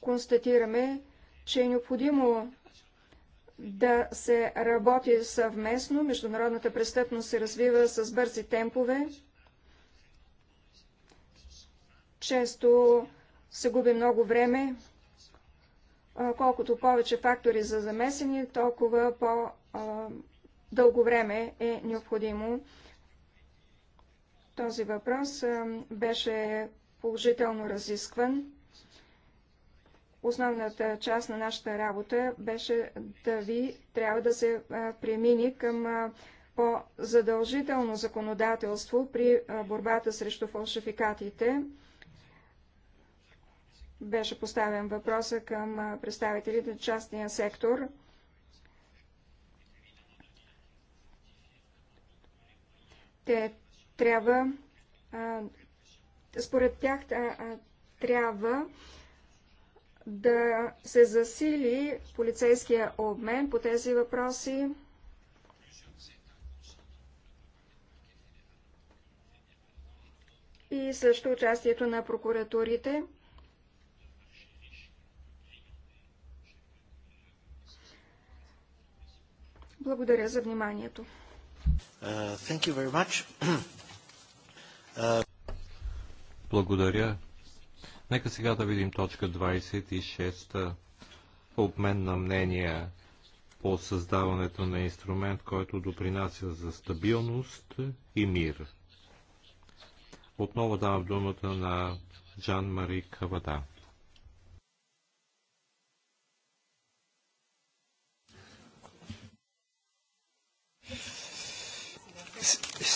констатираме, че е необходимо да се работи съвместно. Международната престъпност се развива с бързи темпове. Често се губи много време. Колкото повече фактори за замесени, толкова по-дълго време е необходимо. Този въпрос беше положително разискван. Основната част на нашата работа беше да ви трябва да се премини към по-задължително законодателство при борбата срещу фалшификатите. Беше поставен въпроса към представителите на частния сектор. Те трябва, според тях, трябва да се засили полицейския обмен по тези въпроси. И също участието на прокуратурите. Благодаря за вниманието. uh... uh Благодаря. Нека сега да видим точка 26 обмен на мнения по създаването на инструмент, който допринася за стабилност и мир. Отново давам думата на Жан-Мари Кавада.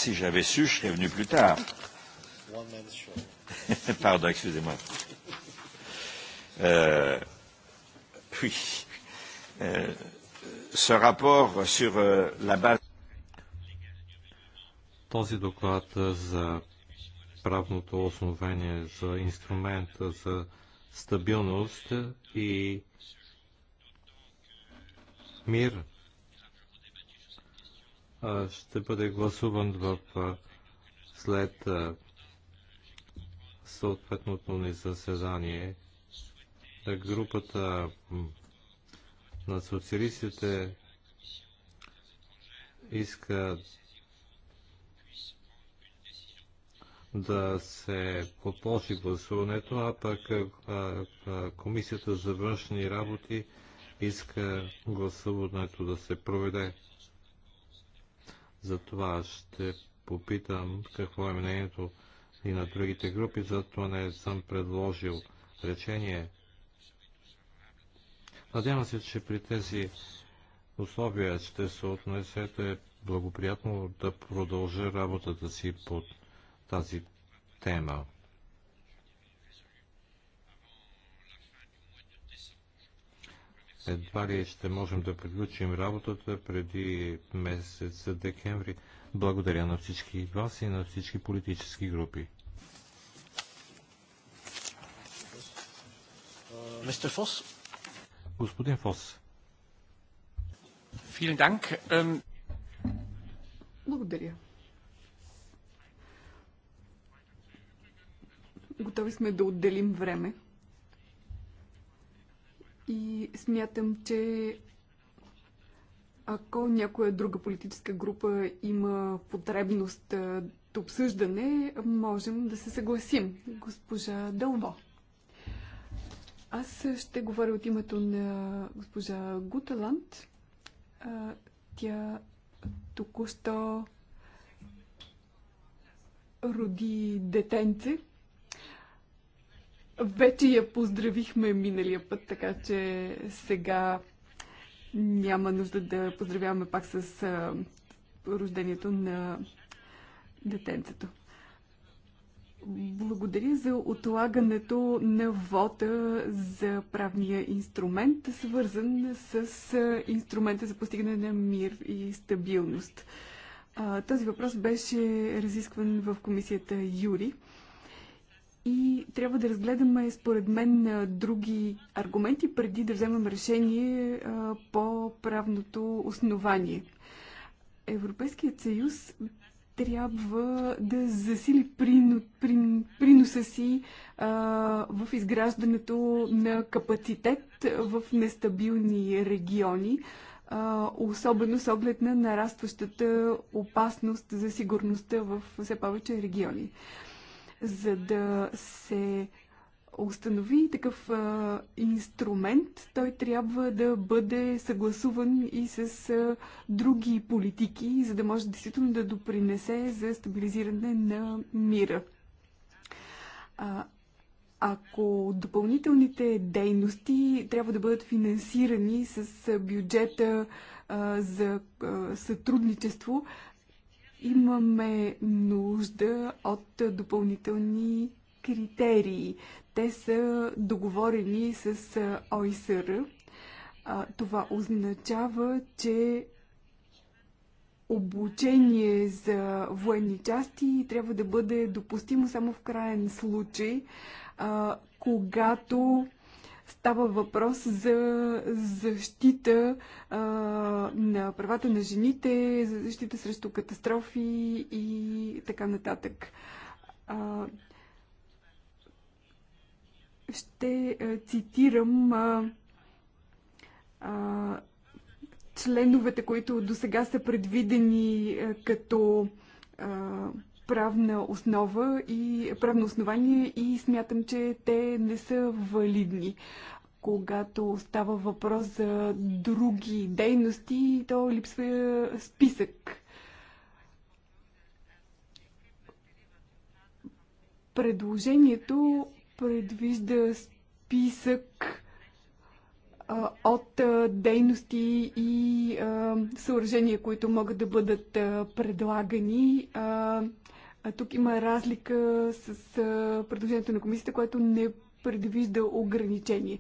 Si j'avais su, je serais venu plus tard. Pardon, excusez-moi. Euh, oui. Euh, ce rapport sur euh, la base. Този доклад е, за правното основание за инструмент за стабилност и мир ще бъде гласуван в след съответното ни заседание е, групата на социалистите иска да се подложи гласуването, а пък е, а, а, Комисията за външни работи иска гласуването да се проведе. Затова ще попитам какво е мнението и на другите групи, затова не съм предложил речение. Надявам се, че при тези условия ще се отнесете благоприятно да продължа работата си под тази тема. Едва ли ще можем да приключим работата преди месеца декември. Благодаря на всички вас и на всички политически групи. Мистер Фос? Господин Фос. Ähm, Благодаря. Готови сме да отделим време. И смятам, че ако някоя друга политическа група има потребност от обсъждане, можем да се съгласим. Госпожа Дълбо. Аз ще говоря от името на госпожа Гуталанд. Тя току-що роди детенце. Вече я поздравихме миналия път, така че сега няма нужда да поздравяваме пак с рождението на детенцето. Благодаря за отлагането на вота за правния инструмент, свързан с инструмента за постигане на мир и стабилност. Този въпрос беше разискван в комисията Юри. И трябва да разгледаме, според мен, други аргументи, преди да вземем решение по правното основание. Европейският съюз трябва да засили прино, прин, приноса си а, в изграждането на капацитет в нестабилни региони, а, особено с оглед на нарастващата опасност за сигурността в все повече региони. За да се установи такъв а, инструмент, той трябва да бъде съгласуван и с а, други политики, за да може действително да допринесе за стабилизиране на мира. А, ако допълнителните дейности трябва да бъдат финансирани с бюджета а, за а, сътрудничество, имаме нужда от допълнителни критерии. Те са договорени с ОИСР. Това означава, че обучение за военни части трябва да бъде допустимо само в крайен случай, когато става въпрос за защита а, на правата на жените, за защита срещу катастрофи и така нататък. А, ще е, цитирам а, а, членовете, които до сега са предвидени а, е, като а, правна основа и правно основание и смятам, че те не са валидни. Когато става въпрос за други дейности, то липсва списък. Предложението предвижда списък а, от а, дейности и а, съоръжения, които могат да бъдат а, предлагани. А, а тук има разлика с а, предложението на комисията, което не предвижда ограничение.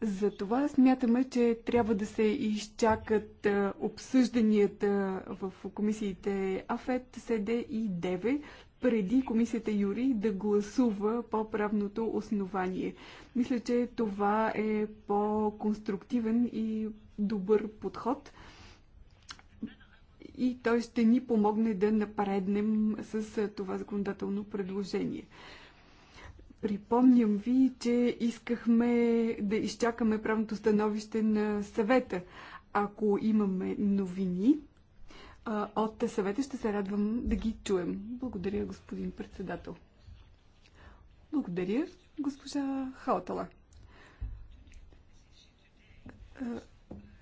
Затова смятаме, че трябва да се изчакат обсъжданията в комисиите АФЕТ, СЕДЕ и ДЕВЕ, преди комисията Юри да гласува по правното основание. Мисля, че това е по-конструктивен и добър подход и той ще ни помогне да напреднем с това законодателно предложение. Припомням ви, че искахме да изчакаме правното становище на съвета. Ако имаме новини, от съвета. Ще се радвам да ги чуем. Благодаря, господин председател. Благодаря, госпожа Халтала.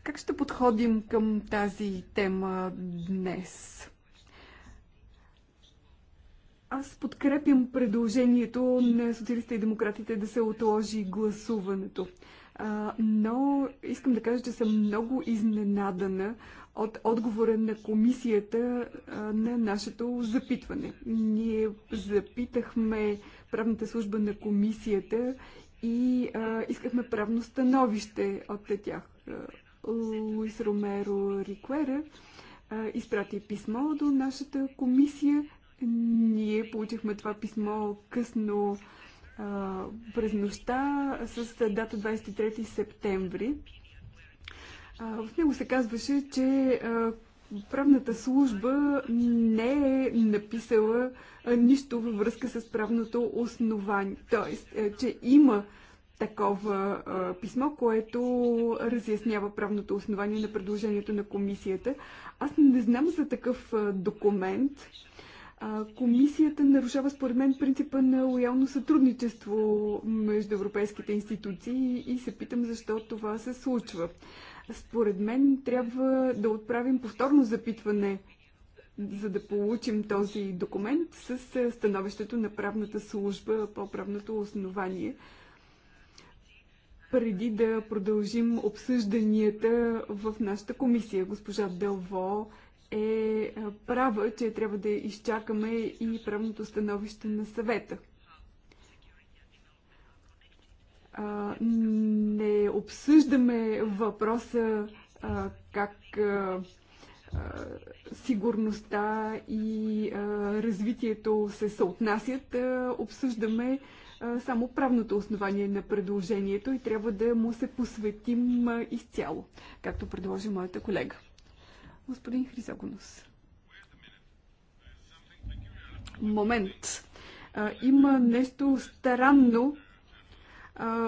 Как ще подходим към тази тема днес? Аз подкрепям предложението на социалистите и демократите да се отложи гласуването. но искам да кажа, че съм много изненадана от отговора на комисията на нашето запитване. Ние запитахме правната служба на комисията и а, искахме правно становище от тях. Луис Ромеро Рикуера а, изпрати писмо до нашата комисия. Ние получихме това писмо късно а, през нощта с дата 23 септември в него се казваше, че правната служба не е написала нищо във връзка с правното основание. Тоест, че има такова писмо, което разяснява правното основание на предложението на комисията. Аз не знам за такъв документ. комисията нарушава според мен принципа на лоялно сътрудничество между европейските институции и се питам защо това се случва. Според мен трябва да отправим повторно запитване, за да получим този документ с е, становището на правната служба по правното основание преди да продължим обсъжданията в нашата комисия. Госпожа Дълво е, е права, че трябва да изчакаме и правното становище на съвета не обсъждаме въпроса как сигурността и развитието се съотнасят, обсъждаме само правното основание на предложението и трябва да му се посветим изцяло, както предложи моята колега. Господин Хризагонос. Момент. Има нещо странно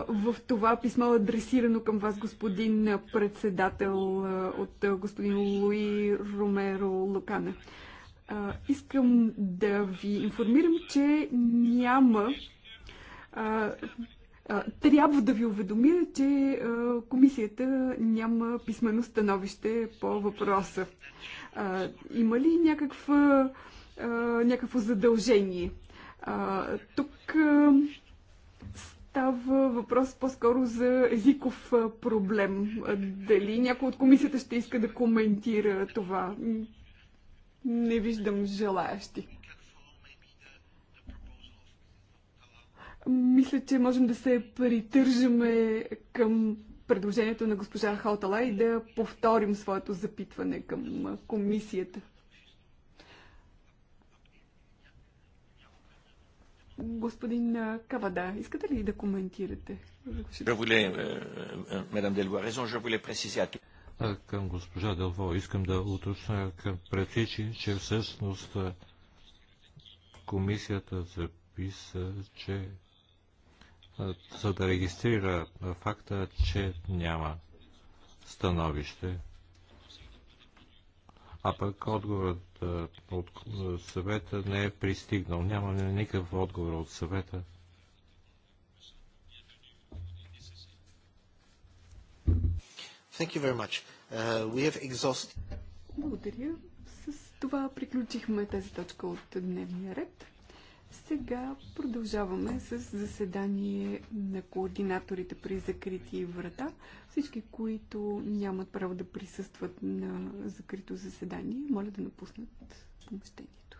в това писмо адресирано към вас, господин председател от господин Луи Ромеро Локана. Искам да ви информирам, че няма трябва да ви уведомя, че комисията няма писмено становище по въпроса. Има ли някакво задължение? Тук става въпрос по-скоро за езиков проблем. Дали някой от комисията ще иска да коментира това? Не виждам желаящи. Мисля, че можем да се притържаме към предложението на госпожа Халтала и да повторим своето запитване към комисията. Господин Кавада, искате ли да коментирате? Euh, euh, към госпожа Делво искам да уточня към прецичи, че всъщност комисията записа, че за да регистрира факта, че няма становище а пък отговорът от съвета не е пристигнал. Няма никакъв отговор от съвета. Thank you very much. Uh, we have exhausted... Благодаря. С това приключихме тази точка от дневния ред. Сега продължаваме с заседание на координаторите при закрити врата. Всички, които нямат право да присъстват на закрито заседание, моля да напуснат помещението.